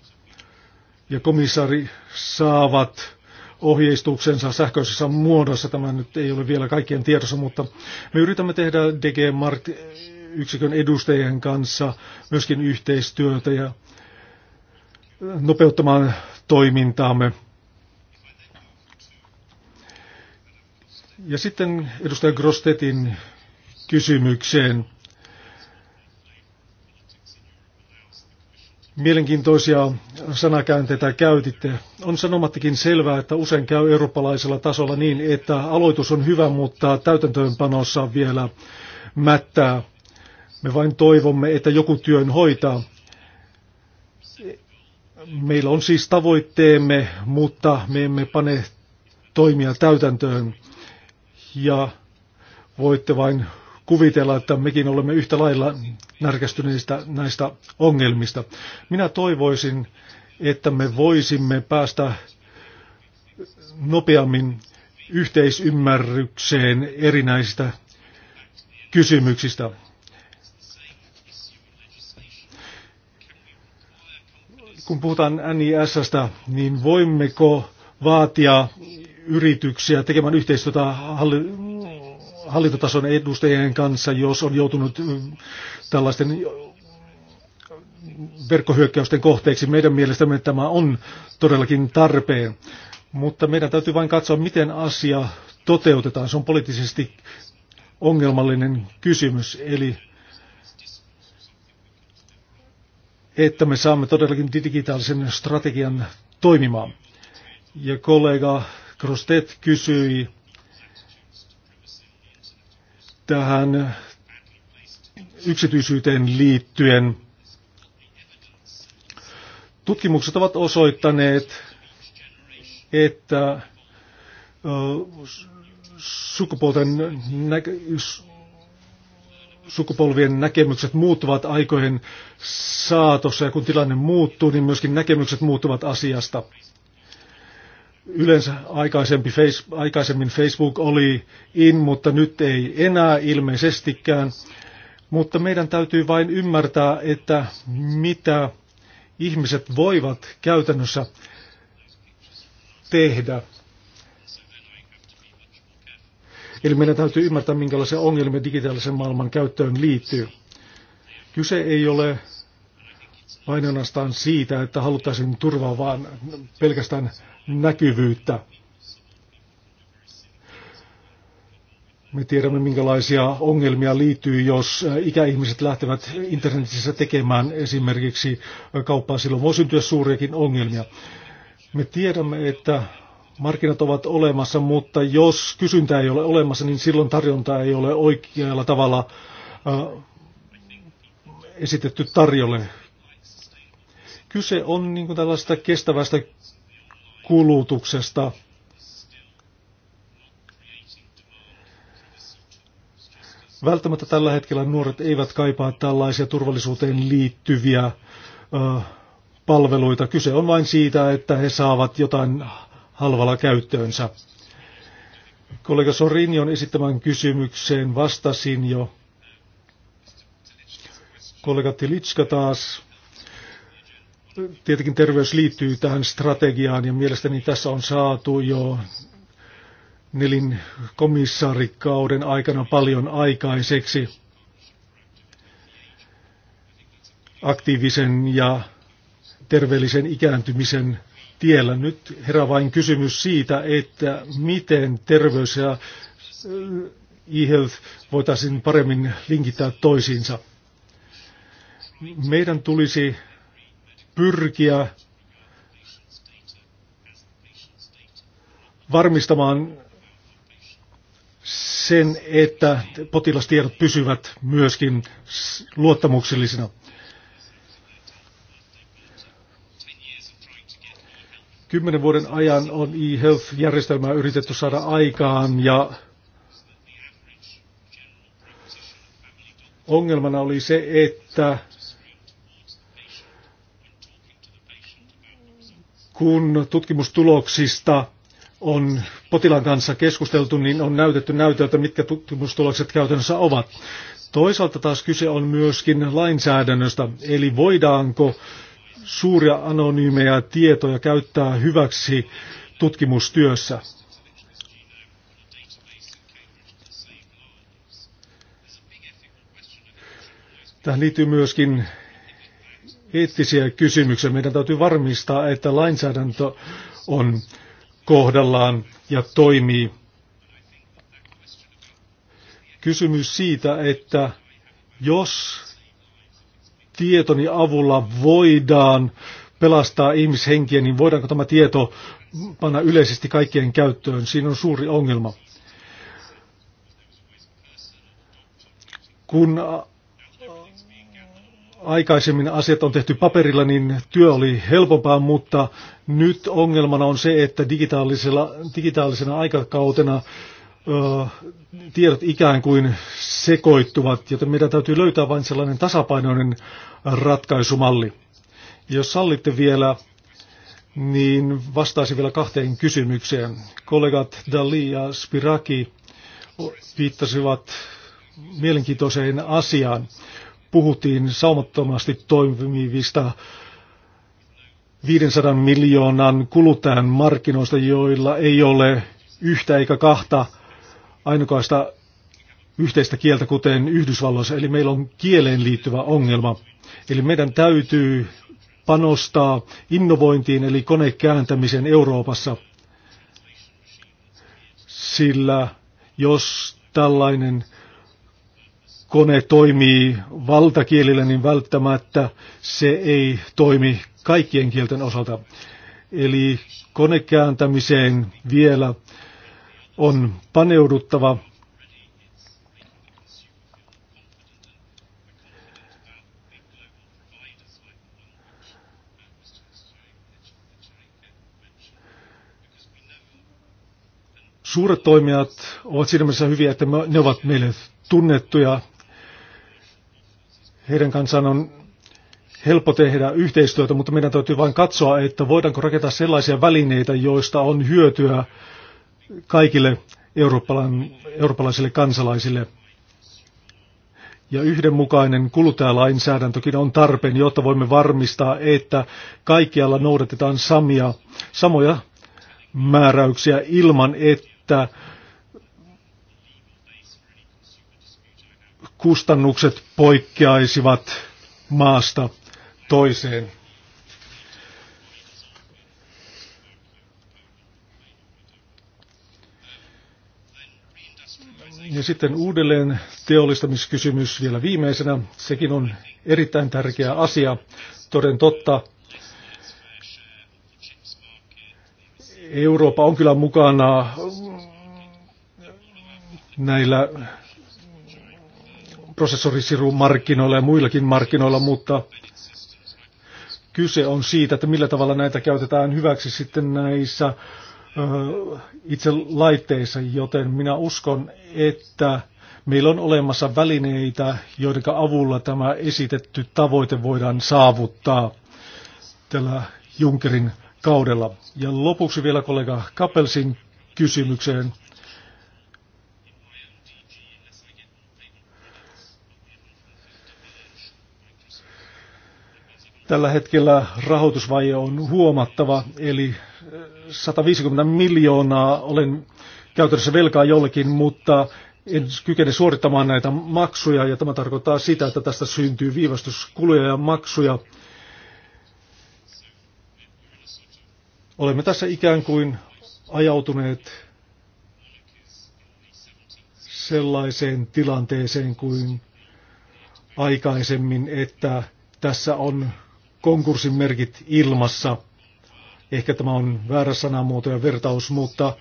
C: ja komissari saavat ohjeistuksensa sähköisessä muodossa. Tämä nyt ei ole vielä kaikkien tiedossa, mutta me yritämme tehdä DG Mart yksikön edustajien kanssa myöskin yhteistyötä ja nopeuttamaan toimintaamme. Ja sitten edustaja Grostetin kysymykseen. Mielenkiintoisia sanakäänteitä käytitte. On sanomattakin selvää, että usein käy eurooppalaisella tasolla niin, että aloitus on hyvä, mutta täytäntöönpanossa vielä mättää. Me vain toivomme, että joku työn hoitaa. Meillä on siis tavoitteemme, mutta me emme pane toimia täytäntöön. Ja voitte vain kuvitella, että mekin olemme yhtä lailla närkästyneistä näistä ongelmista. Minä toivoisin, että me voisimme päästä nopeammin yhteisymmärrykseen erinäisistä kysymyksistä. kun puhutaan NISstä, niin voimmeko vaatia yrityksiä tekemään yhteistyötä halli, hallintotason edustajien kanssa, jos on joutunut tällaisten verkkohyökkäysten kohteeksi. Meidän mielestämme tämä on todellakin tarpeen, mutta meidän täytyy vain katsoa, miten asia toteutetaan. Se on poliittisesti ongelmallinen kysymys, eli että me saamme todellakin digitaalisen strategian toimimaan. Ja kollega Krostet kysyi tähän yksityisyyteen liittyen. Tutkimukset ovat osoittaneet, että sukupuolten näkö- sukupolvien näkemykset muuttuvat aikojen saatossa ja kun tilanne muuttuu, niin myöskin näkemykset muuttuvat asiasta. Yleensä aikaisempi face, aikaisemmin Facebook oli in, mutta nyt ei enää ilmeisestikään. Mutta meidän täytyy vain ymmärtää, että mitä ihmiset voivat käytännössä tehdä. Eli meidän täytyy ymmärtää, minkälaisia ongelmia digitaalisen maailman käyttöön liittyy. Kyse ei ole vain ainoastaan siitä, että haluttaisiin turvaa vaan pelkästään näkyvyyttä. Me tiedämme, minkälaisia ongelmia liittyy, jos ikäihmiset lähtevät internetissä tekemään esimerkiksi kauppaa. Silloin voi syntyä suuriakin ongelmia. Me tiedämme, että markkinat ovat olemassa, mutta jos kysyntää ei ole olemassa, niin silloin tarjontaa ei ole oikealla tavalla äh, esitetty tarjolle. Kyse on niin kuin tällaista kestävästä kulutuksesta. Välttämättä tällä hetkellä nuoret eivät kaipaa tällaisia turvallisuuteen liittyviä ö, äh, palveluita. Kyse on vain siitä, että he saavat jotain halvalla käyttöönsä. Kollega on esittämään kysymykseen vastasin jo. Kollega Tilitska taas. Tietenkin terveys liittyy tähän strategiaan ja mielestäni tässä on saatu jo Nelin komissaarikauden aikana paljon aikaiseksi aktiivisen ja terveellisen ikääntymisen tiellä. Nyt herää vain kysymys siitä, että miten terveys ja äh, e-health voitaisiin paremmin linkittää toisiinsa. Meidän tulisi pyrkiä varmistamaan sen, että potilastiedot pysyvät myöskin luottamuksellisina. Kymmenen vuoden ajan on e-health-järjestelmää yritetty saada aikaan ja ongelmana oli se, että kun tutkimustuloksista on potilaan kanssa keskusteltu, niin on näytetty näytöltä, mitkä tutkimustulokset käytännössä ovat. Toisaalta taas kyse on myöskin lainsäädännöstä, eli voidaanko suuria anonyymeja tietoja käyttää hyväksi tutkimustyössä. Tähän liittyy myöskin eettisiä kysymyksiä. Meidän täytyy varmistaa, että lainsäädäntö on kohdallaan ja toimii. Kysymys siitä, että jos tietoni avulla voidaan pelastaa ihmishenkiä, niin voidaanko tämä tieto panna yleisesti kaikkien käyttöön? Siinä on suuri ongelma. Kun aikaisemmin asiat on tehty paperilla, niin työ oli helpompaa, mutta nyt ongelmana on se, että digitaalisena aikakautena tiedot ikään kuin sekoittuvat, joten meidän täytyy löytää vain sellainen tasapainoinen ratkaisumalli. Jos sallitte vielä, niin vastaisin vielä kahteen kysymykseen. Kollegat Dali ja Spiraki viittasivat mielenkiintoiseen asiaan. Puhuttiin saumattomasti toimivista 500 miljoonan kuluttajan markkinoista, joilla ei ole yhtä eikä kahta ainokaista yhteistä kieltä, kuten Yhdysvalloissa. Eli meillä on kieleen liittyvä ongelma. Eli meidän täytyy panostaa innovointiin, eli konekääntämisen Euroopassa. Sillä jos tällainen kone toimii valtakielillä, niin välttämättä se ei toimi kaikkien kielten osalta. Eli konekääntämiseen vielä on paneuduttava. Suuret toimijat ovat siinä mielessä hyviä, että ne ovat meille tunnettuja. Heidän kanssaan on helppo tehdä yhteistyötä, mutta meidän täytyy vain katsoa, että voidaanko rakentaa sellaisia välineitä, joista on hyötyä kaikille eurooppalaisille kansalaisille. Ja yhdenmukainen kuluttajalainsäädäntökin on tarpeen, jotta voimme varmistaa, että kaikkialla noudatetaan samia, samoja määräyksiä ilman, että kustannukset poikkeaisivat maasta toiseen. Ja sitten uudelleen teollistamiskysymys vielä viimeisenä. Sekin on erittäin tärkeä asia. Toden totta, Eurooppa on kyllä mukana näillä prosessorisirumarkkinoilla ja muillakin markkinoilla, mutta kyse on siitä, että millä tavalla näitä käytetään hyväksi sitten näissä itse laitteissa, joten minä uskon, että meillä on olemassa välineitä, joiden avulla tämä esitetty tavoite voidaan saavuttaa tällä Junkerin kaudella. Ja lopuksi vielä kollega Kapelsin kysymykseen. Tällä hetkellä rahoitusvaje on huomattava, eli 150 miljoonaa olen käytännössä velkaa jollekin, mutta en kykene suorittamaan näitä maksuja ja tämä tarkoittaa sitä, että tästä syntyy viivästyskuluja ja maksuja. Olemme tässä ikään kuin ajautuneet sellaiseen tilanteeseen kuin aikaisemmin, että tässä on konkurssin merkit ilmassa – Ehkä tämä on väärä sanamuoto ja vertaus, mutta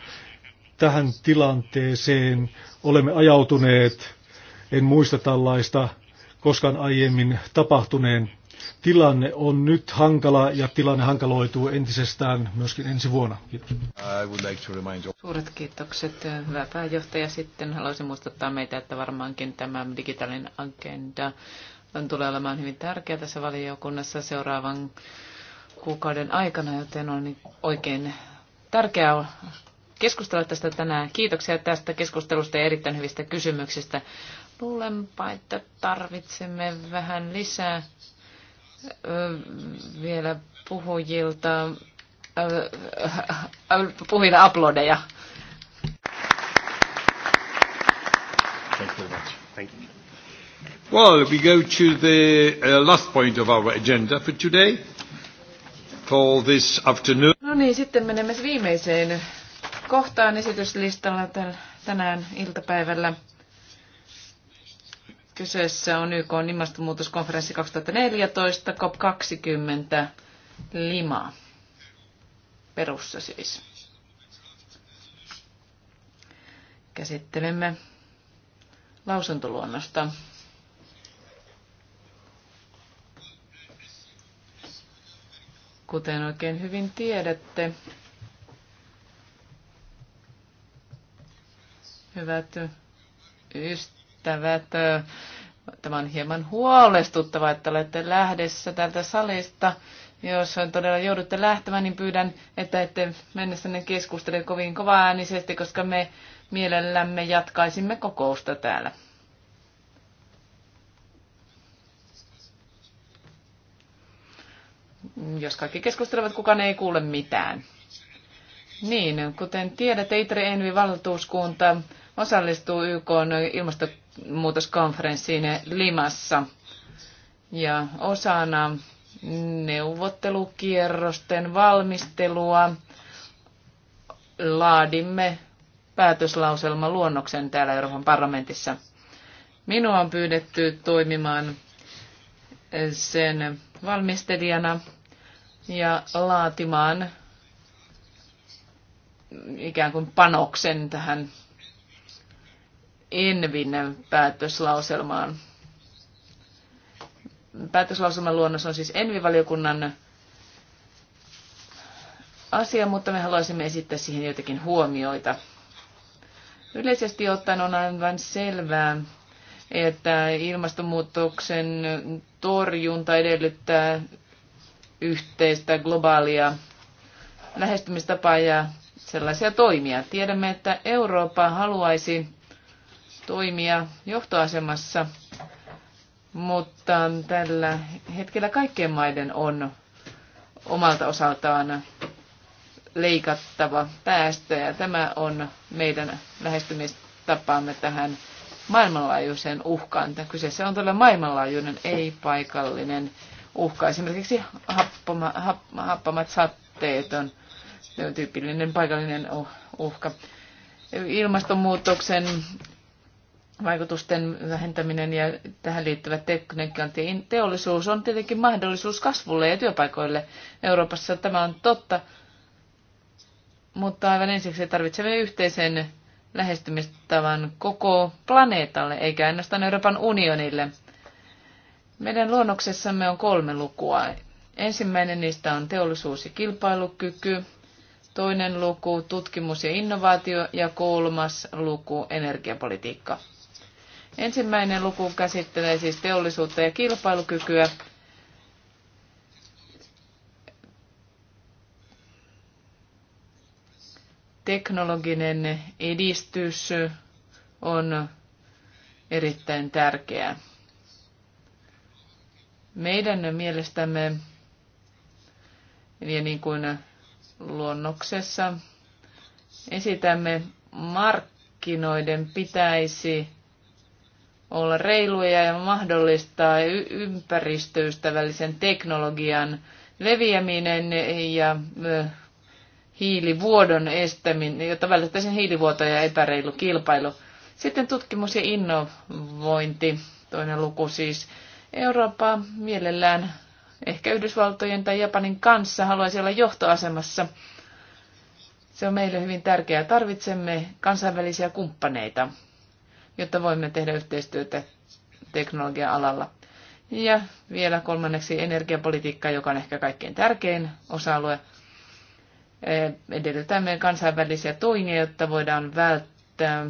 C: tähän tilanteeseen olemme ajautuneet. En muista tällaista koskaan aiemmin tapahtuneen. Tilanne on nyt hankala ja tilanne hankaloituu entisestään myöskin ensi vuonna. Kiitos.
B: Suuret kiitokset, hyvä pääjohtaja. Sitten haluaisin muistuttaa meitä, että varmaankin tämä digitaalinen agenda on tulee olemaan hyvin tärkeä tässä valiokunnassa seuraavan kuukauden aikana, joten on oikein tärkeää keskustella tästä tänään. Kiitoksia tästä keskustelusta ja erittäin hyvistä kysymyksistä. Luulenpa, että tarvitsemme vähän lisää vielä puhujilta, puhujilta aplodeja.
A: Well, we go to the uh, last point of our agenda for today call this afternoon.
B: No niin, sitten menemme viimeiseen kohtaan esityslistalla tänään iltapäivällä. Kyseessä on YK ilmastonmuutoskonferenssi 2014, COP20, Lima. Perussa siis. Käsittelemme lausuntoluonnosta. Kuten oikein hyvin tiedätte, hyvät ystävät, tämä on hieman huolestuttava, että olette lähdessä tältä salista. Jos on todella joudutte lähtemään, niin pyydän, että ette sinne keskustelemaan kovin kovaäänisesti, koska me mielellämme jatkaisimme kokousta täällä. Jos kaikki keskustelevat, kukaan ei kuule mitään. Niin, kuten tiedät, Itre Envi valtuuskunta osallistuu YK ilmastonmuutoskonferenssiin Limassa. Ja osana neuvottelukierrosten valmistelua laadimme päätöslauselma luonnoksen täällä Euroopan parlamentissa. Minua on pyydetty toimimaan sen valmistelijana ja laatimaan ikään kuin panoksen tähän Envin päätöslauselmaan. Päätöslauselman luonnos on siis Envivaliokunnan asia, mutta me haluaisimme esittää siihen jotakin huomioita. Yleisesti ottaen on aivan selvää, että ilmastonmuutoksen torjunta edellyttää yhteistä globaalia lähestymistapaa ja sellaisia toimia. Tiedämme, että Eurooppa haluaisi toimia johtoasemassa, mutta tällä hetkellä kaikkien maiden on omalta osaltaan leikattava päästöjä. Tämä on meidän lähestymistapaamme tähän maailmanlaajuiseen uhkaan. kyseessä on tällä maailmanlaajuinen, ei paikallinen uhka. Esimerkiksi happoma, happ, happamat satteet on tyypillinen paikallinen uhka. Ilmastonmuutoksen vaikutusten vähentäminen ja tähän liittyvät tekniikat ja teollisuus on tietenkin mahdollisuus kasvulle ja työpaikoille Euroopassa. Tämä on totta, mutta aivan ensiksi tarvitsemme yhteisen lähestymistavan koko planeetalle, eikä ainoastaan Euroopan unionille. Meidän luonnoksessamme on kolme lukua. Ensimmäinen niistä on teollisuus ja kilpailukyky, toinen luku tutkimus ja innovaatio ja kolmas luku energiapolitiikka. Ensimmäinen luku käsittelee siis teollisuutta ja kilpailukykyä. Teknologinen edistys on erittäin tärkeää. Meidän mielestämme, ja niin kuin luonnoksessa esitämme, markkinoiden pitäisi olla reiluja ja mahdollistaa ympäristöystävällisen teknologian leviäminen ja hiilivuodon estäminen, jotta välttäisiin hiilivuoto ja epäreilu kilpailu. Sitten tutkimus ja innovointi, toinen luku siis. Eurooppaa mielellään ehkä Yhdysvaltojen tai Japanin kanssa haluaisi olla johtoasemassa. Se on meille hyvin tärkeää. Tarvitsemme kansainvälisiä kumppaneita, jotta voimme tehdä yhteistyötä teknologia-alalla. Ja vielä kolmanneksi energiapolitiikka, joka on ehkä kaikkein tärkein osa-alue. Edellytämme kansainvälisiä toimia, jotta voidaan välttää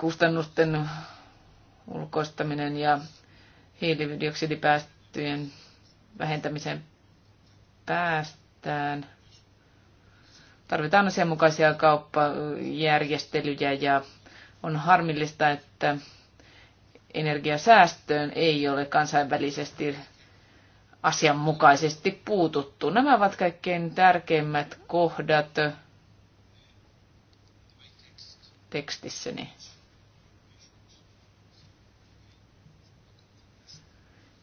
B: kustannusten ulkoistaminen ja hiilidioksidipäästöjen vähentämiseen päästään. Tarvitaan asianmukaisia kauppajärjestelyjä ja on harmillista, että energiasäästöön ei ole kansainvälisesti asianmukaisesti puututtu. Nämä ovat kaikkein tärkeimmät kohdat tekstissäni.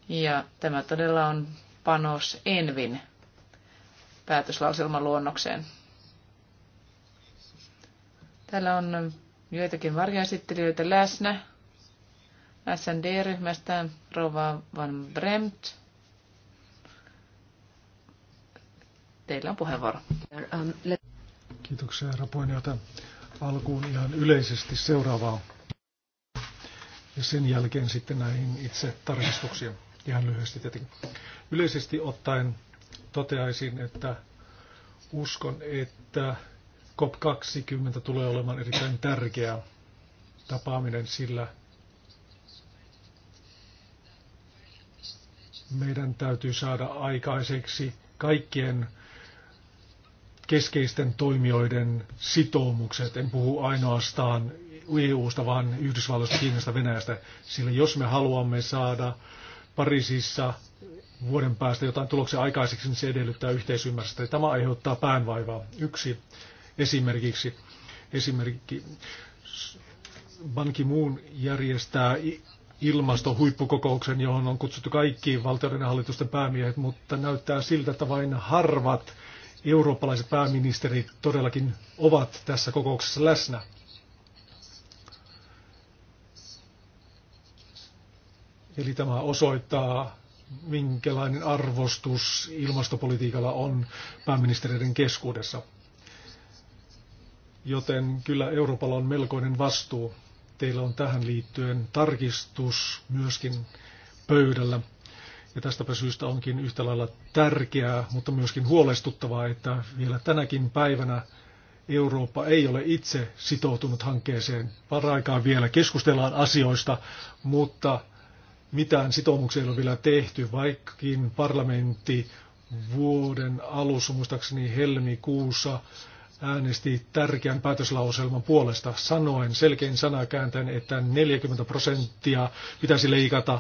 B: Ja tämä todella on panos Envin päätöslauselman luonnokseen. Täällä on joitakin varjaesittelijöitä läsnä. SND-ryhmästä Rova van Bremt. Teillä on puheenvuoro.
C: Kiitoksia herra puheenjohtaja. Alkuun ihan yleisesti seuraavaa. Ja sen jälkeen sitten näihin itse tarkistuksiin. Ihan lyhyesti tietenkin. Yleisesti ottaen toteaisin, että uskon, että COP20 tulee olemaan erittäin tärkeä tapaaminen, sillä meidän täytyy saada aikaiseksi kaikkien keskeisten toimijoiden sitoumukset. En puhu ainoastaan EUsta, vaan Yhdysvalloista, Kiinasta, Venäjästä. Sillä jos me haluamme saada Pariisissa vuoden päästä jotain tuloksia aikaiseksi, niin se edellyttää yhteisymmärrystä. tämä aiheuttaa päänvaivaa. Yksi esimerkiksi, esimerkki, Ban Ki-moon järjestää ilmastohuippukokouksen, johon on kutsuttu kaikki valtioiden ja hallitusten päämiehet, mutta näyttää siltä, että vain harvat eurooppalaiset pääministerit todellakin ovat tässä kokouksessa läsnä. Eli tämä osoittaa, minkälainen arvostus ilmastopolitiikalla on pääministeriöiden keskuudessa. Joten kyllä Euroopalla on melkoinen vastuu. Teillä on tähän liittyen tarkistus myöskin pöydällä. Ja tästäpä syystä onkin yhtä lailla tärkeää, mutta myöskin huolestuttavaa, että vielä tänäkin päivänä Eurooppa ei ole itse sitoutunut hankkeeseen. Paraikaa vielä keskustellaan asioista, mutta mitään sitoumuksia ei ole vielä tehty, vaikkakin parlamentti vuoden alussa, muistaakseni helmikuussa, äänesti tärkeän päätöslauselman puolesta sanoen selkein sana kääntäen, että 40 prosenttia pitäisi leikata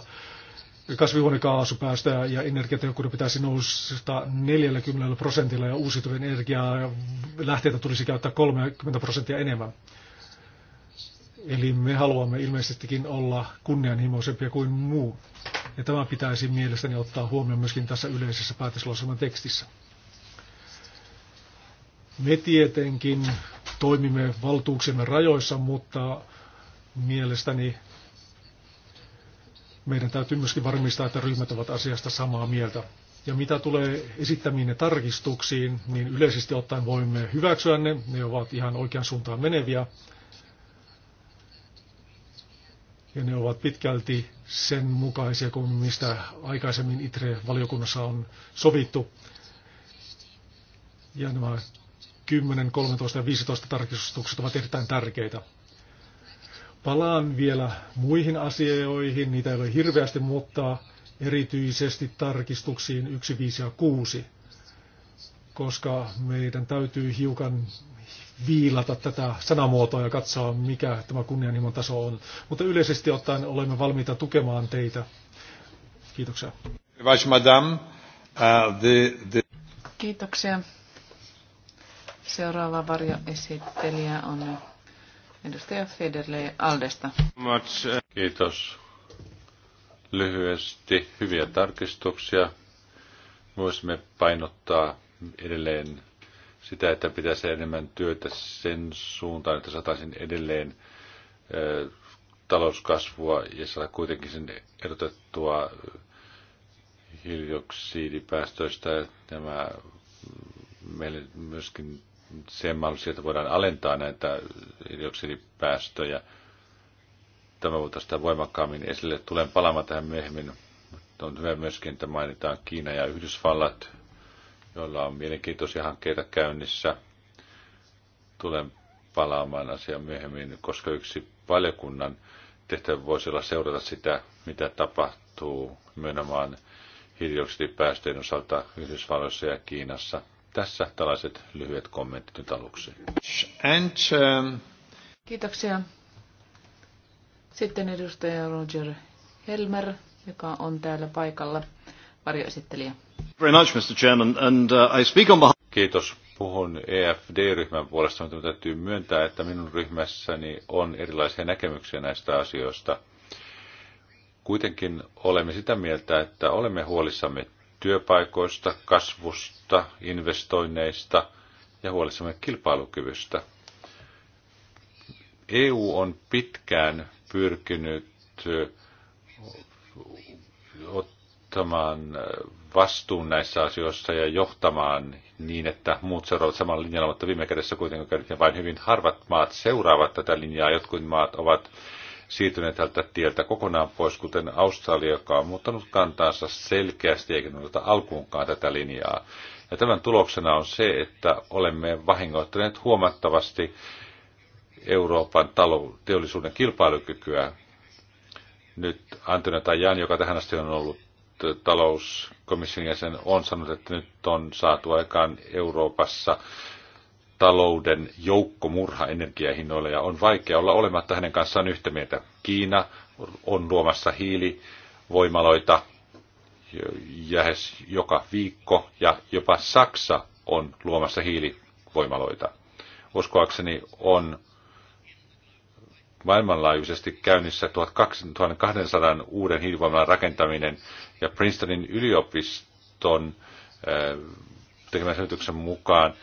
C: kasvihuonekaasupäästöjä ja energiatehokkuuden pitäisi nousta 40 prosentilla ja uusiutuvien energialähteitä tulisi käyttää 30 prosenttia enemmän. Eli me haluamme ilmeisestikin olla kunnianhimoisempia kuin muu. Ja tämä pitäisi mielestäni ottaa huomioon myöskin tässä yleisessä päätöslauselman tekstissä. Me tietenkin toimimme valtuuksemme rajoissa, mutta mielestäni meidän täytyy myöskin varmistaa, että ryhmät ovat asiasta samaa mieltä. Ja mitä tulee esittämiin tarkistuksiin, niin yleisesti ottaen voimme hyväksyä ne. Ne ovat ihan oikean suuntaan meneviä. Ja ne ovat pitkälti sen mukaisia kuin mistä aikaisemmin ITRE-valiokunnassa on sovittu. Ja nämä 10, 13 ja 15 tarkistukset ovat erittäin tärkeitä. Palaan vielä muihin asioihin, niitä ei ole hirveästi, mutta erityisesti tarkistuksiin 1, 5 ja 6, koska meidän täytyy hiukan viilata tätä sanamuotoa ja katsoa, mikä tämä kunnianhimon taso on. Mutta yleisesti ottaen olemme valmiita tukemaan teitä. Kiitoksia.
A: Uh,
B: Kiitoksia. Seuraava varjoesittelijä on edustaja Federle
A: Aldesta. Kiitos. Lyhyesti hyviä tarkistuksia. Voisimme painottaa edelleen sitä, että pitäisi enemmän työtä sen suuntaan, että saataisiin edelleen talouskasvua ja saada kuitenkin sen erotettua hiilidioksidipäästöistä. Nämä mm, meille myöskin sen mahdollisuus, että voidaan alentaa näitä hiilidioksidipäästöjä. Tämä voitaisiin voimakkaammin esille. Tulen palaamaan tähän myöhemmin. On hyvä myöskin, että mainitaan Kiina ja Yhdysvallat joilla on mielenkiintoisia hankkeita käynnissä. Tulen palaamaan asiaan myöhemmin, koska yksi valiokunnan tehtävä voisi olla seurata sitä, mitä tapahtuu myönnämään hiilidioksidipäästöjen osalta Yhdysvalloissa ja Kiinassa. Tässä tällaiset lyhyet kommentit nyt aluksi. And,
B: um... Kiitoksia. Sitten edustaja Roger Helmer, joka on täällä paikalla varjoesittelijä. Very much, Mr. Chairman, and uh, I speak on behalf...
A: Kiitos. Puhun EFD-ryhmän puolesta, mutta täytyy myöntää, että minun ryhmässäni on erilaisia näkemyksiä näistä asioista. Kuitenkin olemme sitä mieltä, että olemme huolissamme työpaikoista, kasvusta, investoinneista ja huolissamme kilpailukyvystä. EU on pitkään pyrkinyt ottamaan äh, vastuun näissä asioissa ja johtamaan niin, että muut seuraavat saman linjalla, mutta viime kädessä kuitenkin vain hyvin harvat maat seuraavat tätä linjaa. Jotkut maat ovat siirtyneet tältä tieltä kokonaan pois, kuten Australia, joka on muuttanut kantaansa selkeästi eikä noita alkuunkaan tätä linjaa. Ja tämän tuloksena on se, että olemme vahingoittaneet huomattavasti Euroopan talou- teollisuuden kilpailukykyä. Nyt Antonio Tajan, joka tähän asti on ollut Äh, talouskomission jäsen on sanonut, että nyt on saatu aikaan Euroopassa talouden joukkomurha energiahinnoilla ja on vaikea olla olematta hänen kanssaan yhtä mieltä. Kiina on luomassa hiilivoimaloita lähes joka viikko ja jopa Saksa on luomassa hiilivoimaloita. Uskoakseni on maailmanlaajuisesti käynnissä 1200 uuden hiilivoimalan rakentaminen ja Princetonin yliopiston äh, tekemän selvityksen mukaan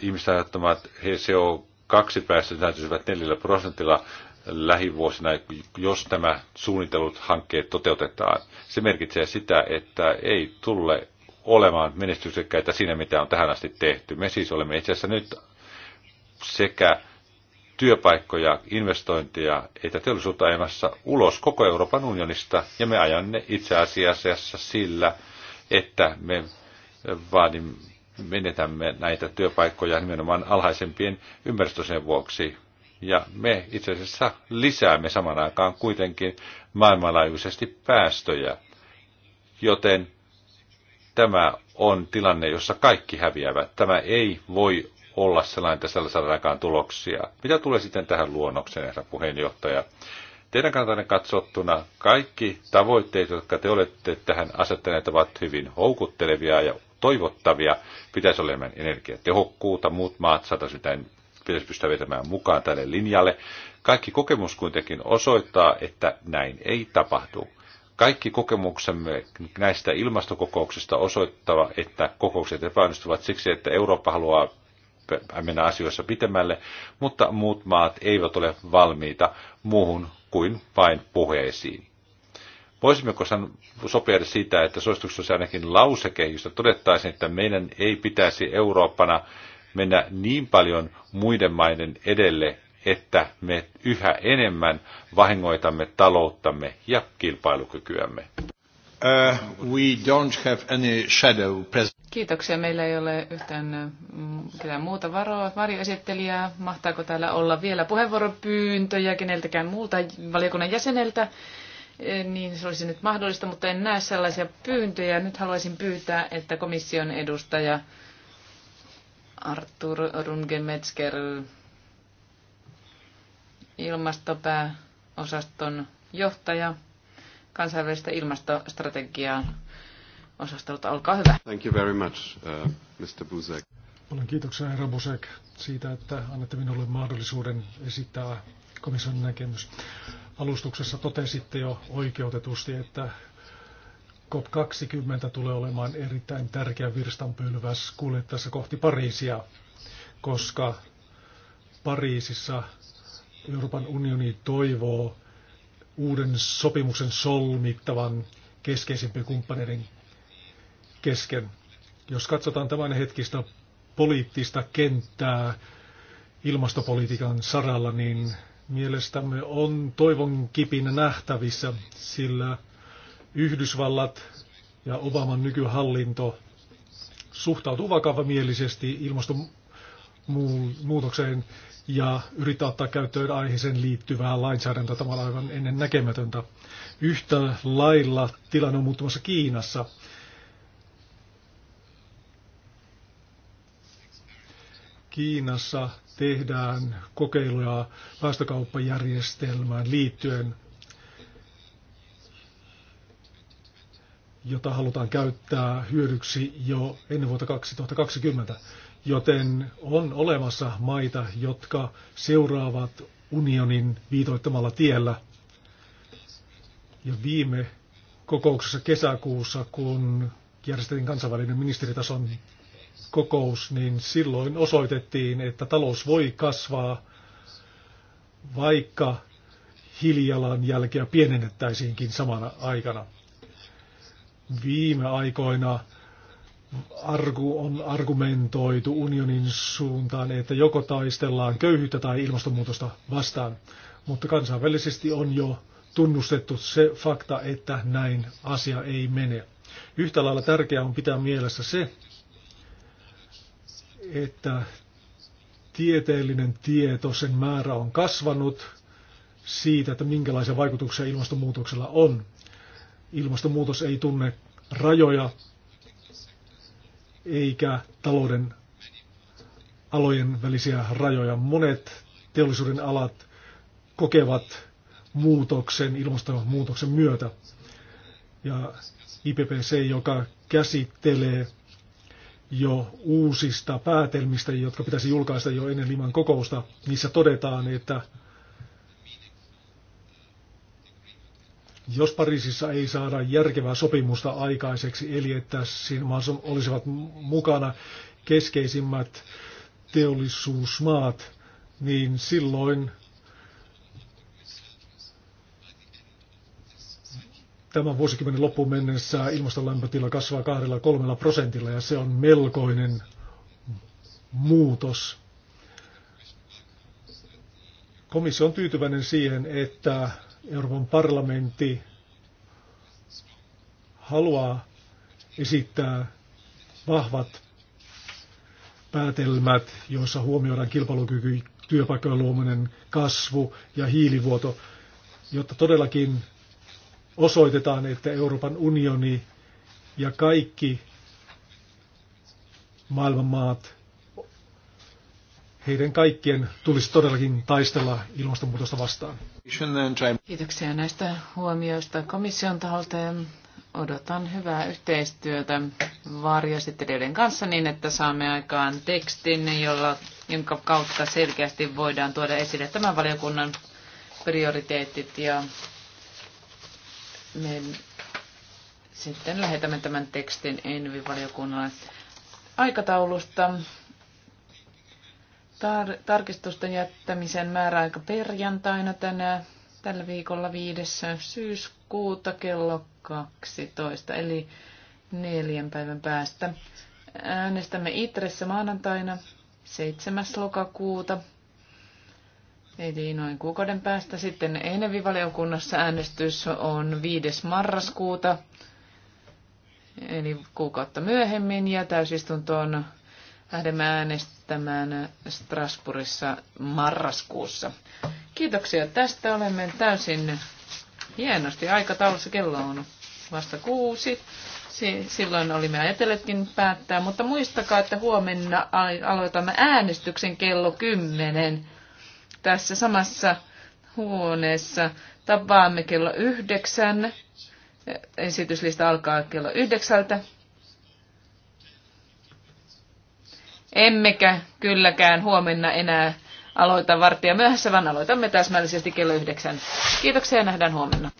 A: ihmisten aiheuttamat CO2-päästöt näytyisivät 4 prosentilla lähivuosina, jos tämä suunnitellut hankkeet toteutetaan. Se merkitsee sitä, että ei tule olemaan menestyksekkäitä siinä, mitä on tähän asti tehty. Me siis olemme itse asiassa nyt sekä työpaikkoja, investointeja, että teollisuutta ajamassa ulos koko Euroopan unionista, ja me ajan ne itse asiassa sillä, että me vaadimme, menetämme näitä työpaikkoja nimenomaan alhaisempien ympäristöjen vuoksi. Ja me itse asiassa lisäämme saman aikaan kuitenkin maailmanlaajuisesti päästöjä. Joten tämä on tilanne, jossa kaikki häviävät. Tämä ei voi olla sellainen, että tällä saadaan tuloksia. Mitä tulee sitten tähän luonnokseen, herra puheenjohtaja? Teidän kannaltanne katsottuna kaikki tavoitteet, jotka te olette tähän asettaneet, ovat hyvin houkuttelevia ja toivottavia. Pitäisi olla enemmän energiatehokkuutta, muut maat saataisiin pitäisi pystyä vetämään mukaan tälle linjalle. Kaikki kokemus kuitenkin osoittaa, että näin ei tapahdu. Kaikki kokemuksemme näistä ilmastokokouksista osoittava, että kokoukset epäonnistuvat siksi, että Eurooppa haluaa mennä asioissa pitemmälle, mutta muut maat eivät ole valmiita muuhun kuin vain puheisiin. Voisimmeko sopia siitä, että suosituksessa olisi ainakin lauseke, josta todettaisiin, että meidän ei pitäisi Eurooppana mennä niin paljon muiden maiden edelle, että me yhä enemmän vahingoitamme talouttamme ja kilpailukykyämme. Uh, we don't have any shadow
B: Kiitoksia. Meillä ei ole yhtään mm, ketään muuta varoa. Varjoesittelijää. Mahtaako täällä olla vielä puheenvuoropyyntöjä keneltäkään muulta valiokunnan jäseneltä? Eh, niin se olisi nyt mahdollista, mutta en näe sellaisia pyyntöjä. Nyt haluaisin pyytää, että komission edustaja Artur Rungemetsker ilmastopääosaston johtaja kansainvälistä ilmastostrategiaa osastolta. Olkaa hyvä. Thank
C: you very much, uh, Mr. Buzek. Paljon kiitoksia, herra Busek, siitä, että annatte minulle mahdollisuuden esittää komission näkemys. Alustuksessa totesitte jo oikeutetusti, että COP20 tulee olemaan erittäin tärkeä virstanpylväs kuljettaessa kohti Pariisia, koska Pariisissa Euroopan unioni toivoo uuden sopimuksen solmittavan keskeisimpien kumppaneiden kesken. Jos katsotaan tämän hetkistä poliittista kenttää ilmastopolitiikan saralla, niin mielestämme on toivon kipinä nähtävissä, sillä Yhdysvallat ja Obaman nykyhallinto suhtautuu vakavamielisesti ilmastonmuutokseen muutokseen ja yrittää ottaa käyttöön aiheeseen liittyvää lainsäädäntöä. Tämä aivan ennen näkemätöntä. Yhtä lailla tilanne on muuttumassa Kiinassa. Kiinassa tehdään kokeiluja päästökauppajärjestelmään liittyen, jota halutaan käyttää hyödyksi jo ennen vuotta 2020 joten on olemassa maita, jotka seuraavat unionin viitoittamalla tiellä. Ja viime kokouksessa kesäkuussa, kun järjestettiin kansainvälinen ministeritason kokous, niin silloin osoitettiin, että talous voi kasvaa, vaikka hiilijalanjälkeä pienennettäisiinkin samana aikana. Viime aikoina argu on argumentoitu unionin suuntaan, että joko taistellaan köyhyyttä tai ilmastonmuutosta vastaan. Mutta kansainvälisesti on jo tunnustettu se fakta, että näin asia ei mene. Yhtä lailla tärkeää on pitää mielessä se, että tieteellinen tieto, sen määrä on kasvanut siitä, että minkälaisia vaikutuksia ilmastonmuutoksella on. Ilmastonmuutos ei tunne rajoja, eikä talouden alojen välisiä rajoja. Monet teollisuuden alat kokevat muutoksen, ilmastonmuutoksen myötä. Ja IPPC, joka käsittelee jo uusista päätelmistä, jotka pitäisi julkaista jo ennen Liman kokousta, missä todetaan, että Jos Pariisissa ei saada järkevää sopimusta aikaiseksi, eli että siinä olisivat mukana keskeisimmät teollisuusmaat, niin silloin tämän vuosikymmenen loppuun mennessä ilmaston lämpötila kasvaa kahdella kolmella prosentilla ja se on melkoinen muutos. Komissio on tyytyväinen siihen, että Euroopan parlamentti haluaa esittää vahvat päätelmät, joissa huomioidaan kilpailukyky, työpaikkojen luominen, kasvu ja hiilivuoto, jotta todellakin osoitetaan, että Euroopan unioni ja kaikki maailmanmaat heidän kaikkien tulisi todellakin taistella ilmastonmuutosta vastaan.
B: Kiitoksia näistä huomioista komission taholta. Odotan hyvää yhteistyötä varjoesittelijöiden kanssa niin, että saamme aikaan tekstin, jolla, jonka kautta selkeästi voidaan tuoda esille tämän valiokunnan prioriteetit ja me sitten lähetämme tämän tekstin Envi-valiokunnalle aikataulusta. Tar- tarkistusten jättämisen määräaika perjantaina tänään, tällä viikolla 5. syyskuuta kello 12, eli neljän päivän päästä. Äänestämme Itressä maanantaina 7. lokakuuta, eli noin kuukauden päästä. Sitten Enevi-valiokunnassa äänestys on 5. marraskuuta, eli kuukautta myöhemmin, ja on Lähdemme äänestämään Strasbourgissa marraskuussa. Kiitoksia tästä. Olemme täysin hienosti aikataulussa. Kello on vasta kuusi. Silloin olimme ajatelletkin päättää, mutta muistakaa, että huomenna aloitamme äänestyksen kello kymmenen tässä samassa huoneessa. Tapaamme kello yhdeksän. Esityslista alkaa kello yhdeksältä. Emmekä kylläkään huomenna enää aloita varttia myöhässä, vaan aloitamme täsmällisesti kello yhdeksän. Kiitoksia ja nähdään huomenna.